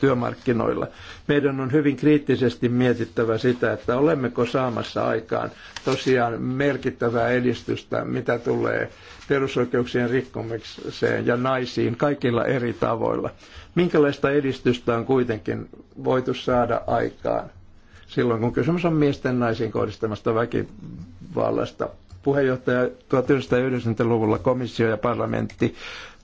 työmarkkinoilla. Meidän on hyvin kriittisesti mietittävä sitä, että olemmeko saamassa aikaan tosiaan merkittävää edistystä, mitä tulee perusoikeuksien rikkomiseen ja naisiin kaikilla eri tavoilla. Minkälaista edistystä on kuitenkin voitu saada aikaan silloin, kun kysymys on miesten naisiin kohdistamasta väkivallasta? Puheenjohtaja 1990-luvulla komissio ja parlamentti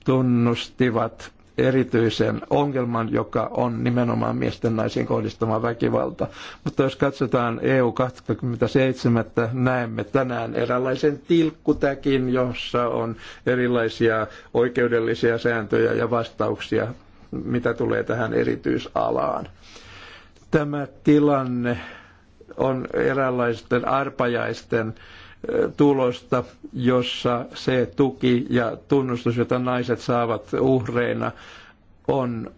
tunnustivat erityisen ongelman, joka on nimenomaan miesten naisiin kohdistama väkivalta. Mutta jos katsotaan EU 27, näemme tänään eräänlaisen tilkkutäkin, jossa on erilaisia oikeudellisia sääntöjä ja vastauksia, mitä tulee tähän erityisalaan. Tämä tilanne on eräänlaisten arpajaisten tulosta, jossa se tuki ja tunnustus, jota naiset saavat uhreina, on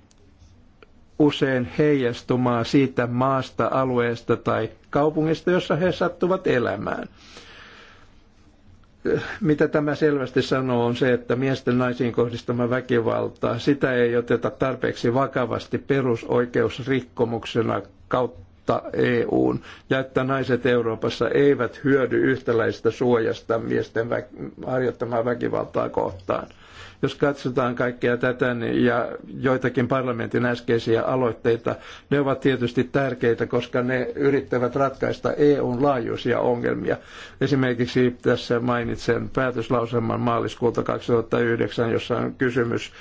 usein heijastumaa siitä maasta, alueesta tai kaupungista, jossa he sattuvat elämään. Mitä tämä selvästi sanoo on se, että miesten naisiin kohdistama väkivaltaa, sitä ei oteta tarpeeksi vakavasti perusoikeusrikkomuksena kautta kautta EUn, ja että naiset Euroopassa eivät hyödy yhtäläistä suojasta miesten vä- harjoittamaa väkivaltaa kohtaan. Jos katsotaan kaikkea tätä niin, ja joitakin parlamentin äskeisiä aloitteita, ne ovat tietysti tärkeitä, koska ne yrittävät ratkaista EUn laajuisia ongelmia. Esimerkiksi tässä mainitsen päätöslauselman maaliskuuta 2009, jossa on kysymys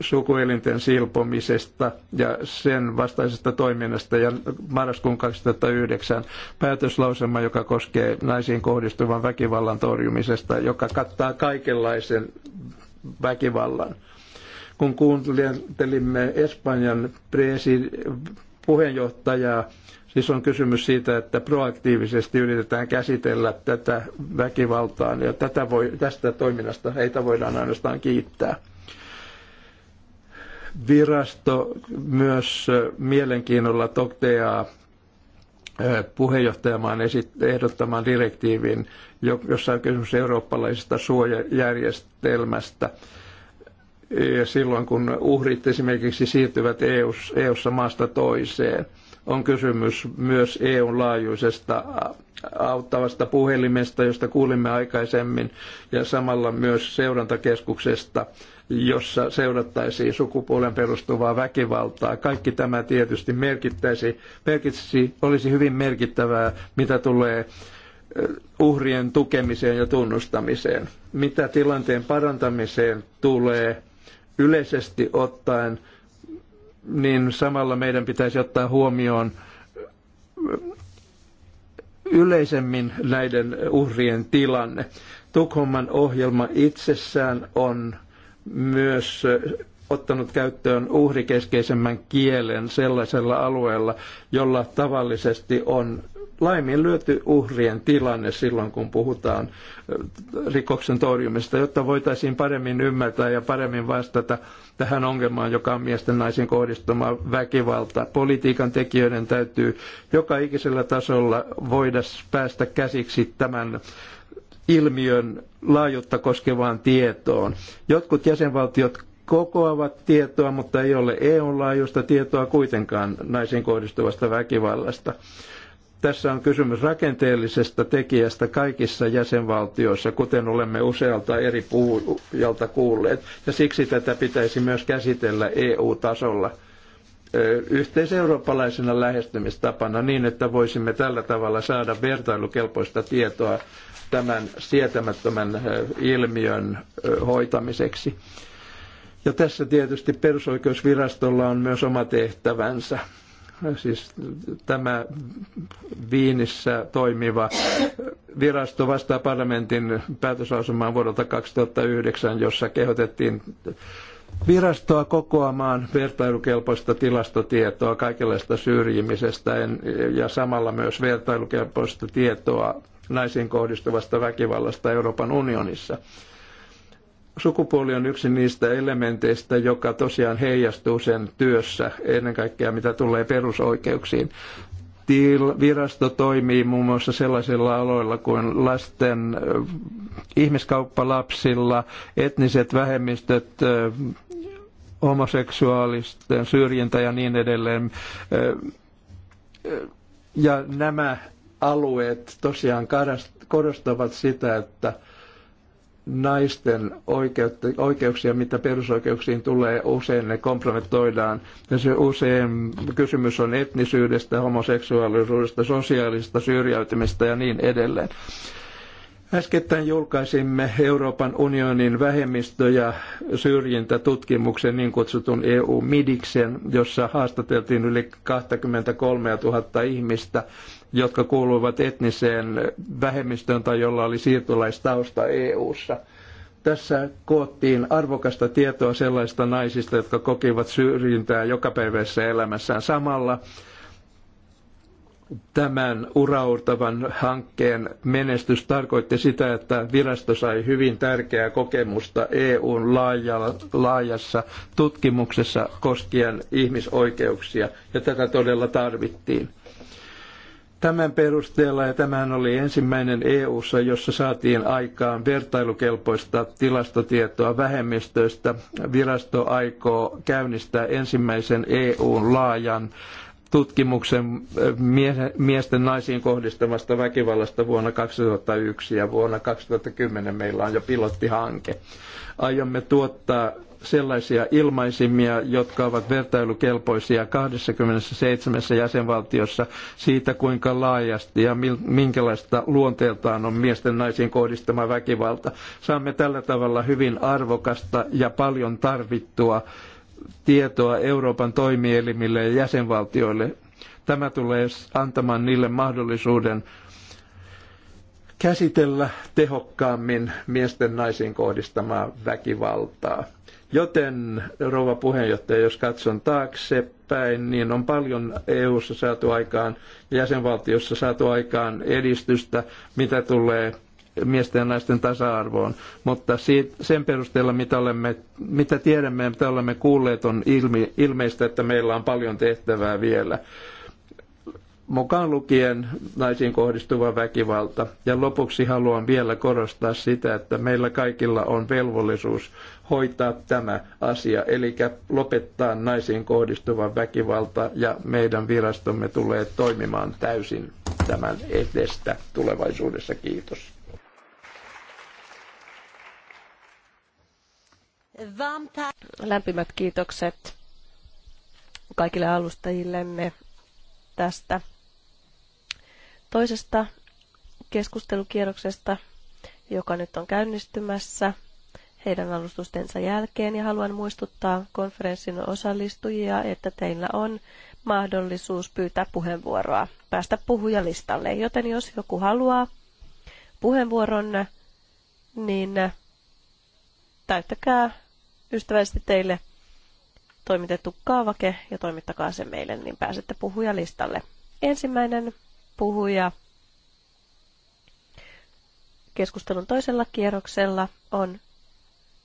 sukuelinten silpomisesta ja sen vastaisesta toiminnasta ja marraskuun 2009 päätöslauselma, joka koskee naisiin kohdistuvan väkivallan torjumisesta, joka kattaa kaikenlaisen väkivallan. Kun kuuntelimme Espanjan puheenjohtajaa, siis on kysymys siitä, että proaktiivisesti yritetään käsitellä tätä väkivaltaa ja tätä voi, tästä toiminnasta heitä voidaan ainoastaan kiittää virasto myös mielenkiinnolla toteaa puheenjohtajamaan ehdottamaan direktiivin, jossa on kysymys eurooppalaisesta suojajärjestelmästä. Ja silloin kun uhrit esimerkiksi siirtyvät EU-ssa e maasta toiseen – on kysymys myös EUn laajuisesta auttavasta puhelimesta, josta kuulimme aikaisemmin, ja samalla myös seurantakeskuksesta, jossa seurattaisiin sukupuolen perustuvaa väkivaltaa. Kaikki tämä tietysti merkittäisi, merkitsisi, olisi hyvin merkittävää, mitä tulee uhrien tukemiseen ja tunnustamiseen. Mitä tilanteen parantamiseen tulee yleisesti ottaen – niin samalla meidän pitäisi ottaa huomioon yleisemmin näiden uhrien tilanne. Tukholman ohjelma itsessään on myös ottanut käyttöön uhrikeskeisemmän kielen sellaisella alueella, jolla tavallisesti on laiminlyöty uhrien tilanne silloin, kun puhutaan äh, rikoksen torjumista, jotta voitaisiin paremmin ymmärtää ja paremmin vastata tähän ongelmaan, joka on miesten naisiin kohdistuma väkivalta. Politiikan tekijöiden täytyy joka ikisellä tasolla voida päästä käsiksi tämän ilmiön laajuutta koskevaan tietoon. Jotkut jäsenvaltiot kokoavat tietoa, mutta ei ole EU-laajuista tietoa kuitenkaan naisiin kohdistuvasta väkivallasta. Tässä on kysymys rakenteellisesta tekijästä kaikissa jäsenvaltioissa, kuten olemme usealta eri puhujalta kuulleet, ja siksi tätä pitäisi myös käsitellä EU-tasolla yhteiseurooppalaisena lähestymistapana niin, että voisimme tällä tavalla saada vertailukelpoista tietoa tämän sietämättömän ilmiön hoitamiseksi. Ja tässä tietysti perusoikeusvirastolla on myös oma tehtävänsä siis tämä Viinissä toimiva virasto vastaa parlamentin päätöslausumaan vuodelta 2009, jossa kehotettiin virastoa kokoamaan vertailukelpoista tilastotietoa kaikenlaista syrjimisestä ja samalla myös vertailukelpoista tietoa naisiin kohdistuvasta väkivallasta Euroopan unionissa sukupuoli on yksi niistä elementeistä, joka tosiaan heijastuu sen työssä, ennen kaikkea mitä tulee perusoikeuksiin. Virasto toimii muun muassa sellaisilla aloilla kuin lasten ihmiskauppalapsilla, etniset vähemmistöt, homoseksuaalisten syrjintä ja niin edelleen. Ja nämä alueet tosiaan korostavat sitä, että naisten oikeutta, oikeuksia, mitä perusoikeuksiin tulee, usein ne komplementoidaan. Ja se usein kysymys on etnisyydestä, homoseksuaalisuudesta, sosiaalista syrjäytymistä ja niin edelleen. Äskettäin julkaisimme Euroopan unionin vähemmistö- ja syrjintätutkimuksen niin kutsutun EU-midiksen, jossa haastateltiin yli 23 000 ihmistä jotka kuuluivat etniseen vähemmistöön tai jolla oli siirtolaistausta EU-ssa. Tässä koottiin arvokasta tietoa sellaista naisista, jotka kokivat syrjintää jokapäiväisessä elämässään samalla. Tämän uraurtavan hankkeen menestys tarkoitti sitä, että virasto sai hyvin tärkeää kokemusta EUn laajassa tutkimuksessa koskien ihmisoikeuksia, ja tätä todella tarvittiin. Tämän perusteella, ja tämähän oli ensimmäinen EU-ssa, jossa saatiin aikaan vertailukelpoista tilastotietoa vähemmistöistä, virasto aikoo käynnistää ensimmäisen EUn laajan tutkimuksen äh, miesten naisiin kohdistamasta väkivallasta vuonna 2001 ja vuonna 2010 meillä on jo pilottihanke. Aiomme tuottaa sellaisia ilmaisimia, jotka ovat vertailukelpoisia 27 jäsenvaltiossa siitä, kuinka laajasti ja minkälaista luonteeltaan on miesten naisiin kohdistama väkivalta. Saamme tällä tavalla hyvin arvokasta ja paljon tarvittua tietoa Euroopan toimielimille ja jäsenvaltioille. Tämä tulee antamaan niille mahdollisuuden käsitellä tehokkaammin miesten naisiin kohdistamaa väkivaltaa. Joten, rouva puheenjohtaja, jos katson taaksepäin, niin on paljon EU-ssa saatu aikaan jäsenvaltiossa saatu aikaan edistystä, mitä tulee miesten ja naisten tasa-arvoon, mutta siitä, sen perusteella, mitä, olemme, mitä tiedämme ja mitä olemme kuulleet, on ilmi, ilmeistä, että meillä on paljon tehtävää vielä. Mukaan lukien naisiin kohdistuva väkivalta. Ja lopuksi haluan vielä korostaa sitä, että meillä kaikilla on velvollisuus hoitaa tämä asia, eli lopettaa naisiin kohdistuva väkivalta ja meidän virastomme tulee toimimaan täysin tämän edestä tulevaisuudessa. Kiitos. Lämpimät kiitokset kaikille alustajillemme tästä toisesta keskustelukierroksesta, joka nyt on käynnistymässä heidän alustustensa jälkeen ja haluan muistuttaa konferenssin osallistujia, että teillä on mahdollisuus pyytää puheenvuoroa, päästä puhujalistalle, joten jos joku haluaa puheenvuoron, niin täyttäkää ystävällisesti teille toimitettu kaavake ja toimittakaa se meille, niin pääsette puhujalistalle. Ensimmäinen puhuja keskustelun toisella kierroksella on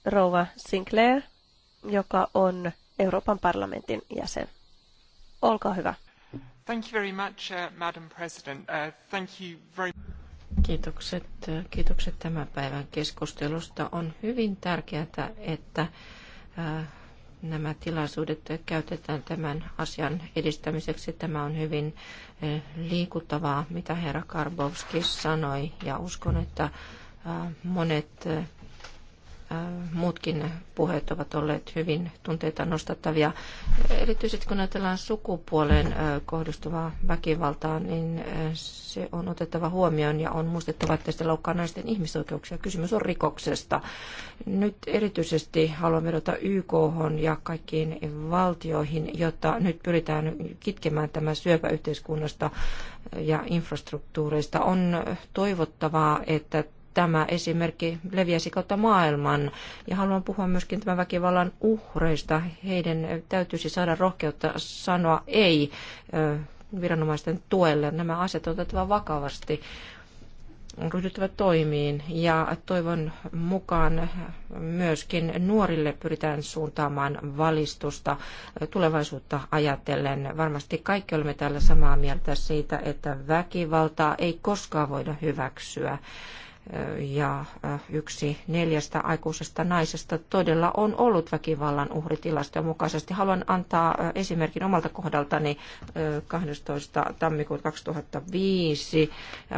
rouva Sinclair, joka on Euroopan parlamentin jäsen. Olkaa hyvä. Thank you very much, uh, Madam President. Uh, thank you very... Kiitokset, uh, kiitokset tämän päivän keskustelusta. On hyvin tärkeää, että uh, nämä tilaisuudet käytetään tämän asian edistämiseksi. Tämä on hyvin uh, liikuttavaa, mitä herra Karbovski sanoi, ja uskon, että monet muutkin puheet ovat olleet hyvin tunteita nostattavia. Erityisesti kun ajatellaan sukupuoleen kohdistuvaa väkivaltaa, niin se on otettava huomioon ja on muistettava, että se loukkaa naisten ihmisoikeuksia. Kysymys on rikoksesta. Nyt erityisesti haluan vedota YK ja kaikkiin valtioihin, jotta nyt pyritään kitkemään tämä yhteiskunnasta ja infrastruktuureista. On toivottavaa, että tämä esimerkki leviäisi kautta maailman. Ja haluan puhua myöskin tämän väkivallan uhreista. Heidän täytyisi saada rohkeutta sanoa ei viranomaisten tuelle. Nämä asiat on otettava vakavasti on ryhdyttävä toimiin ja toivon mukaan myöskin nuorille pyritään suuntaamaan valistusta tulevaisuutta ajatellen. Varmasti kaikki olemme täällä samaa mieltä siitä, että väkivaltaa ei koskaan voida hyväksyä ja yksi neljästä aikuisesta naisesta todella on ollut väkivallan uhri tilastojen mukaisesti. Haluan antaa esimerkin omalta kohdaltani 12. tammikuuta 2005.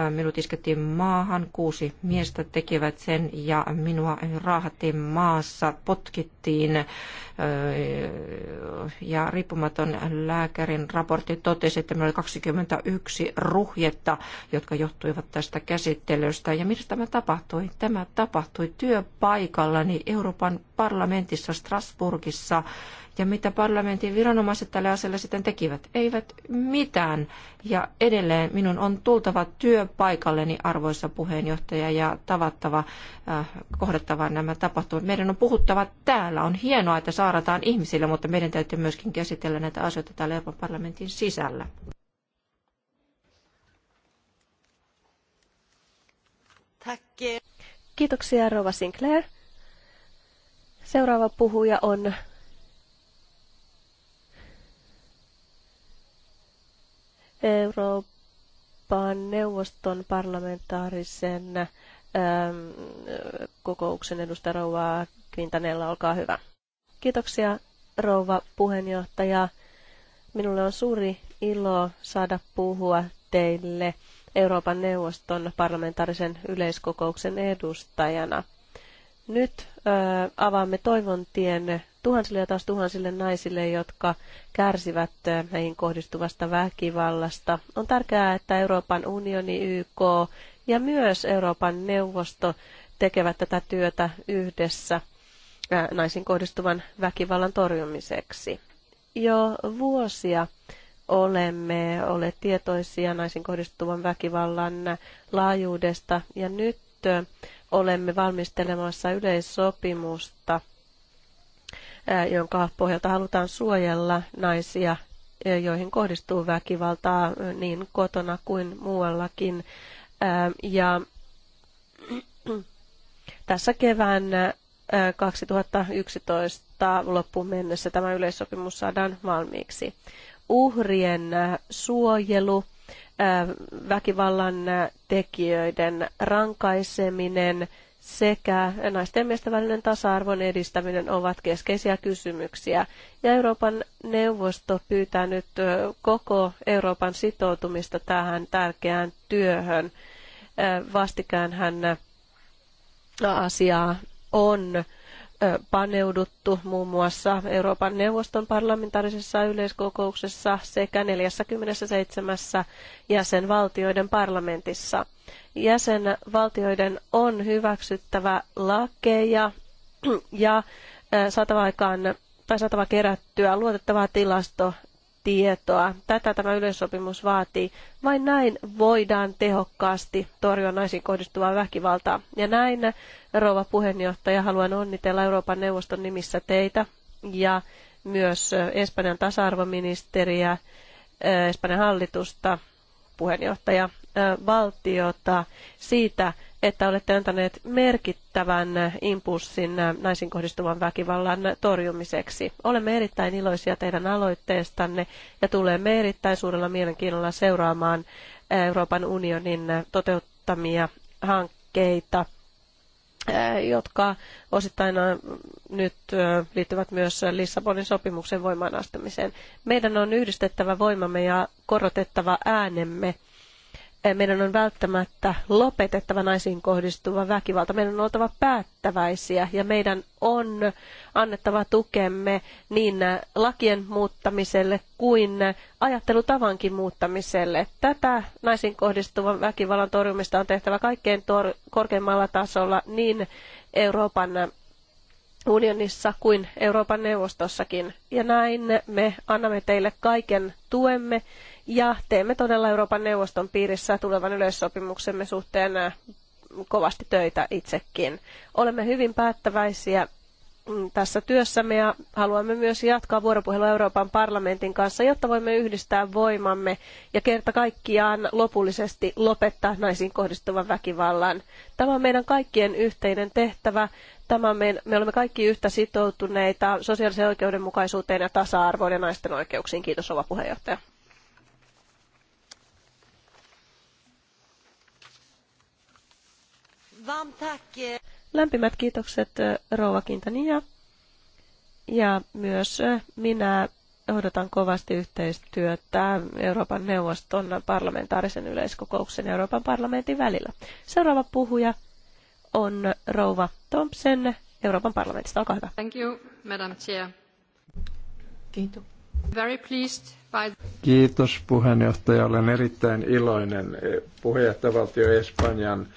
Minut iskettiin maahan, kuusi miestä tekivät sen ja minua raahattiin maassa, potkittiin ja riippumaton lääkärin raportti totesi, että minulla oli 21 ruhjetta, jotka johtuivat tästä käsittelystä. Ja mistä tämä tapahtui? Tämä tapahtui työpaikallani Euroopan parlamentissa Strasburgissa. Ja mitä parlamentin viranomaiset tälle asialle sitten tekivät? Eivät mitään. Ja edelleen minun on tultava työpaikalleni, arvoisa puheenjohtaja, ja tavattava, äh, kohdattava nämä tapahtumat. Meidän on puhuttava täällä. On hienoa, että saarataan ihmisille, mutta meidän täytyy myöskin käsitellä näitä asioita täällä Euroopan parlamentin sisällä. Eh. Kiitoksia Rova Sinclair. Seuraava puhuja on Euroopan neuvoston parlamentaarisen ähm, kokouksen edustaja Rouva Quintanella, olkaa hyvä. Kiitoksia rouva puheenjohtaja. Minulle on suuri ilo saada puhua teille Euroopan neuvoston parlamentaarisen yleiskokouksen edustajana. Nyt ö, avaamme toivon tien tuhansille ja taas tuhansille naisille, jotka kärsivät meihin kohdistuvasta väkivallasta. On tärkeää, että Euroopan unioni, YK ja myös Euroopan neuvosto tekevät tätä työtä yhdessä naisiin kohdistuvan väkivallan torjumiseksi. Jo vuosia olemme olleet tietoisia naisiin kohdistuvan väkivallan laajuudesta ja nyt olemme valmistelemassa yleissopimusta, jonka pohjalta halutaan suojella naisia, joihin kohdistuu väkivaltaa niin kotona kuin muuallakin. Ja tässä kevään 2011 loppuun mennessä tämä yleissopimus saadaan valmiiksi uhrien äh, suojelu, äh, väkivallan äh, tekijöiden rankaiseminen sekä naisten ja miesten välinen tasa-arvon edistäminen ovat keskeisiä kysymyksiä. Ja Euroopan neuvosto pyytää nyt koko Euroopan sitoutumista tähän tärkeään työhön. Vastikään hän asiaa on paneuduttu muun muassa Euroopan neuvoston parlamentaarisessa yleiskokouksessa sekä 47 jäsenvaltioiden parlamentissa. Jäsenvaltioiden on hyväksyttävä lakeja ja saatava, aikaan, tai saatava kerättyä luotettavaa tilasto tietoa. Tätä tämä yleissopimus vaatii. Vain näin voidaan tehokkaasti torjua naisiin kohdistuvaa väkivaltaa. Ja näin, rouva puheenjohtaja, haluan onnitella Euroopan neuvoston nimissä teitä ja myös Espanjan tasa-arvoministeriä, Espanjan hallitusta, puheenjohtaja, valtiota siitä, että olette antaneet merkittävän impulssin naisiin kohdistuvan väkivallan torjumiseksi. Olemme erittäin iloisia teidän aloitteestanne ja tulemme erittäin suurella mielenkiinnolla seuraamaan Euroopan unionin toteuttamia hankkeita jotka osittain nyt liittyvät myös Lissabonin sopimuksen voimaan Meidän on yhdistettävä voimamme ja korotettava äänemme Eh, meidän on välttämättä lopetettava naisiin kohdistuva väkivalta. Meidän on oltava päättäväisiä ja meidän on annettava tukemme niin lakien muuttamiselle kuin ajattelutavankin muuttamiselle. Tätä naisiin kohdistuvan väkivallan torjumista on tehtävä kaikkein tor- korkeimmalla tasolla niin Euroopan unionissa kuin Euroopan neuvostossakin. Ja näin me annamme teille kaiken tuemme ja teemme todella Euroopan neuvoston piirissä tulevan yleissopimuksemme suhteen äh, kovasti töitä itsekin. Olemme hyvin päättäväisiä mm, tässä työssämme ja haluamme myös jatkaa vuoropuhelua Euroopan parlamentin kanssa, jotta voimme yhdistää voimamme ja kerta kaikkiaan lopullisesti lopettaa naisiin kohdistuvan väkivallan. Tämä on meidän kaikkien yhteinen tehtävä. Tämä me, me olemme kaikki yhtä sitoutuneita sosiaaliseen oikeudenmukaisuuteen ja tasa-arvoon ja naisten oikeuksiin. Kiitos ova puheenjohtaja. Eh. Lämpimät kiitokset eh, Rouva Kintania. Ja myös eh, minä odotan kovasti yhteistyötä Euroopan neuvoston parlamentaarisen yleiskokouksen ja Euroopan parlamentin välillä. Seuraava puhuja on Rouva Thompson Euroopan parlamentista. Olkaa hyvä. Thank you, Madam Chair. Kiitos. Very pleased by... Kiitos puheenjohtaja. Olen erittäin iloinen puheenjohtajavaltio Espanjan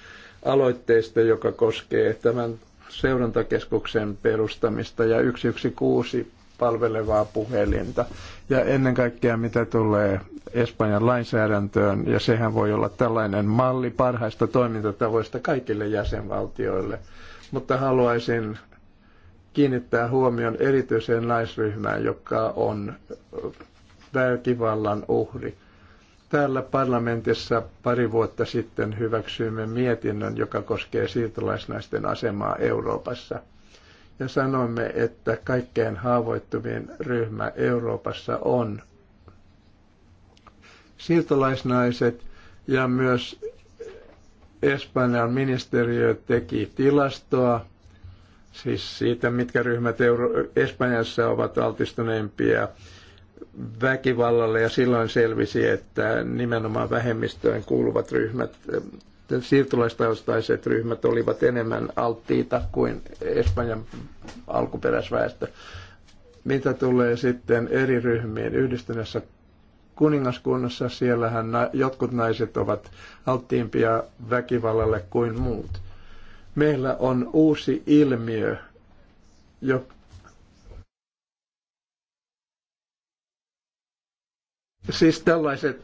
aloitteesta, joka koskee tämän seurantakeskuksen perustamista ja 116 palvelevaa puhelinta. Ja ennen kaikkea mitä tulee Espanjan lainsäädäntöön, ja sehän voi olla tällainen malli parhaista toimintatavoista kaikille jäsenvaltioille. Mutta haluaisin kiinnittää huomion erityiseen naisryhmään, joka on väkivallan uhri täällä parlamentissa pari vuotta sitten hyväksyimme mietinnön, joka koskee siirtolaisnaisten asemaa Euroopassa. Ja sanoimme, että kaikkein haavoittuvin ryhmä Euroopassa on siirtolaisnaiset ja myös Espanjan ministeriö teki tilastoa, siis siitä, mitkä ryhmät Euro- Espanjassa ovat altistuneimpia väkivallalle ja silloin selvisi, että nimenomaan vähemmistöön kuuluvat ryhmät, eh, siirtolaistaustaiset ryhmät olivat enemmän alttiita kuin Espanjan alkuperäisväestö. Mitä tulee sitten eri ryhmiin yhdistyneessä kuningaskunnassa, siellähän jotkut naiset ovat alttiimpia väkivallalle kuin muut. Meillä on uusi ilmiö, jo, Siis tällaiset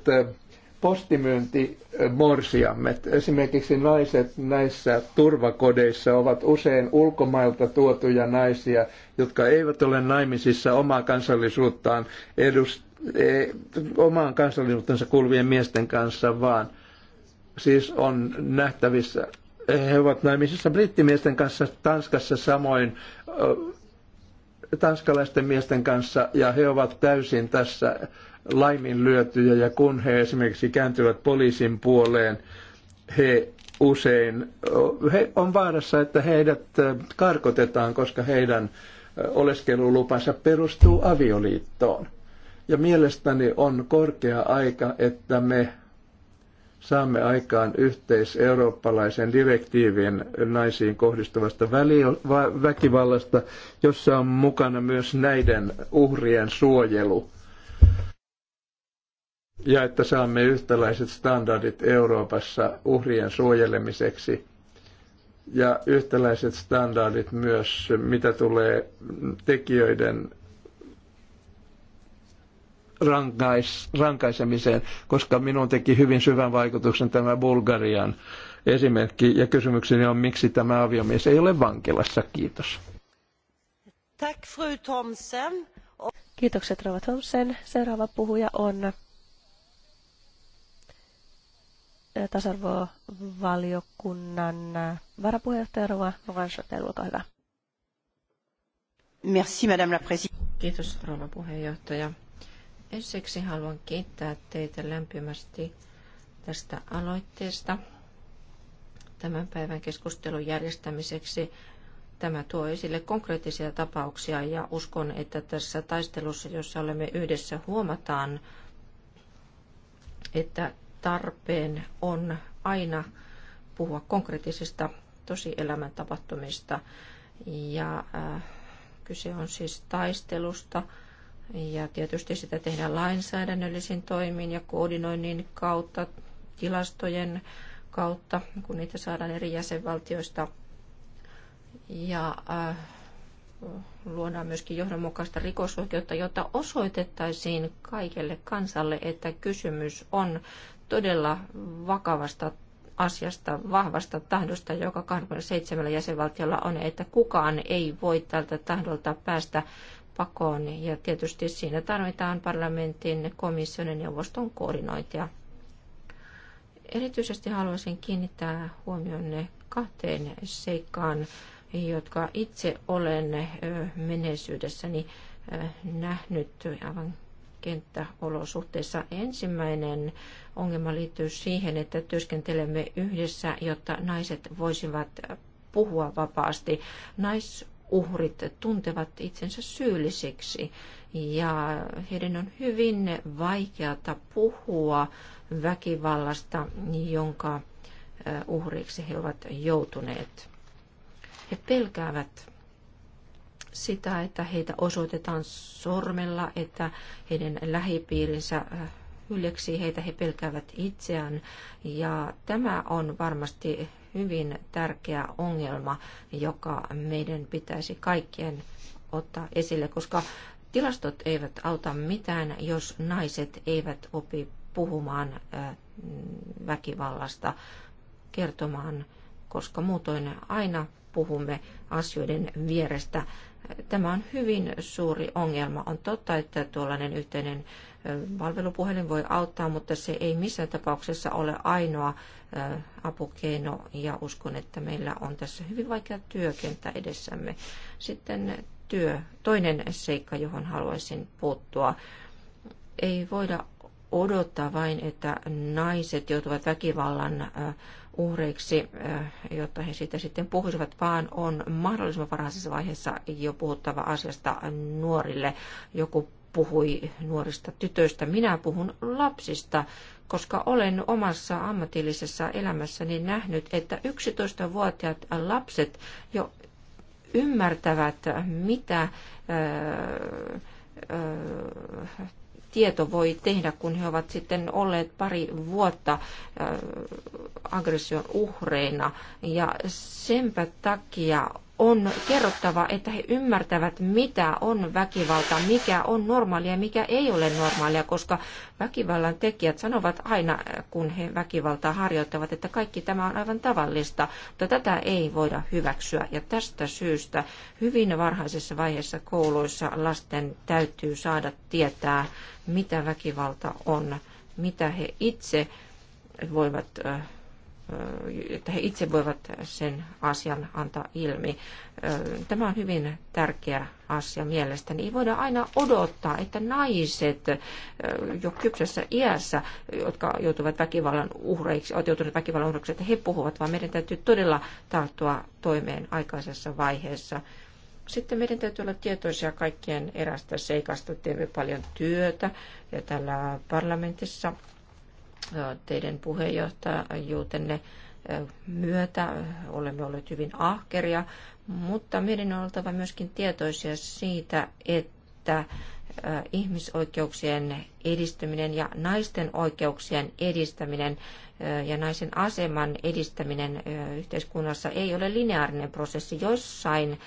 postimyyntimorsiammet, esimerkiksi naiset näissä turvakodeissa ovat usein ulkomailta tuotuja naisia, jotka eivät ole naimisissa omaa kansallisuuttaan edust- e, omaan kansallisuutensa kuuluvien miesten kanssa, vaan siis on nähtävissä, he ovat naimisissa brittimiesten kanssa Tanskassa samoin tanskalaisten miesten kanssa ja he ovat täysin tässä laiminlyötyjä ja kun he esimerkiksi kääntyvät poliisin puoleen, he usein he on vaarassa, että heidät karkotetaan, koska heidän oleskelulupansa perustuu avioliittoon. Ja mielestäni on korkea aika, että me saamme aikaan yhteiseurooppalaisen direktiivin naisiin kohdistuvasta väkivallasta, jossa on mukana myös näiden uhrien suojelu ja että saamme yhtäläiset standardit Euroopassa uhrien suojelemiseksi ja yhtäläiset standardit myös, mitä tulee tekijöiden rankais, rankaisemiseen, koska minun teki hyvin syvän vaikutuksen tämä Bulgarian esimerkki. Ja kysymykseni on, miksi tämä aviomies ei ole vankilassa. Kiitos. Kiitokset, Rova Thompson. Seuraava puhuja on tasa-arvovaliokunnan varapuheenjohtaja Rova Mokanshotel, olkaa hyvä. Merci, Madame la Présidente. Kiitos, rouva puheenjohtaja. Ensiksi haluan kiittää teitä lämpimästi tästä aloitteesta tämän päivän keskustelun järjestämiseksi. Tämä tuo esille konkreettisia tapauksia ja uskon, että tässä taistelussa, jossa olemme yhdessä, huomataan, että tarpeen on aina puhua konkreettisista tosielämän tapahtumista. Ja äh, kyse on siis taistelusta ja tietysti sitä tehdään lainsäädännöllisin toimin ja koordinoinnin kautta, tilastojen kautta, kun niitä saadaan eri jäsenvaltioista. Ja äh, luodaan myöskin johdonmukaista rikosoikeutta, jotta osoitettaisiin kaikelle kansalle, että kysymys on todella vakavasta asiasta, vahvasta tahdosta, joka 27 jäsenvaltiolla on, että kukaan ei voi tältä tahdolta päästä pakoon. Ja tietysti siinä tarvitaan parlamentin, komission ja neuvoston koordinointia. Erityisesti haluaisin kiinnittää huomionne kahteen seikkaan, jotka itse olen menneisyydessäni nähnyt aivan kenttäolosuhteissa. Ensimmäinen ongelma liittyy siihen, että työskentelemme yhdessä, jotta naiset voisivat puhua vapaasti. Naisuhrit tuntevat itsensä syyllisiksi ja heidän on hyvin vaikeata puhua väkivallasta, jonka uhriksi he ovat joutuneet. He pelkäävät sitä, että heitä osoitetaan sormella, että heidän lähipiirinsä äh, hyljeksii heitä, he pelkäävät itseään. Ja tämä on varmasti hyvin tärkeä ongelma, joka meidän pitäisi kaikkien ottaa esille, koska tilastot eivät auta mitään, jos naiset eivät opi puhumaan äh, väkivallasta, kertomaan, koska muutoin aina puhumme asioiden vierestä Tämä on hyvin suuri ongelma. On totta, että tuollainen yhteinen palvelupuhelin voi auttaa, mutta se ei missään tapauksessa ole ainoa apukeino ja uskon, että meillä on tässä hyvin vaikea työkenttä edessämme. Sitten työ. Toinen seikka, johon haluaisin puuttua. Ei voida odottaa vain, että naiset joutuvat väkivallan uhreiksi, jotta he siitä sitten puhuisivat, vaan on mahdollisimman varhaisessa vaiheessa jo puhuttava asiasta nuorille. Joku puhui nuorista tytöistä, minä puhun lapsista, koska olen omassa ammatillisessa elämässäni nähnyt, että 11-vuotiaat lapset jo ymmärtävät, mitä tieto voi tehdä, kun he ovat sitten olleet pari vuotta äh, aggression uhreina. Ja senpä takia on kerrottava, että he ymmärtävät, mitä on väkivalta, mikä on normaalia ja mikä ei ole normaalia, koska väkivallan tekijät sanovat aina, kun he väkivaltaa harjoittavat, että kaikki tämä on aivan tavallista, mutta tätä ei voida hyväksyä. Ja tästä syystä hyvin varhaisessa vaiheessa kouluissa lasten täytyy saada tietää, mitä väkivalta on, mitä he itse voivat että he itse voivat sen asian antaa ilmi. Tämä on hyvin tärkeä asia mielestäni. Ei voida aina odottaa, että naiset jo kypsessä iässä, jotka joutuvat väkivallan uhreiksi, ovat joutuneet väkivallan uhreiksi, että he puhuvat, vaan meidän täytyy todella tarttua toimeen aikaisessa vaiheessa. Sitten meidän täytyy olla tietoisia kaikkien erästä seikasta. Teemme paljon työtä ja täällä parlamentissa teidän puheenjohtajuutenne myötä. Olemme olleet hyvin ahkeria, mutta meidän on oltava myöskin tietoisia siitä, että ihmisoikeuksien edistäminen ja naisten oikeuksien edistäminen ja naisen aseman edistäminen yhteiskunnassa ei ole lineaarinen prosessi. Jossain,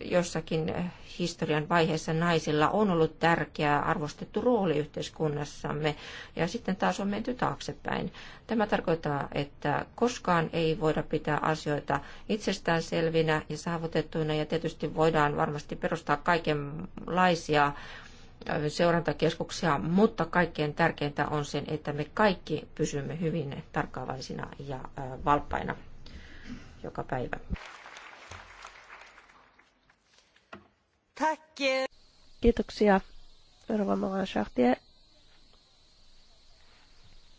jossakin historian vaiheessa naisilla on ollut tärkeä arvostettu rooli yhteiskunnassamme ja sitten taas on menty taaksepäin. Tämä tarkoittaa, että koskaan ei voida pitää asioita itsestäänselvinä ja saavutettuina ja tietysti voidaan varmasti perustaa kaikenlaisia seurantakeskuksia, mutta kaikkein tärkeintä on sen, että me kaikki pysymme hyvin tarkkaavaisina ja valppaina joka päivä. Kiitoksia, Rova Moran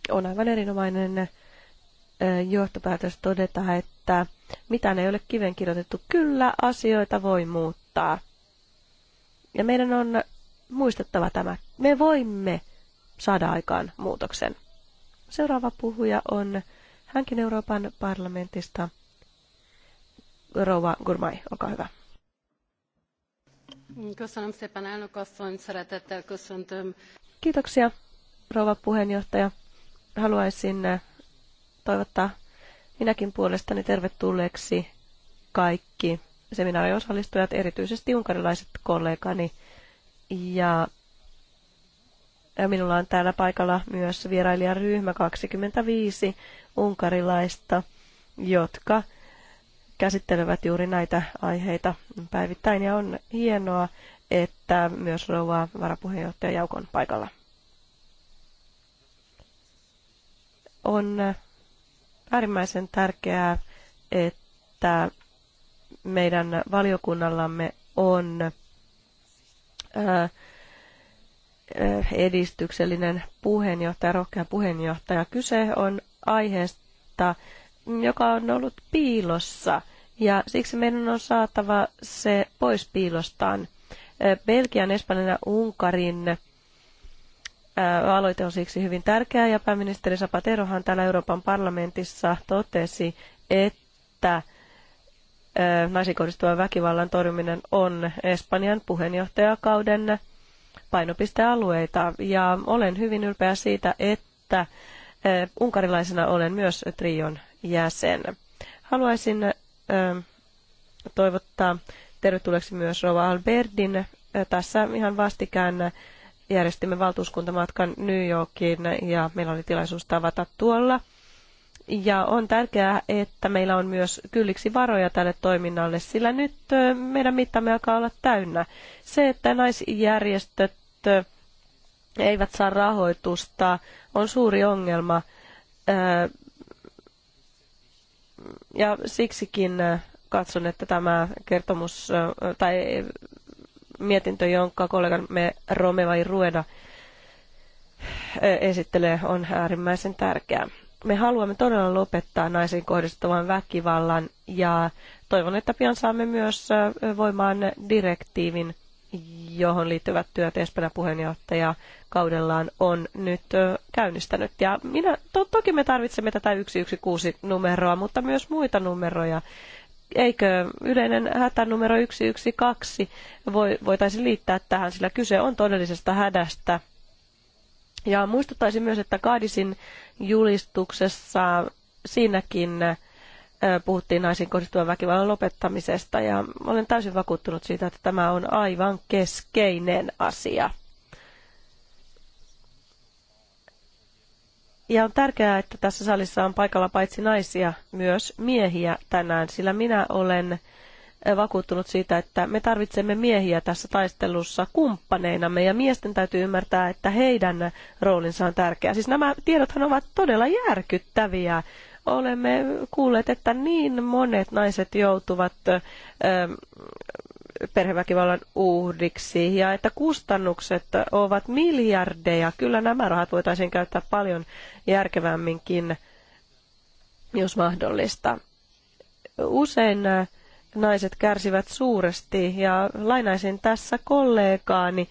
On aivan erinomainen johtopäätös todeta, että mitään ei ole kiven kirjoitettu. Kyllä, asioita voi muuttaa. Ja meidän on muistettava tämä. Me voimme saada aikaan muutoksen. Seuraava puhuja on hänkin Euroopan parlamentista. Rouva Gurmai, olkaa hyvä. Kiitoksia, rouva puheenjohtaja. Haluaisin eh, toivottaa minäkin puolestani tervetulleeksi kaikki seminaariosallistujat, erityisesti unkarilaiset kollegani – ja minulla on täällä paikalla myös vierailijaryhmä 25 unkarilaista, jotka käsittelevät juuri näitä aiheita päivittäin. Ja on hienoa, että myös rouva varapuheenjohtaja Jaukon paikalla. On äärimmäisen tärkeää, että meidän valiokunnallamme on edistyksellinen puheenjohtaja, rohkea puheenjohtaja. Kyse on aiheesta, joka on ollut piilossa ja siksi meidän on saatava se pois piilostaan. Belgian, Espanjan ja Unkarin aloite on siksi hyvin tärkeä ja pääministeri Zapaterohan täällä Euroopan parlamentissa totesi, että naisiin kohdistuvan väkivallan torjuminen on Espanjan puheenjohtajakauden painopistealueita. Ja olen hyvin ylpeä siitä, että unkarilaisena olen myös Trion jäsen. Haluaisin toivottaa tervetulleeksi myös Rova Albertin. Tässä ihan vastikään järjestimme valtuuskuntamatkan New Yorkiin ja meillä oli tilaisuus tavata tuolla – ja on tärkeää, että meillä on myös kylliksi varoja tälle toiminnalle, sillä nyt meidän mittamme alkaa olla täynnä. Se, että naisjärjestöt eivät saa rahoitusta, on suuri ongelma. Ja siksikin katson, että tämä kertomus tai mietintö, jonka kollegamme Romeva Rueda esittelee, on äärimmäisen tärkeää me haluamme todella lopettaa naisiin kohdistuvan väkivallan ja toivon, että pian saamme myös voimaan direktiivin, johon liittyvät työt Espanjan puheenjohtaja kaudellaan on nyt käynnistänyt. Ja minä, to, toki me tarvitsemme tätä 116 numeroa, mutta myös muita numeroja. Eikö yleinen hätänumero 112 voi, voitaisiin liittää tähän, sillä kyse on todellisesta hädästä – ja muistuttaisin myös, että Kaadisin julistuksessa siinäkin puhuttiin naisiin kohdistuvan väkivallan lopettamisesta ja olen täysin vakuuttunut siitä, että tämä on aivan keskeinen asia. Ja on tärkeää, että tässä salissa on paikalla paitsi naisia, myös miehiä tänään, sillä minä olen vakuuttunut siitä, että me tarvitsemme miehiä tässä taistelussa kumppaneinamme ja miesten täytyy ymmärtää, että heidän roolinsa on tärkeä. Siis nämä tiedothan ovat todella järkyttäviä. Olemme kuulleet, että niin monet naiset joutuvat ähm, perheväkivallan uhriksi ja että kustannukset ovat miljardeja. Kyllä nämä rahat voitaisiin käyttää paljon järkevämminkin, jos mahdollista. Usein äh, naiset kärsivät suuresti ja lainaisin tässä kollegaani.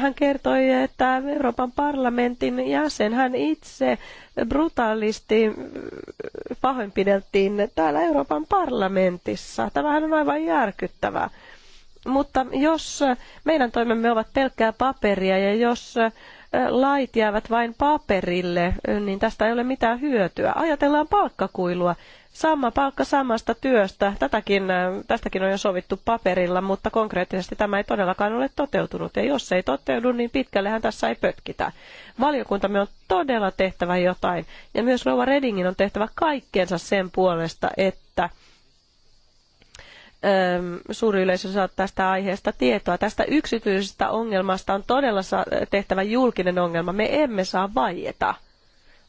Hän kertoi, että Euroopan parlamentin jäsen, hän itse brutaalisti pahoinpideltiin täällä Euroopan parlamentissa. Tämähän on aivan järkyttävää. Mutta jos meidän toimemme ovat pelkkää paperia ja jos lait jäävät vain paperille, niin tästä ei ole mitään hyötyä. Ajatellaan palkkakuilua. Sama palkka samasta työstä. Tätäkin, äh, tästäkin on jo sovittu paperilla, mutta konkreettisesti tämä ei todellakaan ole toteutunut. Ja jos se ei toteudu, niin pitkällehän tässä ei pötkitä. Valiokuntamme on todella tehtävä jotain. Ja myös rova Redingin on tehtävä kaikkensa sen puolesta, että ähm, suuri yleisö saa tästä aiheesta tietoa. Tästä yksityisestä ongelmasta on todella tehtävä julkinen ongelma. Me emme saa vaieta.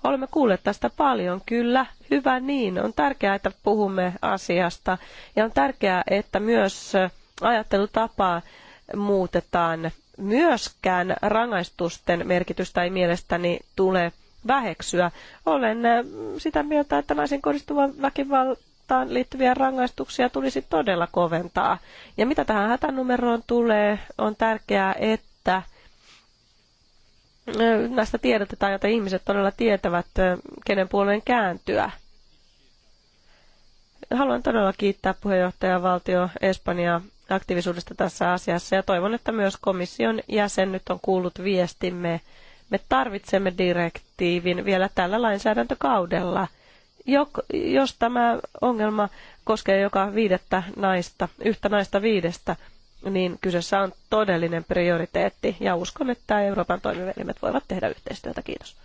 Olemme kuulleet tästä paljon, kyllä, hyvä niin. On tärkeää, että puhumme asiasta ja on tärkeää, että myös ajattelutapaa muutetaan. Myöskään rangaistusten merkitystä ei mielestäni tule väheksyä. Olen äh, sitä mieltä, että naisen kohdistuvan väkivaltaan liittyviä rangaistuksia tulisi todella koventaa. Ja mitä tähän hätänumeroon tulee, on tärkeää, että näistä tiedotetaan, jotta ihmiset todella tietävät, kenen puoleen kääntyä. Haluan todella kiittää puheenjohtaja valtio Espanjaa aktiivisuudesta tässä asiassa ja toivon, että myös komission jäsen nyt on kuullut viestimme. Me tarvitsemme direktiivin vielä tällä lainsäädäntökaudella. Jos tämä ongelma koskee joka viidettä naista, yhtä naista viidestä, niin kyseessä on todellinen prioriteetti ja uskon, että Euroopan toimielimet voivat tehdä yhteistyötä. Kiitos.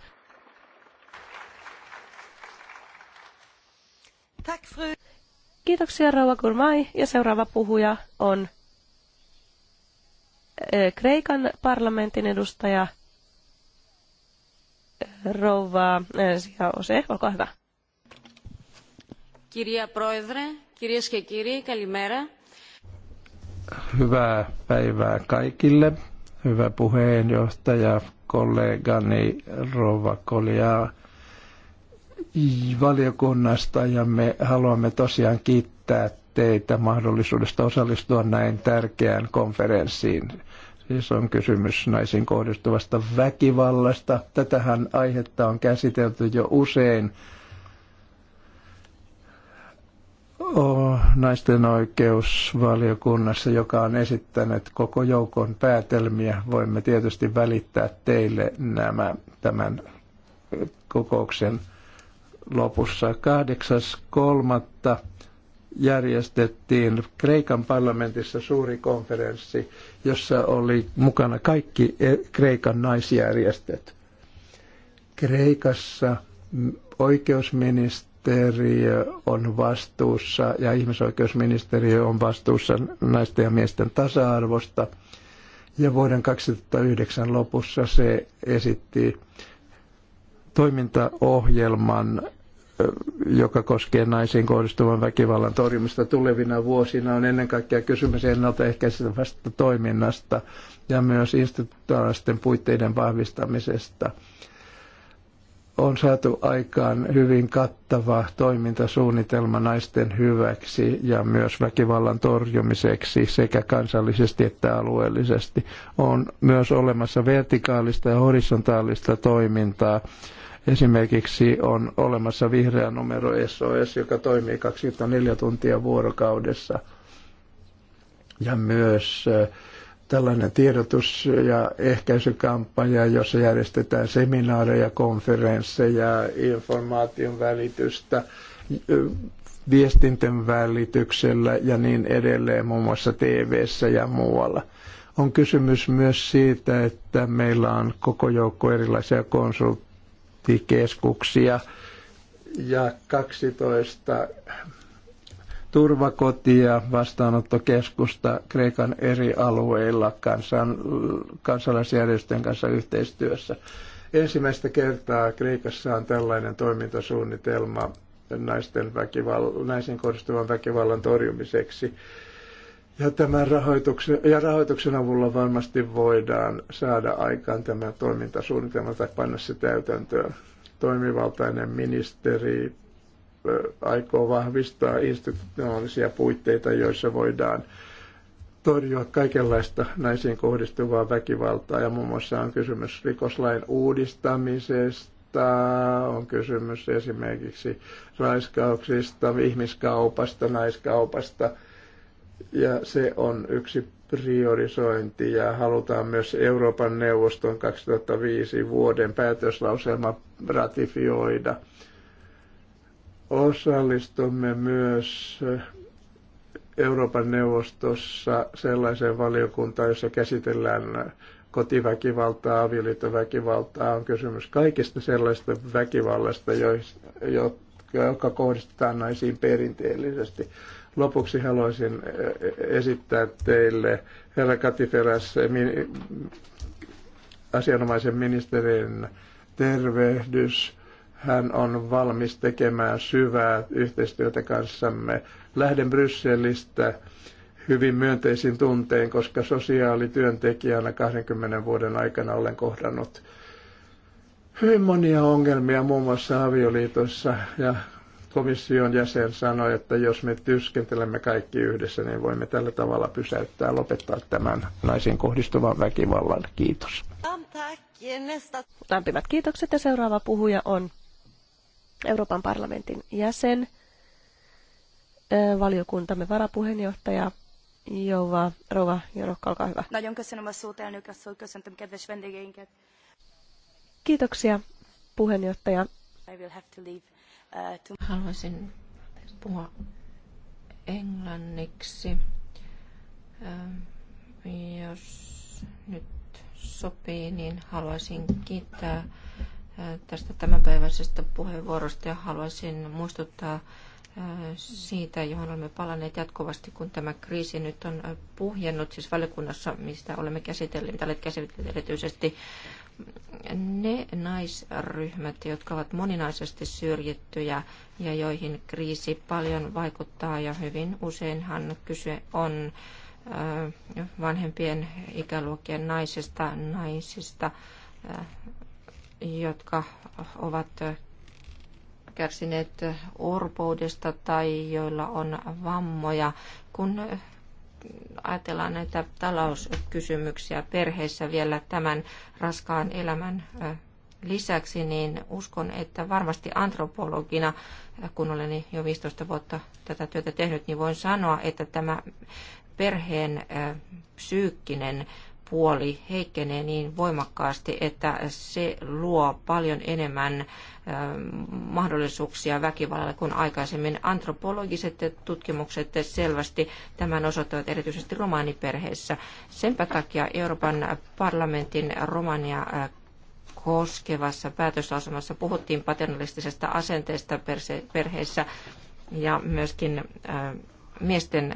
Kiitoksia Rouva Kurmai ja seuraava puhuja on eh, Kreikan parlamentin edustaja eh, Rouva eh, Siaose, olkaa hyvä. Kirja Proedre, kirjas ja kalimera. Hyvää päivää kaikille. Hyvä puheenjohtaja, kollegani Rova Kolia valiokunnasta ja me haluamme tosiaan kiittää teitä mahdollisuudesta osallistua näin tärkeään konferenssiin. Siis on kysymys naisiin kohdistuvasta väkivallasta. Tätähän aihetta on käsitelty jo usein naisten oikeusvaliokunnassa, joka on esittänyt koko joukon päätelmiä. Voimme tietysti välittää teille nämä tämän kokouksen lopussa. 8.3. järjestettiin Kreikan parlamentissa suuri konferenssi, jossa oli mukana kaikki e- Kreikan naisjärjestöt. Kreikassa oikeusministeri ministeriö on vastuussa ja ihmisoikeusministeriö on vastuussa naisten ja miesten tasa-arvosta. Ja vuoden 2009 lopussa se esitti toimintaohjelman, joka koskee naisiin kohdistuvan väkivallan torjumista tulevina vuosina, on ennen kaikkea kysymys ennaltaehkäisevästä toiminnasta ja myös institutionaalisten puitteiden vahvistamisesta – on saatu aikaan hyvin kattava toimintasuunnitelma naisten hyväksi ja myös väkivallan torjumiseksi sekä kansallisesti että alueellisesti. On myös olemassa vertikaalista ja horisontaalista toimintaa. Esimerkiksi on olemassa vihreä numero SOS, joka toimii 24 tuntia vuorokaudessa. Ja myös äh, tällainen tiedotus- ja ehkäisykampanja, jossa järjestetään seminaareja, konferensseja, informaation välitystä, viestinten välityksellä ja niin edelleen, muun muassa tv ja muualla. On kysymys myös siitä, että meillä on koko joukko erilaisia konsulttikeskuksia ja 12 turvakotia, vastaanottokeskusta Kreikan eri alueilla kansan, kansalaisjärjestöjen kanssa yhteistyössä. Ensimmäistä kertaa Kreikassa on tällainen toimintasuunnitelma naisten väkival- naisiin kohdistuvan väkivallan torjumiseksi. Ja tämän rahoituksen, ja rahoituksen avulla varmasti voidaan saada aikaan tämä toimintasuunnitelma tai panna se täytäntöön. Toimivaltainen ministeri, aikoo vahvistaa institutionaalisia puitteita, joissa voidaan torjua kaikenlaista naisiin kohdistuvaa väkivaltaa. Ja muun muassa on kysymys rikoslain uudistamisesta, on kysymys esimerkiksi raiskauksista, ihmiskaupasta, naiskaupasta. Ja se on yksi priorisointi ja halutaan myös Euroopan neuvoston 2005 vuoden päätöslauselma ratifioida – Osallistumme myös Euroopan neuvostossa sellaiseen valiokuntaan, jossa käsitellään kotiväkivaltaa, avioliittoväkivaltaa. On kysymys kaikista sellaista väkivallasta, joka kohdistetaan naisiin perinteellisesti. Lopuksi haluaisin e, e, esittää teille herra Katiferas e, asianomaisen ministerin tervehdys hän on valmis tekemään syvää yhteistyötä kanssamme. Lähden Brysselistä hyvin myönteisin tunteen, koska sosiaalityöntekijänä 20 vuoden aikana olen kohdannut hyvin monia ongelmia, muun muassa avioliitossa. Ja komission jäsen sanoi, että jos me työskentelemme kaikki yhdessä, niin voimme tällä tavalla pysäyttää lopettaa tämän naisiin kohdistuvan väkivallan. Kiitos. Lämpimät kiitokset ja seuraava puhuja on Euroopan parlamentin jäsen, valiokuntamme varapuheenjohtaja Jouva Rova Jorokka, olkaa hyvä. Kiitoksia, puheenjohtaja. Uh, haluaisin puhua englanniksi. Ähm, jos nyt sopii, niin haluaisin kiittää tästä tämänpäiväisestä puheenvuorosta ja haluaisin muistuttaa siitä, johon olemme palanneet jatkuvasti, kun tämä kriisi nyt on puhjennut, siis valiokunnassa, mistä olemme käsitelleet, tällä käsitelleet erityisesti ne naisryhmät, jotka ovat moninaisesti syrjittyjä ja joihin kriisi paljon vaikuttaa ja hyvin useinhan kyse on vanhempien ikäluokkien naisista, naisista, jotka ovat kärsineet orpoudesta tai joilla on vammoja. Kun ajatellaan näitä talouskysymyksiä perheissä vielä tämän raskaan elämän lisäksi, niin uskon, että varmasti antropologina, kun olen jo 15 vuotta tätä työtä tehnyt, niin voin sanoa, että tämä perheen psyykkinen puoli heikkenee niin voimakkaasti, että se luo paljon enemmän mahdollisuuksia väkivallalle kuin aikaisemmin. Antropologiset tutkimukset selvästi tämän osoittavat erityisesti romaaniperheissä. Senpä takia Euroopan parlamentin romania koskevassa päätöslausumassa puhuttiin paternalistisesta asenteesta perheissä ja myöskin miesten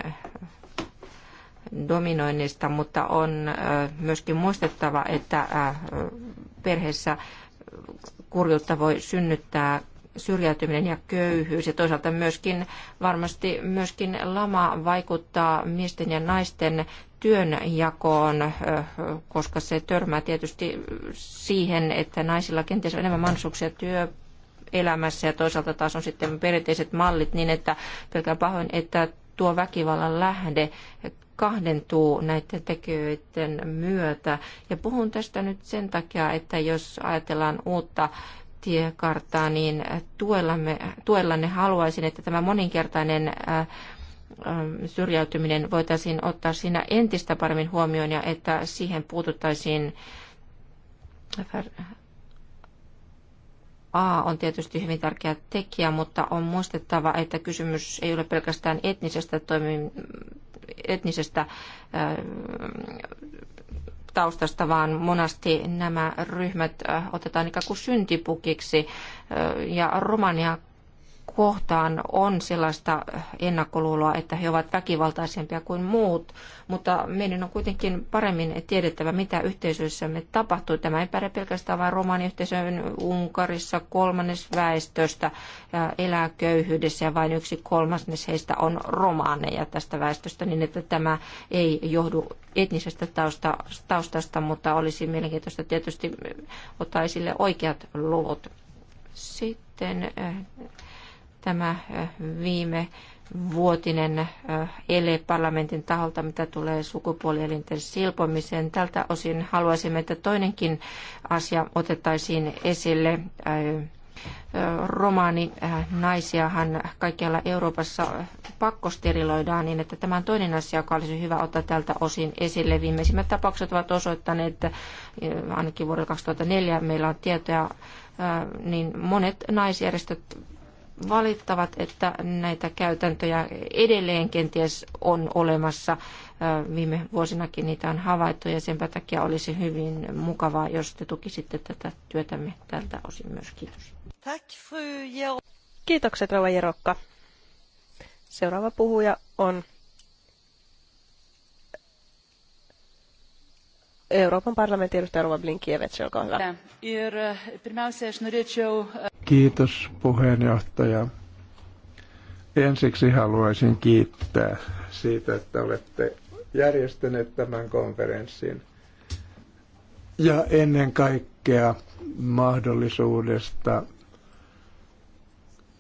dominoinnista, mutta on myöskin muistettava, että perheessä kurjuutta voi synnyttää syrjäytyminen ja köyhyys ja toisaalta myöskin varmasti myöskin lama vaikuttaa miesten ja naisten työnjakoon, koska se törmää tietysti siihen, että naisilla kenties on enemmän mahdollisuuksia työ elämässä ja toisaalta taas on sitten perinteiset mallit niin, että pelkään pahoin, että tuo väkivallan lähde kahdentuu näiden tekijöiden myötä. Ja puhun tästä nyt sen takia, että jos ajatellaan uutta tiekarttaa, niin tuella tuellanne haluaisin, että tämä moninkertainen äh, äh, syrjäytyminen voitaisiin ottaa siinä entistä paremmin huomioon ja että siihen puututtaisiin A on tietysti hyvin tärkeä tekijä, mutta on muistettava, että kysymys ei ole pelkästään etnisestä toimin, etnisestä taustasta, vaan monasti nämä ryhmät otetaan ikään kuin syntipukiksi. Ja Romania kohtaan on sellaista ennakkoluuloa, että he ovat väkivaltaisempia kuin muut, mutta meidän on kuitenkin paremmin tiedettävä, mitä yhteisöissämme tapahtuu. Tämä ei päde pelkästään vain romaniyhteisön Unkarissa, kolmannes väestöstä elää köyhyydessä ja vain yksi kolmannes heistä on romaaneja tästä väestöstä, niin että tämä ei johdu etnisestä tausta, taustasta, mutta olisi mielenkiintoista tietysti ottaa esille oikeat luvut. Sitten eh, tämä viime vuotinen ele parlamentin taholta, mitä tulee sukupuolielinten silpomiseen. Tältä osin haluaisimme, että toinenkin asia otettaisiin esille. Romaani äh, naisiahan kaikkialla Euroopassa pakkosteriloidaan niin, että tämä on toinen asia, joka olisi hyvä ottaa tältä osin esille. Viimeisimmät tapaukset ovat osoittaneet, että ainakin vuodelta 2004 meillä on tietoja, niin monet naisjärjestöt valittavat, että näitä käytäntöjä edelleen kenties on olemassa. Viime vuosinakin niitä on havaittu ja sen takia olisi hyvin mukavaa, jos te tukisitte tätä työtämme tältä osin myös. Kiitos. Kiitokset Rova Jerokka. Seuraava puhuja on Euroopan parlamentin edustaja Rova Blinkievets, olkaa hyvä. Kiitos puheenjohtaja. Ensiksi haluaisin kiittää siitä, että olette järjestäneet tämän konferenssin. Ja ennen kaikkea mahdollisuudesta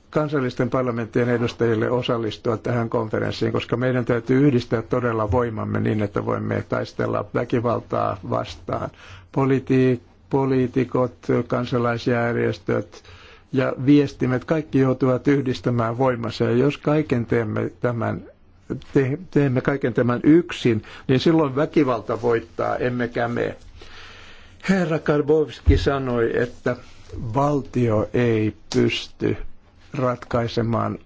kansallisten parlamenttien edustajille osallistua tähän konferenssiin, koska meidän täytyy yhdistää todella voimamme niin, että voimme taistella väkivaltaa vastaan. Politi- poliitikot, kansalaisjärjestöt, ja viestimet, kaikki joutuvat yhdistämään voimansa. Ja jos kaiken teemme tämän te, teemme kaiken tämän yksin, niin silloin väkivalta voittaa, emmekä me. Herra Karbovski sanoi, että valtio ei pysty ratkaisemaan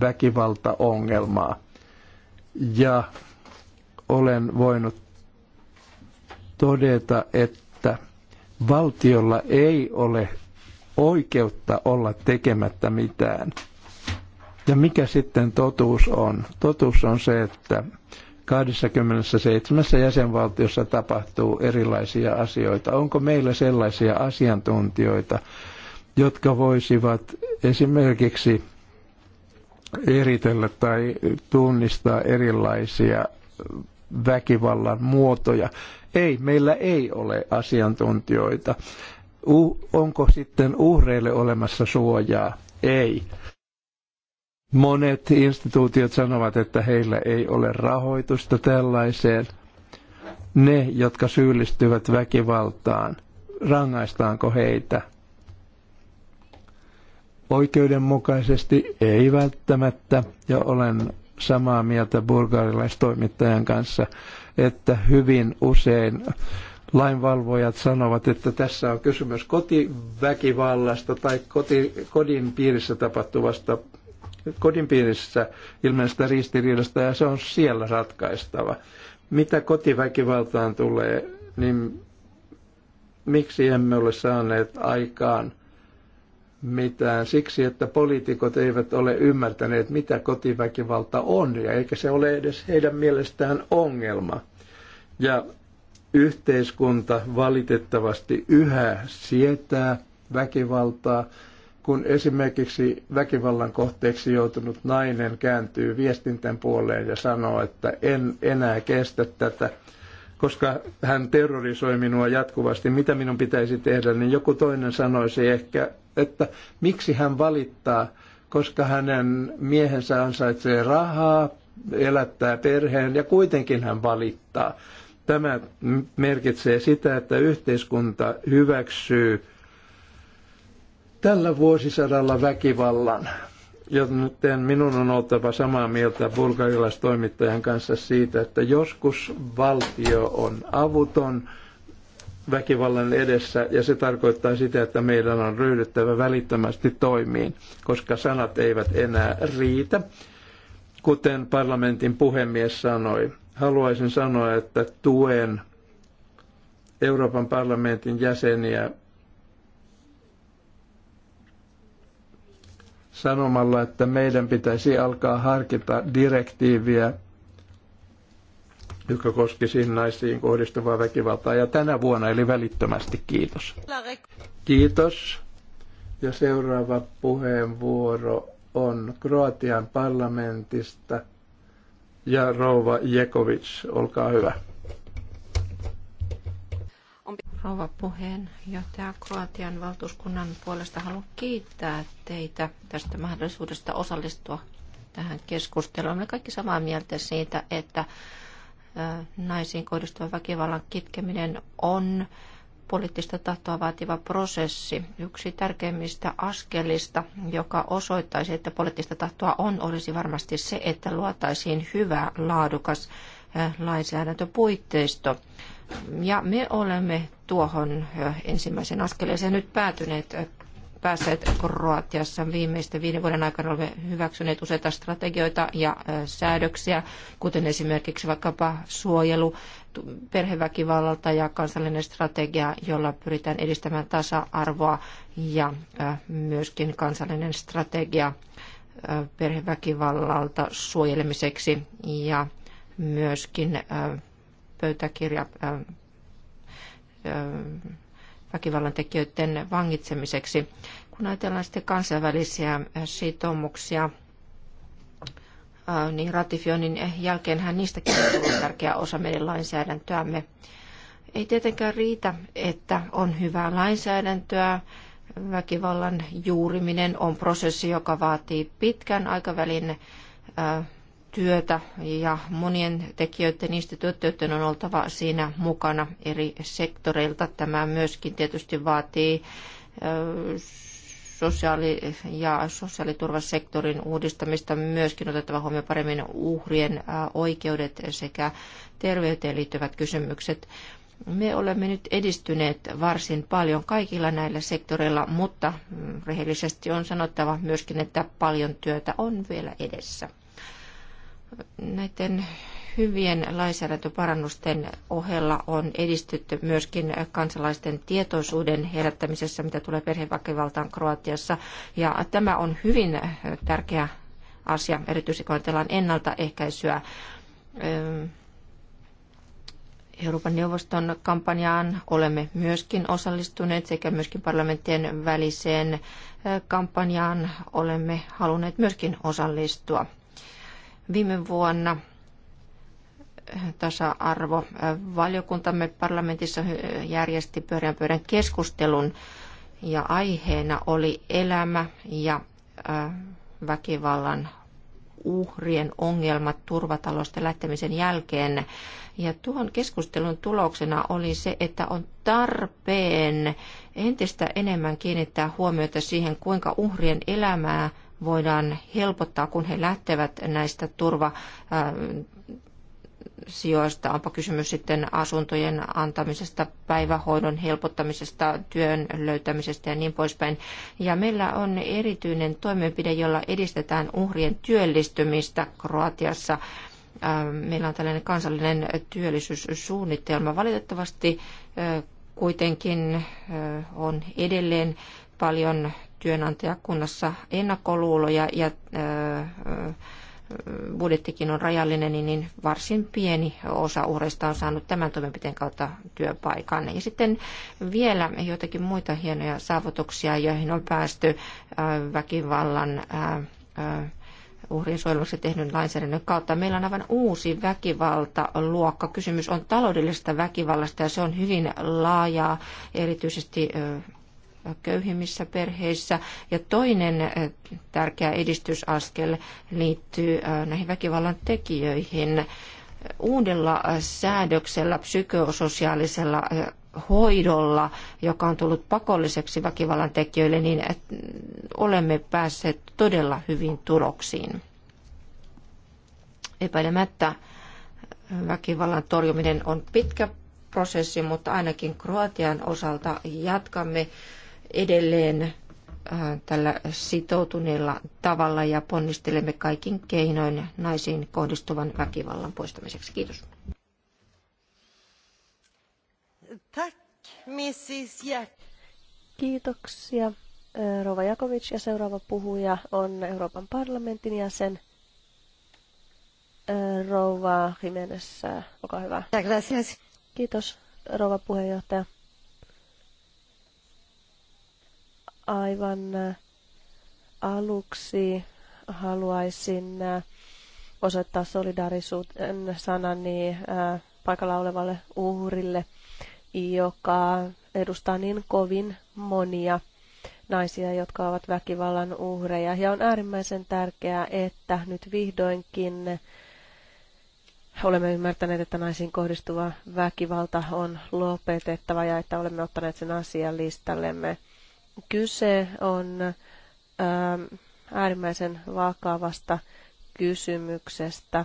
väkivaltaongelmaa. Ja olen voinut todeta, että valtiolla ei ole oikeutta olla tekemättä mitään. Ja mikä sitten totuus on? Totuus on se, että 27 jäsenvaltiossa tapahtuu erilaisia asioita. Onko meillä sellaisia asiantuntijoita, jotka voisivat esimerkiksi eritellä tai tunnistaa erilaisia väkivallan muotoja. Ei, meillä ei ole asiantuntijoita onko sitten uhreille olemassa suojaa? Ei. Monet instituutiot sanovat, että heillä ei ole rahoitusta tällaiseen. Ne, jotka syyllistyvät väkivaltaan, rangaistaanko heitä? Oikeudenmukaisesti ei välttämättä, ja olen samaa mieltä bulgarilaistoimittajan kanssa, että hyvin usein lainvalvojat sanovat, että tässä on kysymys kotiväkivallasta tai koti, kodin piirissä tapahtuvasta kodin piirissä ilmeisestä ristiriidasta ja se on siellä ratkaistava. Mitä kotiväkivaltaan tulee, niin miksi emme ole saaneet aikaan mitään? Siksi, että poliitikot eivät ole ymmärtäneet, mitä kotiväkivalta on, ja eikä se ole edes heidän mielestään ongelma. Ja yhteiskunta valitettavasti yhä sietää väkivaltaa, kun esimerkiksi väkivallan kohteeksi joutunut nainen kääntyy viestinten puoleen ja sanoo, että en enää kestä tätä, koska hän terrorisoi minua jatkuvasti, mitä minun pitäisi tehdä, niin joku toinen sanoisi ehkä, että miksi hän valittaa, koska hänen miehensä ansaitsee rahaa, elättää perheen ja kuitenkin hän valittaa. Tämä merkitsee sitä, että yhteiskunta hyväksyy tällä vuosisadalla väkivallan. Joten minun on oltava samaa mieltä bulgarilaistoimittajan kanssa siitä, että joskus valtio on avuton väkivallan edessä ja se tarkoittaa sitä, että meidän on ryhdyttävä välittömästi toimiin, koska sanat eivät enää riitä, kuten parlamentin puhemies sanoi haluaisin sanoa, että tuen Euroopan parlamentin jäseniä sanomalla, että meidän pitäisi alkaa harkita direktiiviä, joka koskisi naisiin kohdistuvaa väkivaltaa, ja tänä vuonna, eli välittömästi, kiitos. Kiitos. Ja seuraava puheenvuoro on Kroatian parlamentista – ja Rouva Jekovic, olkaa hyvä. Rouva puheenjohtaja Kroatian valtuuskunnan puolesta haluan kiittää teitä tästä mahdollisuudesta osallistua tähän keskusteluun. Me kaikki samaa mieltä siitä, että naisiin kohdistuva väkivallan kitkeminen on poliittista tahtoa vaativa prosessi. Yksi tärkeimmistä askelista, joka osoittaisi, että poliittista tahtoa on, olisi varmasti se, että luotaisiin hyvä, laadukas eh, lainsäädäntöpuitteisto. Ja me olemme tuohon eh, ensimmäisen askeleeseen nyt päätyneet eh, päässeet Kroatiassa viimeisten viiden vuoden aikana olemme hyväksyneet useita strategioita ja säädöksiä, kuten esimerkiksi vaikkapa suojelu, perheväkivallalta ja kansallinen strategia, jolla pyritään edistämään tasa-arvoa ja myöskin kansallinen strategia perheväkivallalta suojelemiseksi ja myöskin pöytäkirja väkivallan tekijöiden vangitsemiseksi. Kun ajatellaan sitten kansainvälisiä sitoumuksia, niin ratifioinnin jälkeenhän niistäkin on tullut tärkeä osa meidän lainsäädäntöämme. Ei tietenkään riitä, että on hyvää lainsäädäntöä. Väkivallan juuriminen on prosessi, joka vaatii pitkän aikavälin työtä ja monien tekijöiden instituutioiden on oltava siinä mukana eri sektoreilta. Tämä myöskin tietysti vaatii sosiaali- ja sosiaaliturvasektorin uudistamista myöskin otettava huomioon paremmin uhrien oikeudet sekä terveyteen liittyvät kysymykset. Me olemme nyt edistyneet varsin paljon kaikilla näillä sektoreilla, mutta rehellisesti on sanottava myöskin, että paljon työtä on vielä edessä. Näiden hyvien lainsäädäntöparannusten ohella on edistytty myöskin kansalaisten tietoisuuden herättämisessä, mitä tulee perheväkivaltaan Kroatiassa. Ja tämä on hyvin tärkeä asia, erityisesti kun ajatellaan ennaltaehkäisyä. Euroopan neuvoston kampanjaan olemme myöskin osallistuneet sekä myöskin parlamenttien väliseen kampanjaan olemme halunneet myöskin osallistua. Viime vuonna tasa-arvo. Valiokuntamme parlamentissa järjesti pyöreän pöydän keskustelun ja aiheena oli elämä ja väkivallan uhrien ongelmat turvatalosta lähtemisen jälkeen. Ja tuon keskustelun tuloksena oli se, että on tarpeen entistä enemmän kiinnittää huomiota siihen, kuinka uhrien elämää voidaan helpottaa, kun he lähtevät näistä turva sijoista, onpa kysymys sitten asuntojen antamisesta, päivähoidon helpottamisesta, työn löytämisestä ja niin poispäin. Ja meillä on erityinen toimenpide, jolla edistetään uhrien työllistymistä Kroatiassa. Ähm, meillä on tällainen kansallinen työllisyyssuunnitelma. Valitettavasti äh, kuitenkin äh, on edelleen paljon työnantajakunnassa ennakkoluuloja ja äh, budjettikin on rajallinen, niin-, niin varsin pieni osa uhreista on saanut tämän toimenpiteen kautta työpaikan. Ja sitten vielä joitakin muita hienoja saavutuksia, joihin on päästy äh, väkivallan äh, äh, uhrien suojelussa tehnyt lainsäädännön kautta. Meillä on aivan uusi väkivaltaluokka. Kysymys on taloudellisesta väkivallasta ja se on hyvin laajaa, erityisesti köyhimmissä perheissä. Ja toinen äh, tärkeä edistysaskel liittyy äh, näihin väkivallan tekijöihin. Uudella äh, säädöksellä psykososiaalisella hoidolla, joka on tullut pakolliseksi väkivallan tekijöille, niin olemme päässeet todella hyvin tuloksiin. Epäilemättä väkivallan torjuminen on pitkä prosessi, mutta ainakin Kroatian osalta jatkamme edelleen äh, tällä sitoutuneella tavalla ja ponnistelemme kaikin keinoin naisiin kohdistuvan väkivallan poistamiseksi. Kiitos. Kiitoksia. Äh, Rova Jakovic ja seuraava puhuja on Euroopan parlamentin jäsen äh, Rouva Jimenez, olkaa hyvä. Kiitos, rouva puheenjohtaja. Aivan äh, aluksi haluaisin äh, osoittaa solidaarisuuden sanani äh, paikalla olevalle uhrille, joka edustaa niin kovin monia naisia, jotka ovat väkivallan uhreja. Ja on äärimmäisen tärkeää, että nyt vihdoinkin olemme ymmärtäneet, että naisiin kohdistuva väkivalta on lopetettava ja että olemme ottaneet sen asian listallemme. Kyse on ähm, äärimmäisen vakavasta kysymyksestä.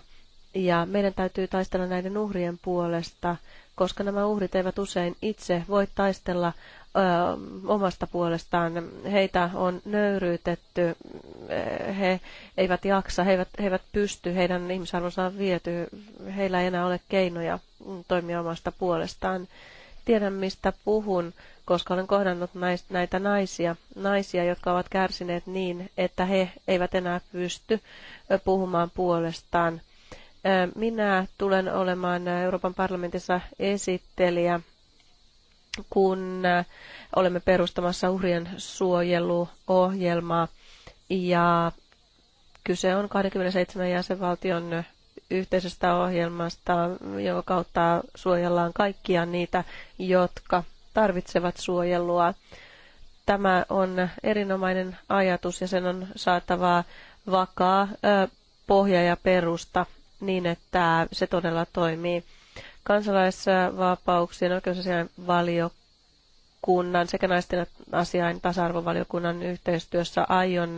Ja meidän täytyy taistella näiden uhrien puolesta, koska nämä uhrit eivät usein itse voi taistella ö, ähm, omasta puolestaan. Heitä on nöyryytetty, äh, he eivät jaksa, he eivät, he eivät pysty, heidän ihmisarvonsa on viety, heillä ei enää ole keinoja toimia omasta puolestaan. Tiedän, mistä puhun, koska olen kohdannut näitä naisia, naisia, jotka ovat kärsineet niin, että he eivät enää pysty puhumaan puolestaan. Minä tulen olemaan Euroopan parlamentissa esittelijä, kun olemme perustamassa uhrien suojeluohjelmaa. Ja kyse on 27 jäsenvaltion yhteisestä ohjelmasta, jonka kautta suojellaan kaikkia niitä, jotka tarvitsevat suojelua. Tämä on erinomainen ajatus ja sen on saatava vakaa pohja ja perusta niin, että se todella toimii. Kansalaisvapauksien oikeusasian valiokunnan sekä naisten asiain tasa-arvovaliokunnan yhteistyössä aion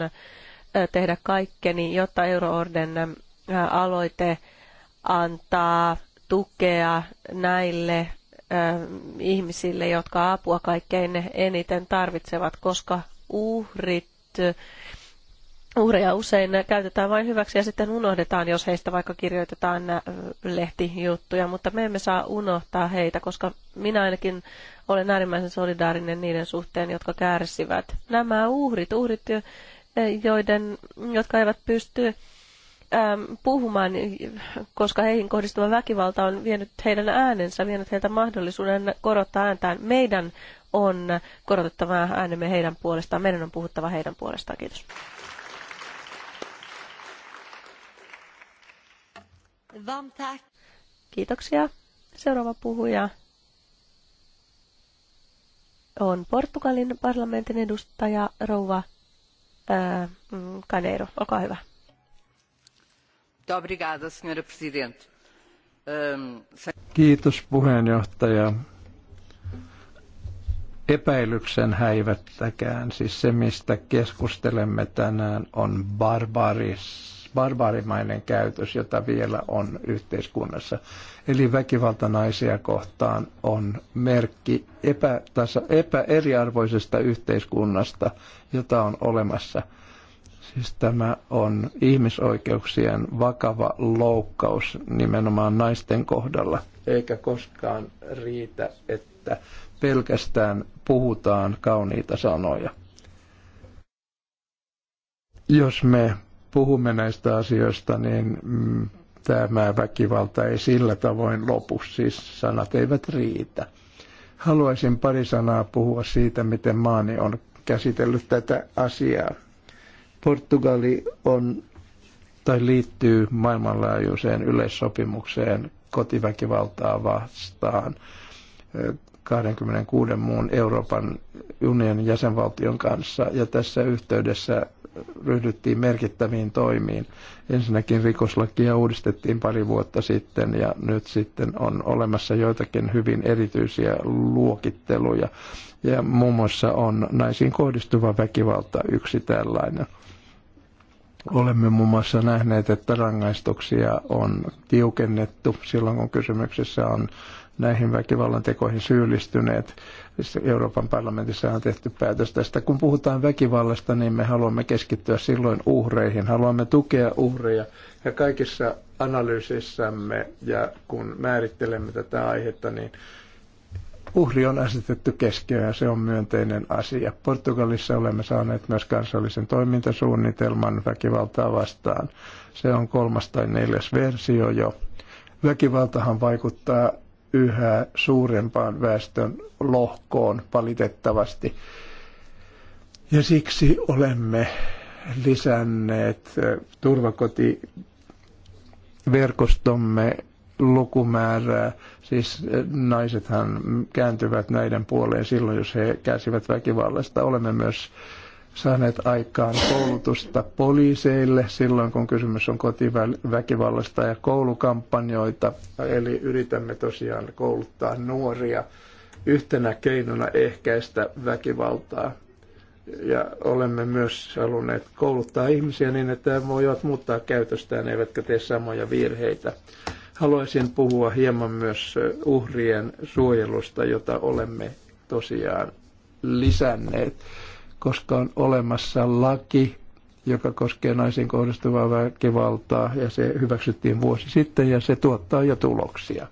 tehdä kaikkeni, jotta Euroorden aloite antaa tukea näille ihmisille, jotka apua kaikkein eniten tarvitsevat, koska uhrit, uhreja usein käytetään vain hyväksi ja sitten unohdetaan, jos heistä vaikka kirjoitetaan lehtijuttuja, mutta me emme saa unohtaa heitä, koska minä ainakin olen äärimmäisen solidaarinen niiden suhteen, jotka kärsivät. Nämä uhrit, uhrit, joiden, jotka eivät pysty Ähm, puhumaan, niin, koska heihin kohdistuva väkivalta on vienyt heidän äänensä, vienyt heiltä mahdollisuuden korottaa ääntään. Meidän on korotettava äänemme heidän puolestaan, meidän on puhuttava heidän puolestaan. Kiitos. Kiitoksia. Seuraava puhuja on Portugalin parlamentin edustaja Rouva ää, äh, Caneiro. Olkaa hyvä. Kiitos puheenjohtaja. Epäilyksen häivättäkään, siis se mistä keskustelemme tänään on barbaris, barbarimainen käytös, jota vielä on yhteiskunnassa. Eli väkivalta naisia kohtaan on merkki epätasa, epäeriarvoisesta yhteiskunnasta, jota on olemassa – Siis tämä on ihmisoikeuksien vakava loukkaus nimenomaan naisten kohdalla, eikä koskaan riitä, että pelkästään puhutaan kauniita sanoja. Jos me puhumme näistä asioista, niin mm, tämä väkivalta ei sillä tavoin lopu, siis sanat eivät riitä. Haluaisin pari sanaa puhua siitä, miten maani on käsitellyt tätä asiaa. Portugali on tai liittyy maailmanlaajuiseen yleissopimukseen kotiväkivaltaa vastaan 26 muun Euroopan unionin jäsenvaltion kanssa. Ja tässä yhteydessä ryhdyttiin merkittäviin toimiin. Ensinnäkin rikoslakia uudistettiin pari vuotta sitten ja nyt sitten on olemassa joitakin hyvin erityisiä luokitteluja. Ja muun muassa on naisiin kohdistuva väkivalta yksi tällainen. Olemme muun muassa nähneet, että rangaistuksia on tiukennettu silloin, kun kysymyksessä on näihin väkivallan tekoihin syyllistyneet. Euroopan parlamentissa on tehty päätös tästä. Kun puhutaan väkivallasta, niin me haluamme keskittyä silloin uhreihin. Haluamme tukea uhreja ja kaikissa analyysissämme ja kun määrittelemme tätä aihetta, niin Uhri on asetettu keskiöön ja se on myönteinen asia. Portugalissa olemme saaneet myös kansallisen toimintasuunnitelman väkivaltaa vastaan. Se on kolmas tai neljäs versio jo. Väkivaltahan vaikuttaa yhä suurempaan väestön lohkoon valitettavasti. Ja siksi olemme lisänneet turvakotiverkostomme lukumäärää Siis eh, naisethan kääntyvät näiden puoleen silloin, jos he kärsivät väkivallasta. Olemme myös saaneet aikaan koulutusta poliiseille silloin, kun kysymys on kotiväkivallasta ja koulukampanjoita. Eli yritämme tosiaan kouluttaa nuoria yhtenä keinona ehkäistä väkivaltaa. Ja olemme myös halunneet kouluttaa ihmisiä niin, että he voivat muuttaa käytöstään, eivätkä tee samoja virheitä. Haluaisin puhua hieman myös uhrien suojelusta, jota olemme tosiaan lisänneet, koska on olemassa laki, joka koskee naisiin kohdistuvaa väkivaltaa, ja se hyväksyttiin vuosi sitten, ja se tuottaa jo tuloksia.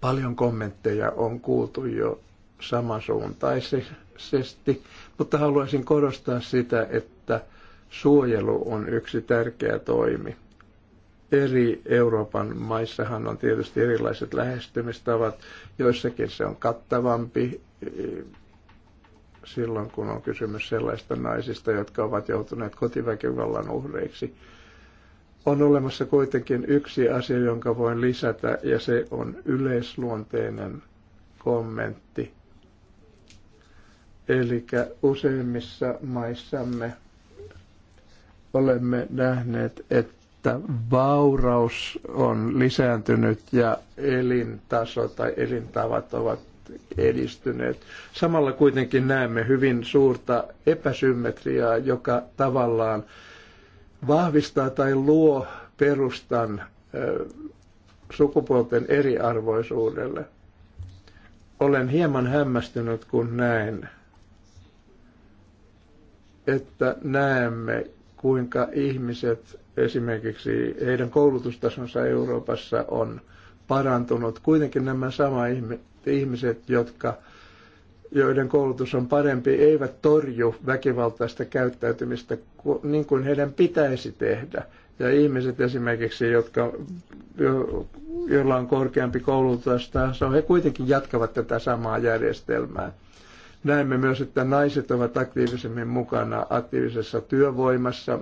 Paljon kommentteja on kuultu jo samansuuntaisesti, mutta haluaisin korostaa sitä, että suojelu on yksi tärkeä toimi eri Euroopan maissahan on tietysti erilaiset lähestymistavat. Joissakin se on kattavampi eh, silloin, kun on kysymys sellaista naisista, jotka ovat joutuneet kotiväkivallan uhreiksi. On olemassa kuitenkin yksi asia, jonka voin lisätä, ja se on yleisluonteinen kommentti. Eli useimmissa maissamme olemme nähneet, että että vauraus on lisääntynyt ja elintaso tai elintavat ovat edistyneet. Samalla kuitenkin näemme hyvin suurta epäsymmetriaa, joka tavallaan vahvistaa tai luo perustan sukupuolten eriarvoisuudelle. Olen hieman hämmästynyt, kun näen, että näemme, kuinka ihmiset esimerkiksi heidän koulutustasonsa Euroopassa on parantunut. Kuitenkin nämä sama ihmiset, jotka, joiden koulutus on parempi, eivät torju väkivaltaista käyttäytymistä niin kuin heidän pitäisi tehdä. Ja ihmiset esimerkiksi, jotka, jo, joilla on korkeampi koulutustaso, he kuitenkin jatkavat tätä samaa järjestelmää. Näemme myös, että naiset ovat aktiivisemmin mukana aktiivisessa työvoimassa,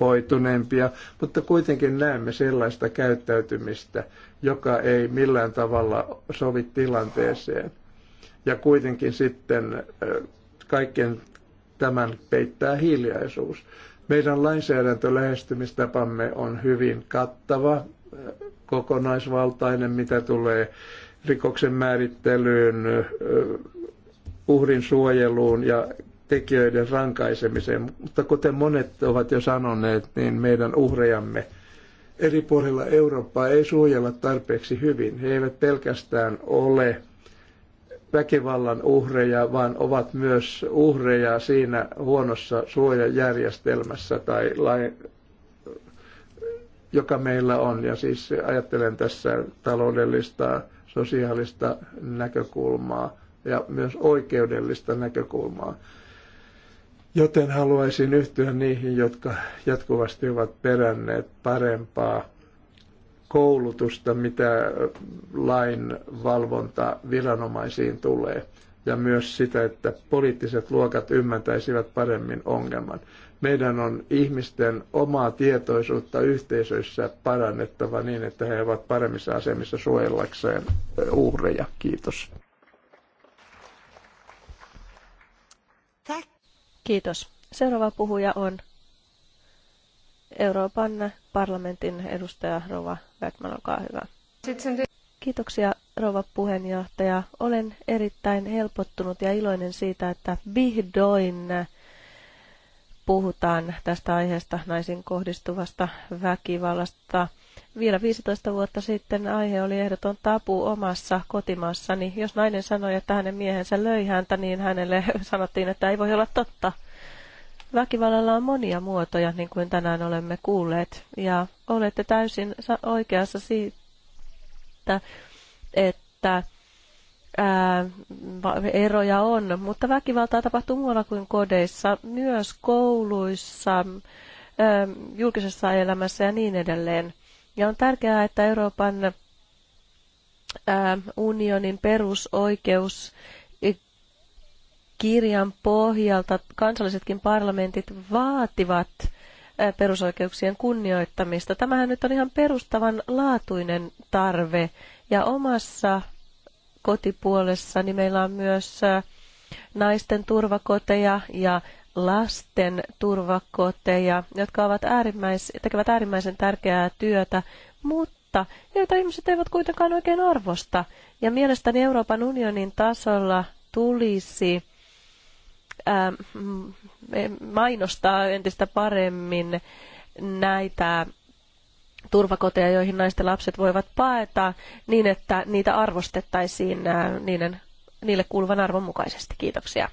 poituneempia, mutta kuitenkin näemme sellaista käyttäytymistä, joka ei millään tavalla sovi tilanteeseen. Ja kuitenkin sitten kaiken tämän peittää hiljaisuus. Meidän lainsäädäntölähestymistapamme on hyvin kattava, kokonaisvaltainen, mitä tulee rikoksen määrittelyyn, uhrin suojeluun ja tekijöiden rankaisemiseen. Mutta kuten monet ovat jo sanoneet, niin meidän uhrejamme eri puolilla Eurooppaa ei suojella tarpeeksi hyvin. He eivät pelkästään ole väkivallan uhreja, vaan ovat myös uhreja siinä huonossa suojajärjestelmässä tai lain, joka meillä on. Ja siis ajattelen tässä taloudellista, sosiaalista näkökulmaa ja myös oikeudellista näkökulmaa. Joten haluaisin yhtyä niihin, jotka jatkuvasti ovat peränneet parempaa koulutusta, mitä lain valvonta viranomaisiin tulee, ja myös sitä, että poliittiset luokat ymmärtäisivät paremmin ongelman. Meidän on ihmisten omaa tietoisuutta yhteisöissä parannettava niin, että he ovat paremmissa asemissa suojellakseen uhreja. Kiitos. Kiitos. Seuraava puhuja on Euroopan parlamentin edustaja Rova Bergman, olkaa hyvä. Kiitoksia Rova puheenjohtaja. Olen erittäin helpottunut ja iloinen siitä, että vihdoin puhutaan tästä aiheesta naisiin kohdistuvasta väkivallasta. Vielä 15 vuotta sitten aihe oli ehdoton tapu omassa kotimaassani. Jos nainen sanoi, että hänen miehensä löi häntä, niin hänelle sanottiin, että ei voi olla totta. Väkivallalla on monia muotoja, niin kuin tänään olemme kuulleet, ja olette täysin oikeassa siitä, että ää, eroja on, mutta väkivaltaa tapahtuu muualla kuin kodeissa, myös kouluissa, ää, julkisessa elämässä ja niin edelleen. Ja on tärkeää, että Euroopan unionin perusoikeus kirjan pohjalta kansallisetkin parlamentit vaativat perusoikeuksien kunnioittamista. Tämähän nyt on ihan perustavan laatuinen tarve. Ja omassa kotipuolessani meillä on myös naisten turvakoteja ja lasten turvakoteja, jotka ovat äärimmäis, tekevät äärimmäisen tärkeää työtä, mutta joita ihmiset eivät kuitenkaan oikein arvosta. Ja mielestäni Euroopan unionin tasolla tulisi ää, ähm, mainostaa entistä paremmin näitä turvakoteja, joihin naisten lapset voivat paeta niin, että niitä arvostettaisiin äh, niiden, niille kuuluvan arvon mukaisesti. Kiitoksia.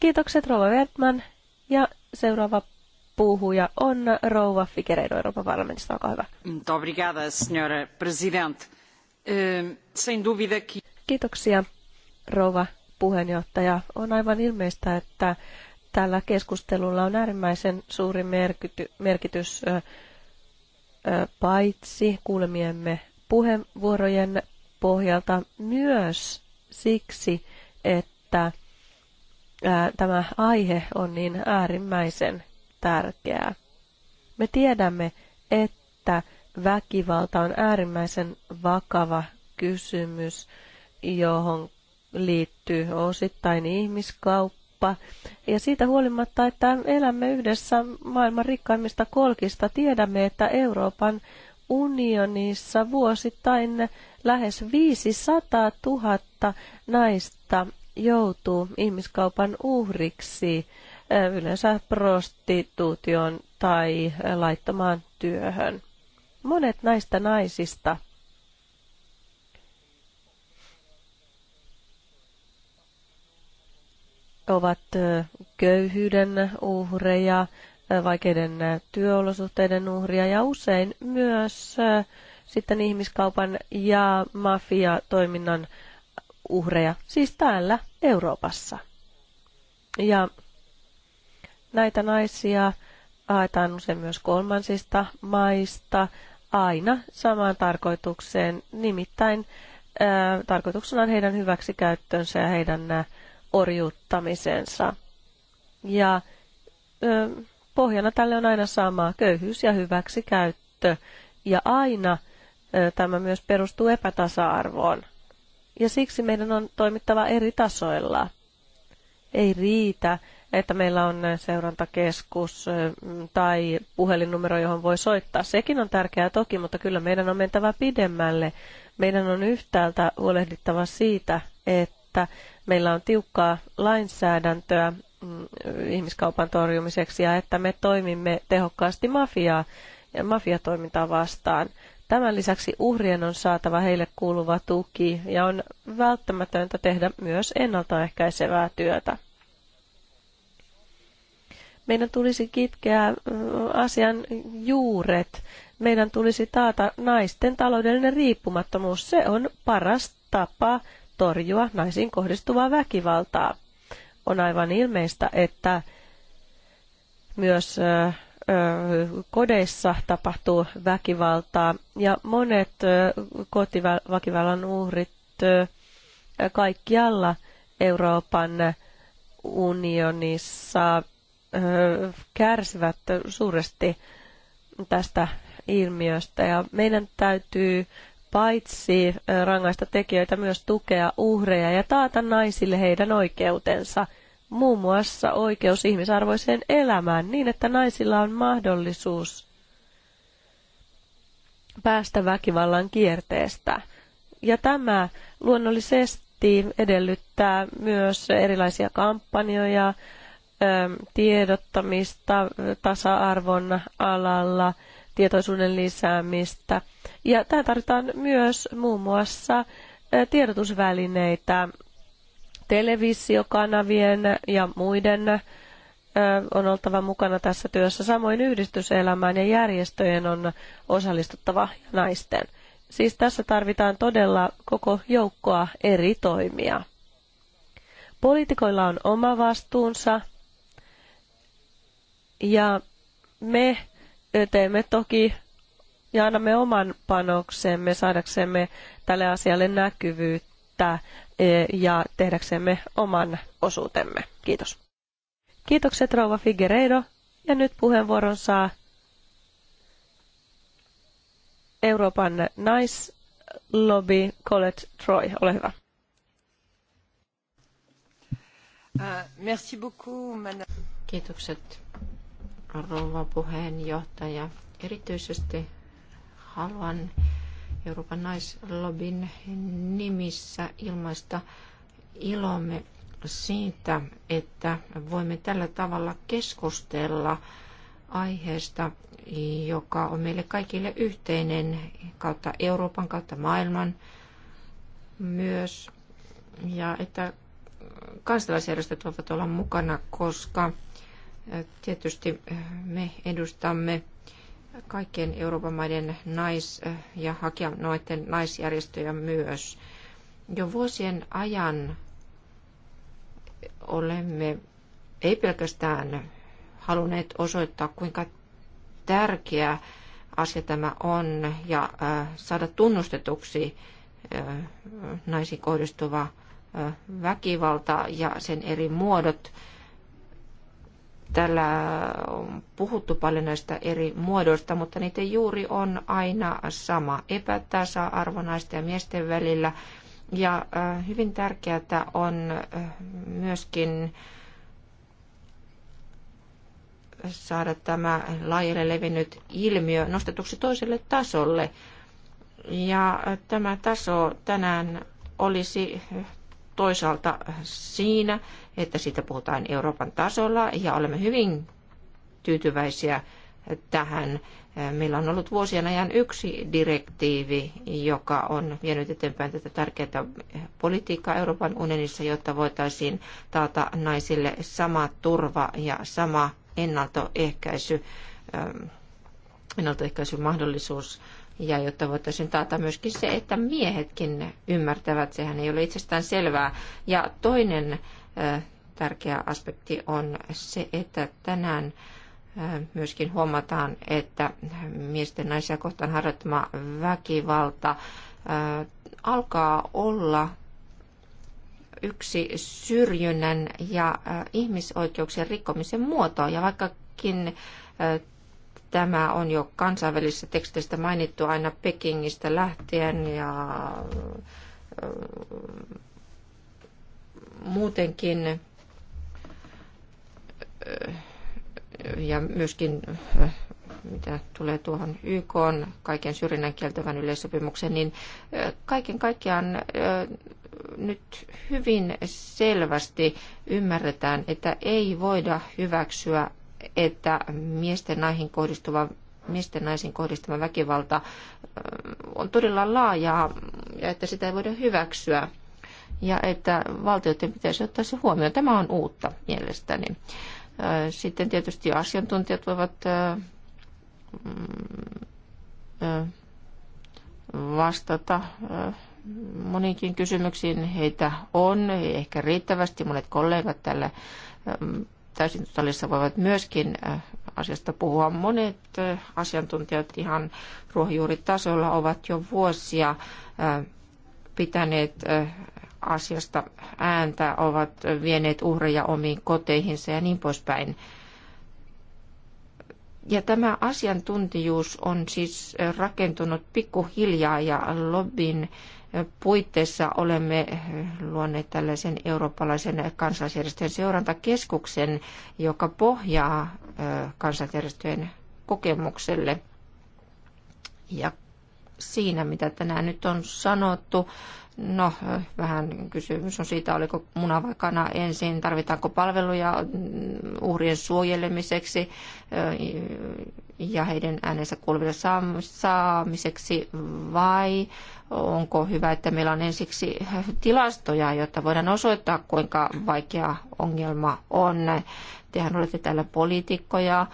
Kiitokset Rova Wertman ja seuraava puhuja on Rouva Figueiredo Euroopan parlamentista. Olkaa hyvä. Obrigada, signora president. Sen duvida Kiitoksia, rouva puheenjohtaja. On aivan ilmeistä, että tällä keskustelulla on äärimmäisen suuri merkity, merkitys paitsi kuulemiemme puheenvuorojen pohjalta myös siksi, että tämä aihe on niin äärimmäisen tärkeää. Me tiedämme, että väkivalta on äärimmäisen vakava kysymys, johon liittyy osittain ihmiskauppa. Ja siitä huolimatta, että elämme yhdessä maailman rikkaimmista kolkista, tiedämme, että Euroopan unionissa vuosittain lähes 500 000 naista joutuu ihmiskaupan uhriksi yleensä prostituution tai laittomaan työhön. Monet näistä naisista ovat köyhyyden uhreja, vaikeiden työolosuhteiden uhria ja usein myös sitten ihmiskaupan ja mafiatoiminnan toiminnan uhreja, siis täällä Euroopassa. Ja näitä naisia haetaan usein myös kolmansista maista aina samaan tarkoitukseen, nimittäin ää, tarkoituksena on heidän hyväksikäyttönsä ja heidän nää orjuuttamisensa. Ja ö, pohjana tälle on aina sama köyhyys ja hyväksikäyttö. Ja aina ö, tämä myös perustuu epätasa-arvoon. Ja siksi meidän on toimittava eri tasoilla. Ei riitä, että meillä on seurantakeskus tai puhelinnumero, johon voi soittaa. Sekin on tärkeää toki, mutta kyllä meidän on mentävä pidemmälle. Meidän on yhtäältä huolehdittava siitä, että meillä on tiukkaa lainsäädäntöä mm, ihmiskaupan torjumiseksi ja että me toimimme tehokkaasti mafiaa ja mafiatoimintaa vastaan. Tämän lisäksi uhrien on saatava heille kuuluva tuki ja on välttämätöntä tehdä myös ennaltaehkäisevää työtä. Meidän tulisi kitkeä asian juuret. Meidän tulisi taata naisten taloudellinen riippumattomuus. Se on paras tapa torjua naisiin kohdistuvaa väkivaltaa. On aivan ilmeistä, että myös kodeissa tapahtuu väkivaltaa ja monet kotiväkivallan uhrit kaikkialla Euroopan unionissa kärsivät suuresti tästä ilmiöstä ja meidän täytyy paitsi rangaista tekijöitä myös tukea uhreja ja taata naisille heidän oikeutensa muun muassa oikeus ihmisarvoiseen elämään niin, että naisilla on mahdollisuus päästä väkivallan kierteestä. Ja tämä luonnollisesti edellyttää myös erilaisia kampanjoja, tiedottamista tasa-arvon alalla, tietoisuuden lisäämistä. Ja tämä tarvitaan myös muun muassa tiedotusvälineitä televisiokanavien ja muiden on oltava mukana tässä työssä. Samoin yhdistyselämään ja järjestöjen on osallistuttava naisten. Siis tässä tarvitaan todella koko joukkoa eri toimia. Poliitikoilla on oma vastuunsa ja me teemme toki ja annamme oman panoksemme saadaksemme tälle asialle näkyvyyttä. Eh, ja tehdäksemme oman osuutemme. Kiitos. Kiitokset rouva Figueiredo ja nyt puheenvuoron saa Euroopan naislobby Colette Troy. Ole hyvä. Uh, Kiitokset rouva puheenjohtaja. Erityisesti haluan Euroopan naislobin nimissä ilmaista ilomme siitä, että voimme tällä tavalla keskustella aiheesta, joka on meille kaikille yhteinen kautta Euroopan, kautta maailman myös. Ja että kansalaisjärjestöt voivat olla mukana, koska eh, tietysti eh, me edustamme kaikkien Euroopan maiden nais- ja hakijanoiden naisjärjestöjä myös. Jo vuosien ajan olemme ei pelkästään halunneet osoittaa, kuinka tärkeä asia tämä on ja saada tunnustetuksi naisiin kohdistuva väkivalta ja sen eri muodot – Täällä on puhuttu paljon näistä eri muodoista, mutta niitä juuri on aina sama epätasa-arvo naisten ja miesten välillä. Ja äh, hyvin tärkeää on äh, myöskin saada tämä laajalle levinnyt ilmiö nostetuksi toiselle tasolle. Ja äh, tämä taso tänään olisi toisaalta siinä, että siitä puhutaan Euroopan tasolla ja olemme hyvin tyytyväisiä tähän. Meillä on ollut vuosien ajan yksi direktiivi, joka on vienyt eteenpäin tätä tärkeää politiikkaa Euroopan unionissa, jotta voitaisiin taata naisille sama turva ja sama ennaltoehkäisy, ähm, ennaltoehkäisymahdollisuus ja jotta voitaisiin taata myöskin se, että miehetkin ymmärtävät, sehän ei ole itsestään selvää. Ja toinen tärkeä aspekti on se, että tänään myöskin huomataan, että miesten naisia kohtaan harjoittama väkivalta alkaa olla yksi syrjynnän ja ihmisoikeuksien rikkomisen muoto. Ja vaikkakin tämä on jo kansainvälisissä teksteistä mainittu aina Pekingistä lähtien ja muutenkin ja myöskin mitä tulee tuohon YK kaiken syrjinnän kieltävän yleissopimuksen, niin kaiken kaikkiaan nyt hyvin selvästi ymmärretään, että ei voida hyväksyä, että miesten naihin kohdistuva miesten naisiin kohdistuva väkivalta on todella laajaa ja että sitä ei voida hyväksyä ja että valtioiden pitäisi ottaa se huomioon. Tämä on uutta mielestäni. Sitten tietysti asiantuntijat voivat mm, vastata moniinkin kysymyksiin. Heitä on, ei ehkä riittävästi. Monet kollegat tällä täysintosalissa voivat myöskin asiasta puhua. Monet asiantuntijat ihan ruohonjuuritasolla ovat jo vuosia pitäneet asiasta ääntä, ovat vieneet uhreja omiin koteihinsa ja niin poispäin. Ja tämä asiantuntijuus on siis rakentunut pikkuhiljaa ja lobbyin puitteissa olemme luoneet tällaisen eurooppalaisen kansalaisjärjestöjen seurantakeskuksen, joka pohjaa kansalaisjärjestöjen kokemukselle. Ja siinä, mitä tänään nyt on sanottu, No, vähän kysymys on siitä, oliko muna vai kana ensin, tarvitaanko palveluja mm, uhrien suojelemiseksi ja heidän äänensä kuuluville saamiseksi vai onko hyvä, että meillä on ensiksi tilastoja, jotta voidaan osoittaa, kuinka vaikea ongelma on. Tehän olette täällä poliitikkoja,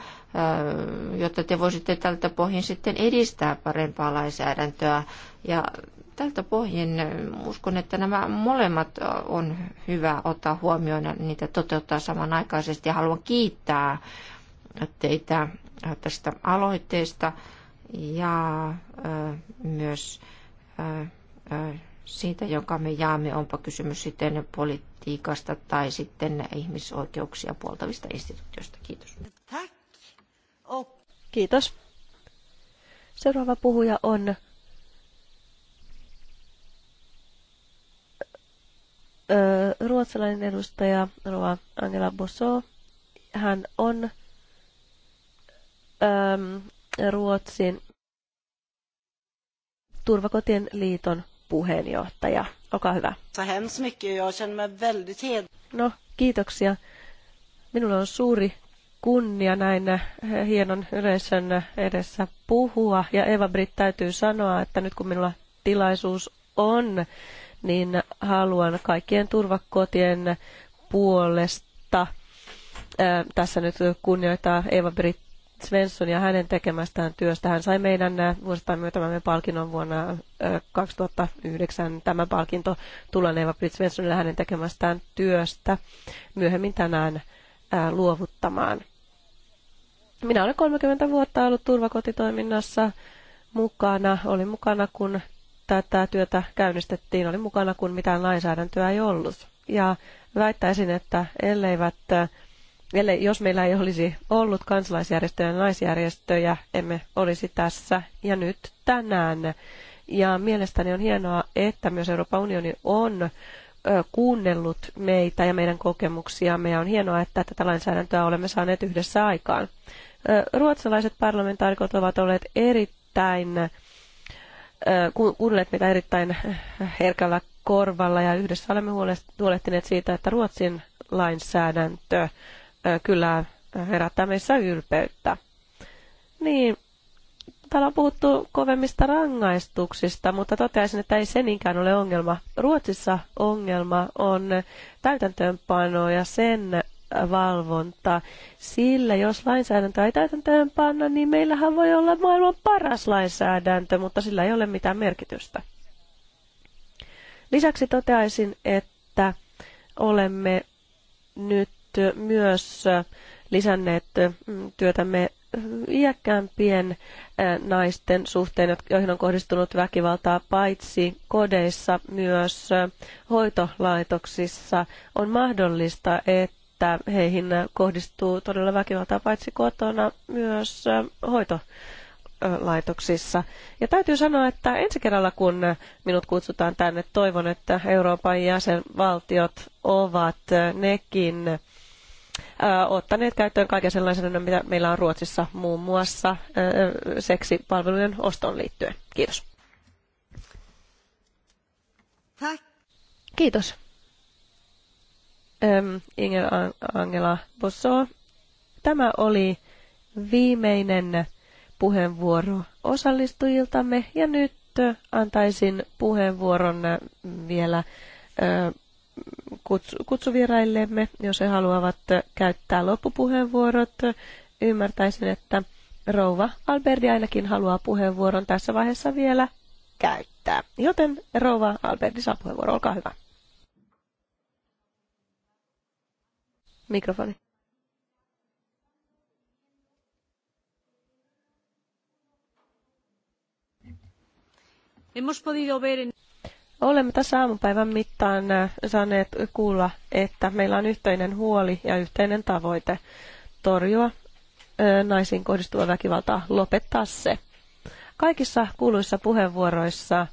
jotta te voisitte tältä pohjin sitten edistää parempaa lainsäädäntöä. Ja tältä pohjin uskon, että nämä molemmat on hyvä ottaa huomioon ja niitä toteuttaa samanaikaisesti. Ja haluan kiittää teitä tästä aloitteesta ja myös siitä, jonka me jaamme, onpa kysymys sitten politiikasta tai sitten ihmisoikeuksia puoltavista instituutioista. Kiitos. Kiitos. Seuraava puhuja on ruotsalainen edustaja Rova Angela Bosso. Hän on Ruotsin turvakotien liiton puheenjohtaja. Olkaa hyvä. No, kiitoksia. Minulla on suuri kunnia näin äh, hienon yleisön edessä puhua. Ja Eva Britt täytyy sanoa, että nyt kun minulla tilaisuus on niin haluan kaikkien turvakotien puolesta ää, tässä nyt kunnioittaa Eva Britt Svensson ja hänen tekemästään työstä. Hän sai meidän vuosittain myötämämme palkinnon vuonna 2009. Tämä palkinto tulee Eva Britt Svenssonille hänen tekemästään työstä myöhemmin tänään luovuttamaan. Minä olen 30 vuotta ollut turvakotitoiminnassa mukana. Olin mukana, kun tämä työtä käynnistettiin, oli mukana, kun mitään lainsäädäntöä ei ollut. Ja väittäisin, että elleivät, ellei, jos meillä ei olisi ollut kansalaisjärjestöjä ja niin naisjärjestöjä, emme olisi tässä ja nyt tänään. Ja mielestäni on hienoa, että myös Euroopan unioni on kuunnellut meitä ja meidän kokemuksiamme ja on hienoa, että tätä lainsäädäntöä olemme saaneet yhdessä aikaan. Ruotsalaiset parlamentaarikot ovat olleet erittäin kuunnelleet mitä erittäin äh, herkällä korvalla ja yhdessä olemme huolehtineet siitä, että Ruotsin lainsäädäntö kyllä herättää meissä ylpeyttä. Niin, täällä on puhuttu kovemmista rangaistuksista, mutta toteaisin, että ei se niinkään ole ongelma. Ruotsissa ongelma on täytäntöönpano ja sen valvontaa. Sillä jos lainsäädäntö ei täytäntöön panna, niin meillähän voi olla maailman paras lainsäädäntö, mutta sillä ei ole mitään merkitystä. Lisäksi toteaisin, että olemme nyt myös lisänneet mm, työtämme iäkkäämpien naisten suhteen, joihin on kohdistunut väkivaltaa paitsi kodeissa, myös hoitolaitoksissa. On mahdollista, että että heihin kohdistuu todella väkivaltaa paitsi kotona myös hoitolaitoksissa. Ja täytyy sanoa, että ensi kerralla kun minut kutsutaan tänne, toivon, että Euroopan jäsenvaltiot ovat nekin ottaneet käyttöön kaiken sellaisen, mitä meillä on Ruotsissa muun muassa seksipalvelujen ostoon liittyen. Kiitos. Kiitos. Inger Angela Bosso. Tämä oli viimeinen puheenvuoro osallistujiltamme ja nyt antaisin puheenvuoron vielä kutsuvieraillemme, jos he haluavat käyttää loppupuheenvuorot. Ymmärtäisin, että rouva Alberti ainakin haluaa puheenvuoron tässä vaiheessa vielä käyttää. Joten rouva Alberti saa puheenvuoron olkaa hyvä. Mikrofoni. Olemme tässä aamupäivän mittaan äh, saaneet kuulla, että meillä on yhteinen huoli ja yhteinen tavoite torjua äh, naisiin kohdistuva väkivalta, lopettaa se. Kaikissa kuuluissa puheenvuoroissa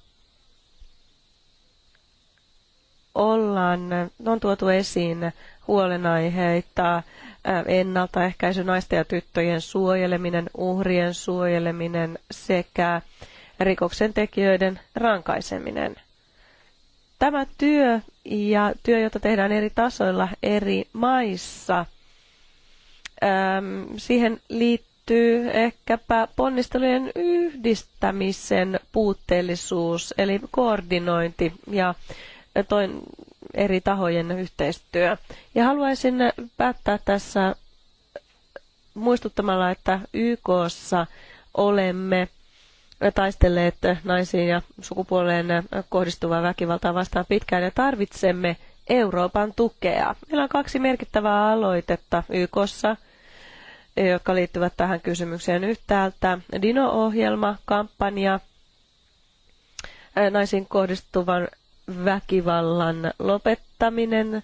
ollaan, äh, on tuotu esiin huolenaiheita, äh, ennaltaehkäisy, naisten ja tyttöjen suojeleminen, uhrien suojeleminen sekä rikoksen tekijöiden rankaiseminen. Tämä työ ja työ, jota tehdään eri tasoilla eri maissa, ähm, siihen liittyy ehkäpä ponnistelujen yhdistämisen puutteellisuus, eli koordinointi ja toin, eri tahojen yhteistyö. Ja haluaisin päättää tässä muistuttamalla, että YKssa olemme taistelleet naisiin ja sukupuoleen kohdistuvaa väkivaltaa vastaan pitkään ja tarvitsemme Euroopan tukea. Meillä on kaksi merkittävää aloitetta YKssa, jotka liittyvät tähän kysymykseen yhtäältä. Dino-ohjelma, kampanja naisiin kohdistuvan väkivallan lopettaminen.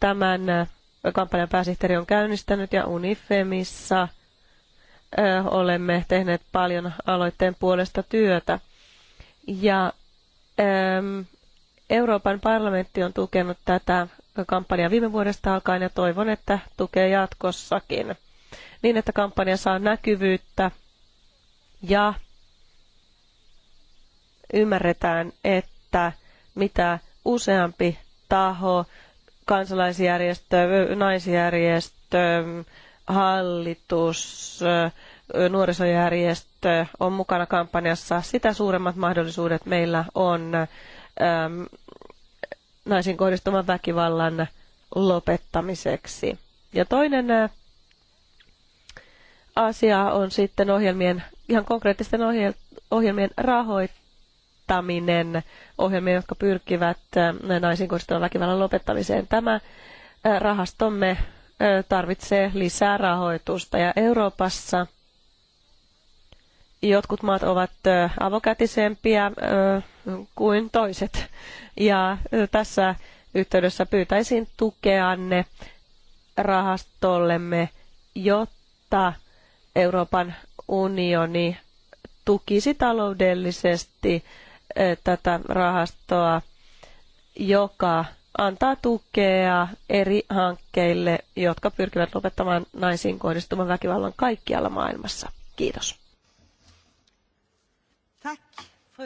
Tämän äh, kampanjan pääsihteeri on käynnistänyt ja Unifemissa äh, olemme tehneet paljon aloitteen puolesta työtä. Ja ähm, Euroopan parlamentti on tukenut tätä kampanjaa viime vuodesta alkaen ja toivon, että tukee jatkossakin niin, että kampanja saa näkyvyyttä ja ymmärretään, että mitä useampi taho, kansalaisjärjestö, naisjärjestö, hallitus, nuorisojärjestö on mukana kampanjassa, sitä suuremmat mahdollisuudet meillä on ähm, naisiin kohdistuvan väkivallan lopettamiseksi. Ja toinen äh, asia on sitten ohjelmien, ihan konkreettisten ohjelmien rahoittaminen lopettaminen, ohjelmia, jotka pyrkivät naisiin kohdistuvan väkivallan lopettamiseen. Tämä rahastomme tarvitsee lisää rahoitusta ja Euroopassa jotkut maat ovat avokätisempiä kuin toiset. Ja tässä yhteydessä pyytäisin tukeanne rahastollemme, jotta Euroopan unioni tukisi taloudellisesti tätä rahastoa, joka antaa tukea eri hankkeille, jotka pyrkivät lopettamaan naisiin kohdistuvan väkivallan kaikkialla maailmassa. Kiitos. Tack, fru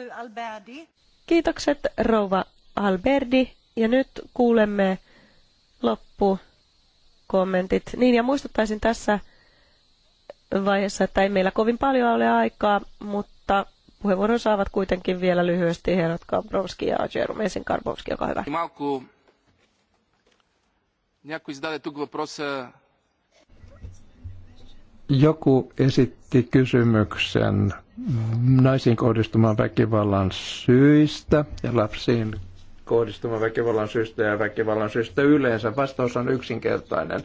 Kiitokset rouva Alberdi. Ja nyt kuulemme loppukommentit. Niin ja muistuttaisin tässä vaiheessa, että ei meillä kovin paljon ole aikaa, mutta Puheenvuoron saavat kuitenkin vielä lyhyesti herrat Kambrovski ja Jerum. Karbovski, joka hyvä. Малко... Някой зададе тук въпроса joku esitti kysymyksen naisiin kohdistuman väkivallan syistä ja lapsiin kohdistuman väkivallan syistä ja väkivallan syistä yleensä. Vastaus on yksinkertainen.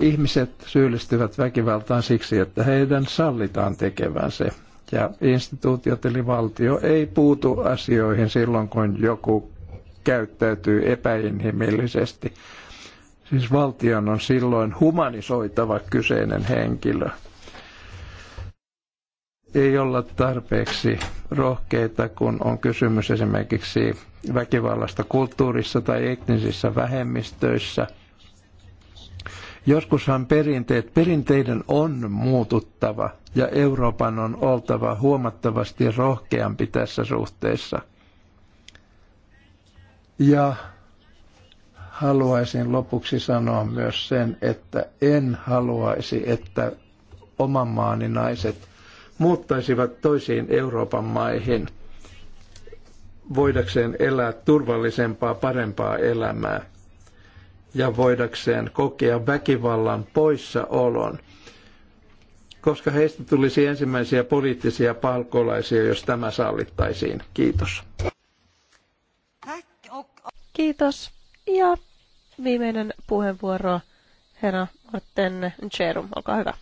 Ihmiset syyllistyvät väkivaltaan siksi, että heidän sallitaan tekevän se ja instituutiot eli valtio ei puutu asioihin silloin, kun joku käyttäytyy epäinhimillisesti. Siis valtion on silloin humanisoitava kyseinen henkilö. Ei olla tarpeeksi rohkeita, kun on kysymys esimerkiksi väkivallasta kulttuurissa tai etnisissä vähemmistöissä – Joskushan perinteet, perinteiden on muututtava ja Euroopan on oltava huomattavasti rohkeampi tässä suhteessa. Ja haluaisin lopuksi sanoa myös sen, että en haluaisi, että oman maani naiset muuttaisivat toisiin Euroopan maihin voidakseen elää turvallisempaa, parempaa elämää ja voidakseen kokea väkivallan poissaolon, koska heistä tulisi ensimmäisiä poliittisia palkolaisia, jos tämä sallittaisiin. Kiitos. Kiitos. Ja viimeinen puheenvuoro herra Martin Cherum, olkaa hyvä.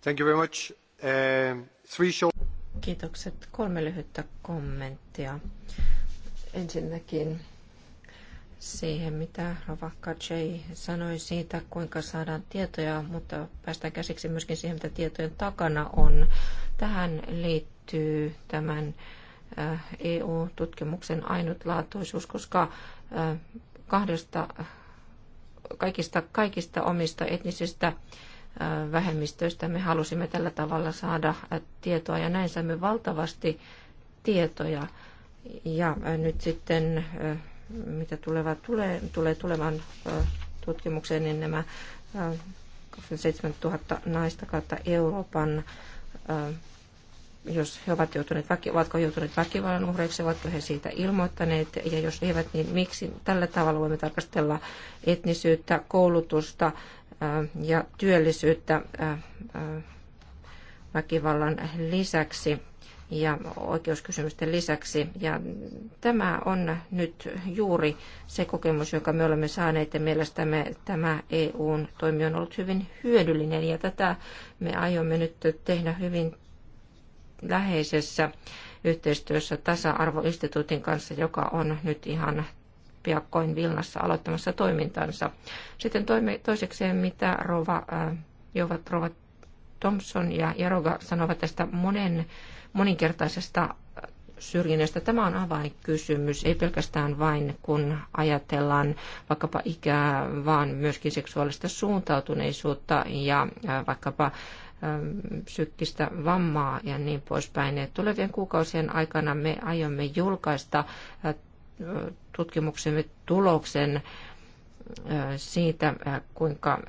Thank you very much. Uh, three short... Kiitokset. Kolme lyhyttä kommenttia. Ensinnäkin siihen, mitä Ravakka J sanoi siitä, kuinka saadaan tietoja, mutta päästään käsiksi myöskin siihen, mitä tietojen takana on. Tähän liittyy tämän äh, EU-tutkimuksen ainutlaatuisuus, koska äh, kahdesta, kaikista, kaikista omista etnisistä äh, vähemmistöistä me halusimme tällä tavalla saada tietoa ja näin saimme valtavasti tietoja. Ja nyt sitten mitä tuleva tulee, tulee tulevan tutkimukseen, niin nämä 27 000 naista kautta Euroopan, jos he ovat joutuneet, ovatko joutuneet väkivallan uhreiksi, ovatko he siitä ilmoittaneet, ja jos eivät, niin miksi tällä tavalla voimme tarkastella etnisyyttä, koulutusta ja työllisyyttä väkivallan lisäksi ja oikeuskysymysten lisäksi. Ja tämä on nyt juuri se kokemus, jonka me olemme saaneet ja mielestämme tämä EU toimi on ollut hyvin hyödyllinen ja tätä me aiomme nyt tehdä hyvin läheisessä yhteistyössä tasa-arvoinstituutin kanssa, joka on nyt ihan piakkoin Vilnassa aloittamassa toimintansa. Sitten toime, toisekseen, mitä Rova, äh, Jovat, Rova Thompson ja Jaroga sanovat tästä monen moninkertaisesta äh, syrjinnästä. Tämä on avainkysymys, ei pelkästään vain kun ajatellaan vaikkapa ikää, vaan myöskin seksuaalista suuntautuneisuutta ja äh, vaikkapa äh, psyykkistä vammaa ja niin poispäin. Tulevien kuukausien aikana me aiomme julkaista tutkimuksemme tuloksen siitä, kuinka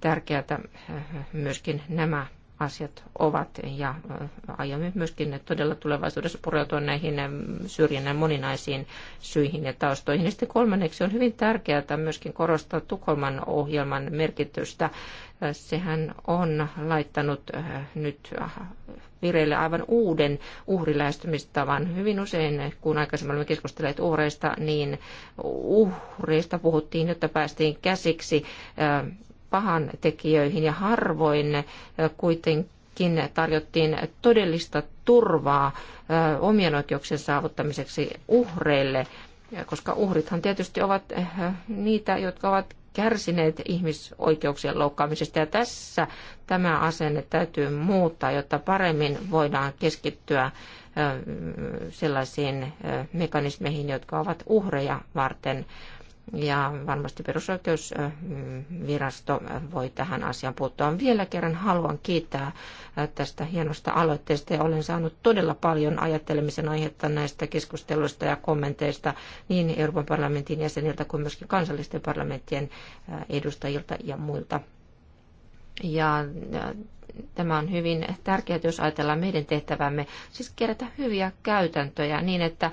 tärkeätä myöskin nämä asiat ovat ja aiomme myöskin todella tulevaisuudessa pureutua näihin syrjinnän moninaisiin syihin ja taustoihin. Ja sitten kolmanneksi on hyvin tärkeää myöskin korostaa Tukholman ohjelman merkitystä. Sehän on laittanut nyt vireille aivan uuden uhrilähestymistavan. Hyvin usein, kun aikaisemmin olemme keskustelleet uhreista, niin uhreista puhuttiin, jotta päästiin käsiksi pahan tekijöihin ja harvoin kuitenkin tarjottiin todellista turvaa omien oikeuksien saavuttamiseksi uhreille, koska uhrithan tietysti ovat niitä, jotka ovat kärsineet ihmisoikeuksien loukkaamisesta. Ja tässä tämä asenne täytyy muuttaa, jotta paremmin voidaan keskittyä sellaisiin mekanismeihin, jotka ovat uhreja varten ja varmasti perusoikeusvirasto äh, mm, voi tähän asiaan puuttua. Vielä kerran haluan kiittää äh, tästä hienosta aloitteesta ja olen saanut todella paljon ajattelemisen aihetta näistä keskusteluista ja kommenteista niin Euroopan parlamentin jäseniltä kuin myöskin kansallisten parlamenttien äh, edustajilta ja muilta. Ja Tämä on hyvin tärkeää, jos ajatellaan meidän tehtävämme, siis kerätä hyviä käytäntöjä niin, että äh,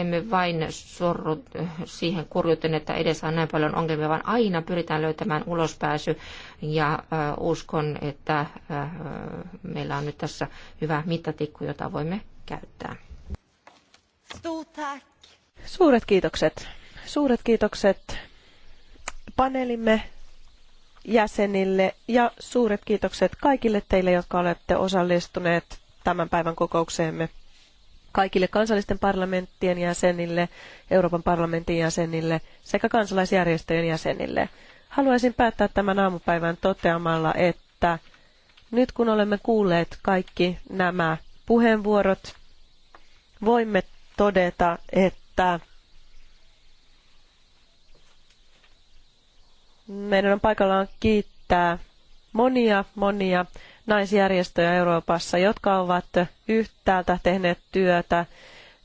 emme vain sorru siihen kurjuuteen, että edessä on näin paljon ongelmia, vaan aina pyritään löytämään ulospääsy. Ja äh, uskon, että äh, meillä on nyt tässä hyvä mittatikku, jota voimme käyttää. Suuret kiitokset. Suuret kiitokset Panelimme jäsenille ja suuret kiitokset kaikille teille, jotka olette osallistuneet tämän päivän kokoukseemme. Kaikille kansallisten parlamenttien jäsenille, Euroopan parlamentin jäsenille sekä kansalaisjärjestöjen jäsenille. Haluaisin päättää tämän aamupäivän toteamalla, että nyt kun olemme kuulleet kaikki nämä puheenvuorot, voimme todeta, että Meidän on paikallaan kiittää monia, monia naisjärjestöjä Euroopassa, jotka ovat yhtäältä tehneet työtä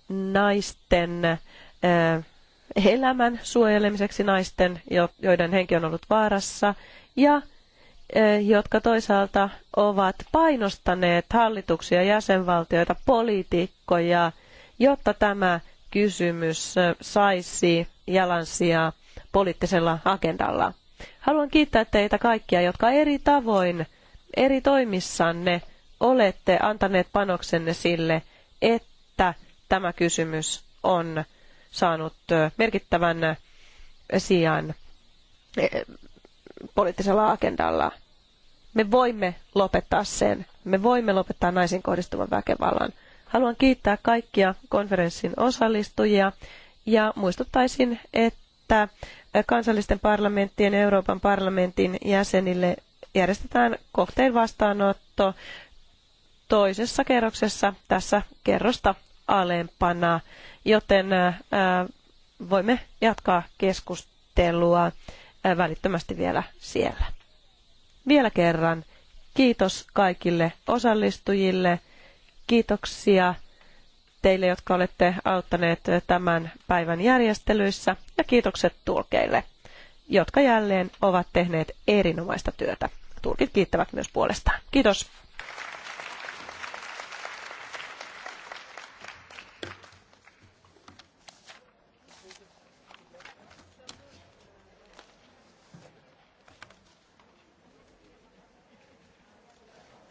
naisten eh, elämän suojelemiseksi naisten, joiden henki on ollut vaarassa, ja eh, jotka toisaalta ovat painostaneet hallituksia, jäsenvaltioita, poliitikkoja, jotta tämä kysymys saisi jalansijaa poliittisella agendalla. Haluan kiittää teitä kaikkia, jotka eri tavoin, eri toimissanne olette antaneet panoksenne sille, että tämä kysymys on saanut merkittävän sijaan poliittisella agendalla. Me voimme lopettaa sen. Me voimme lopettaa naisiin kohdistuvan väkevallan. Haluan kiittää kaikkia konferenssin osallistujia ja muistuttaisin, että että kansallisten parlamenttien ja Euroopan parlamentin jäsenille järjestetään kohteen vastaanotto toisessa kerroksessa tässä kerrosta alempana, joten voimme jatkaa keskustelua välittömästi vielä siellä. Vielä kerran kiitos kaikille osallistujille. Kiitoksia teille, jotka olette auttaneet tämän päivän järjestelyissä ja kiitokset tulkeille, jotka jälleen ovat tehneet erinomaista työtä. Tulkit kiittävät myös puolestaan. Kiitos.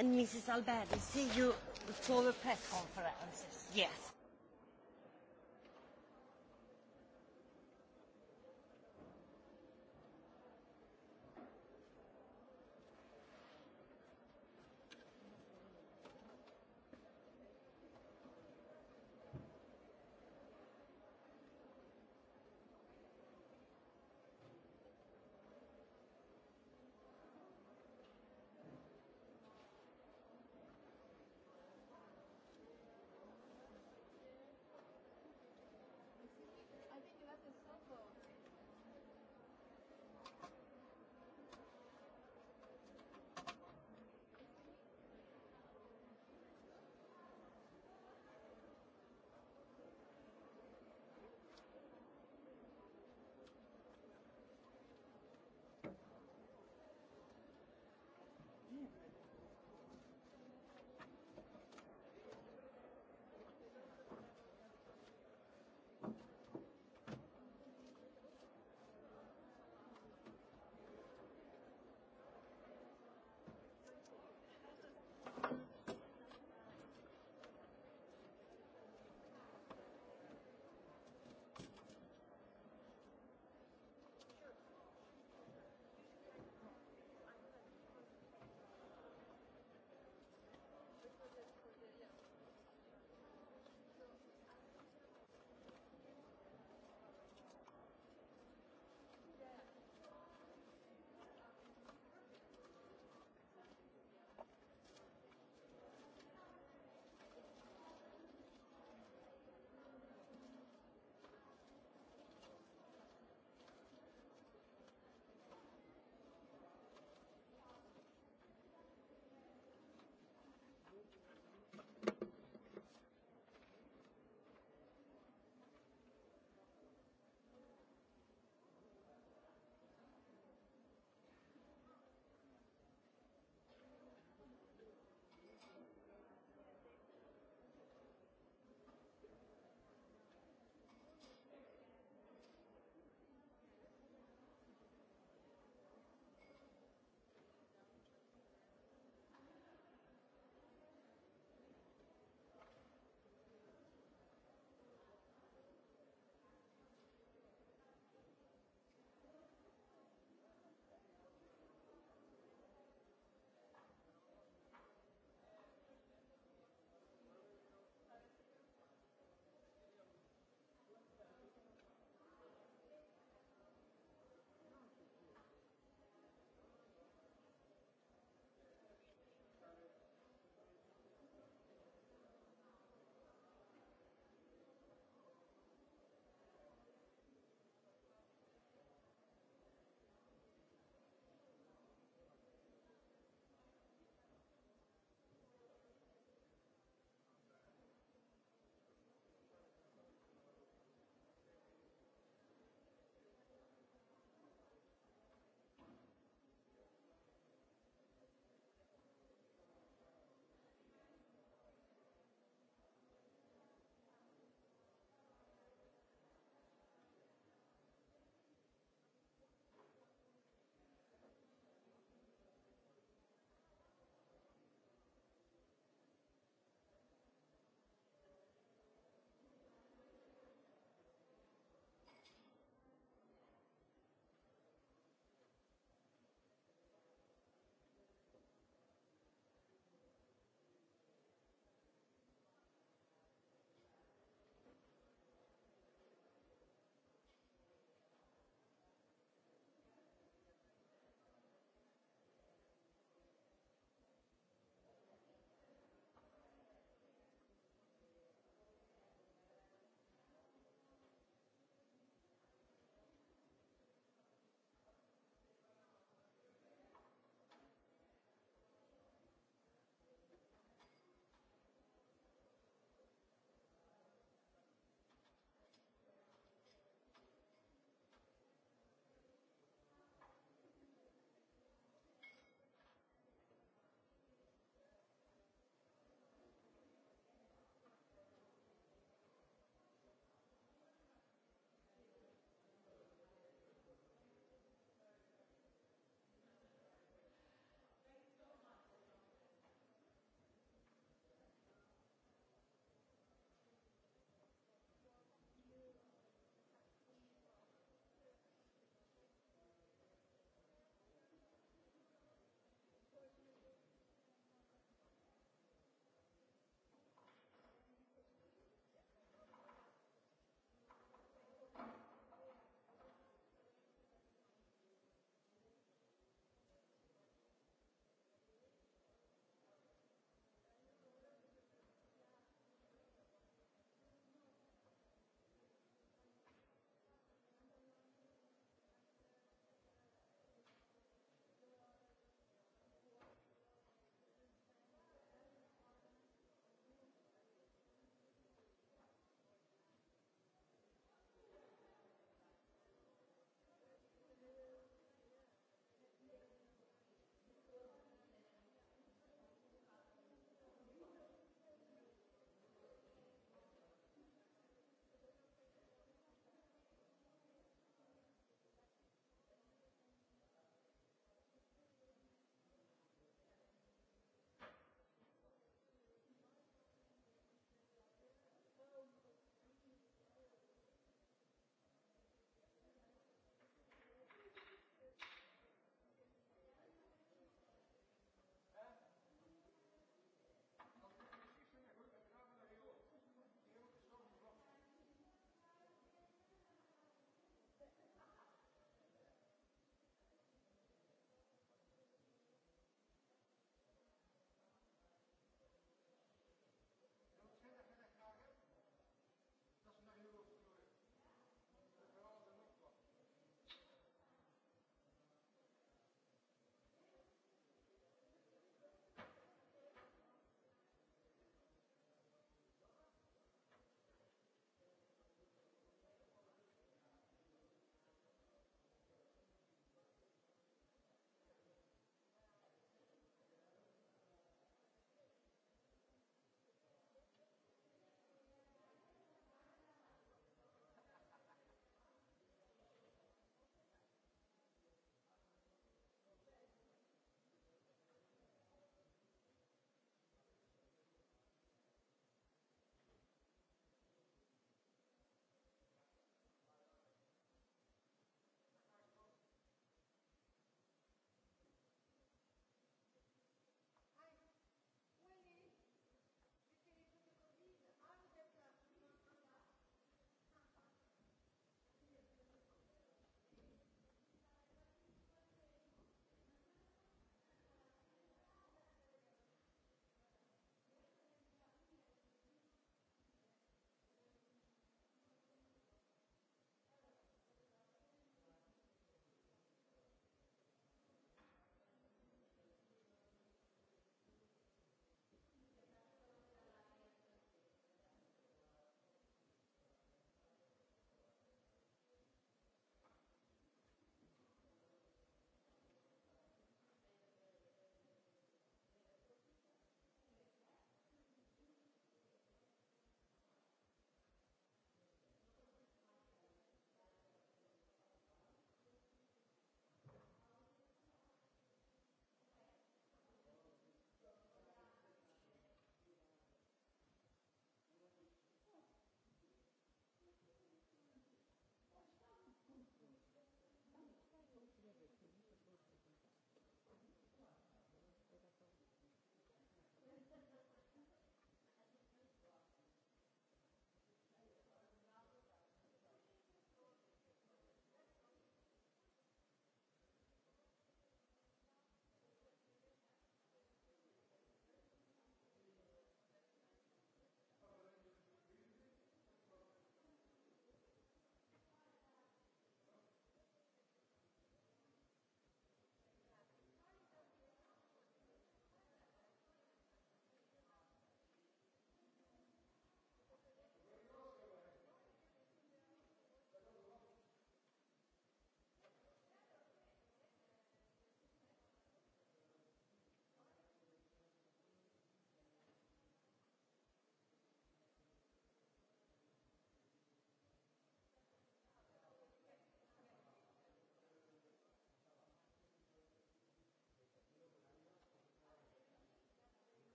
And Mrs. Alberti, see you before the press conference. Yes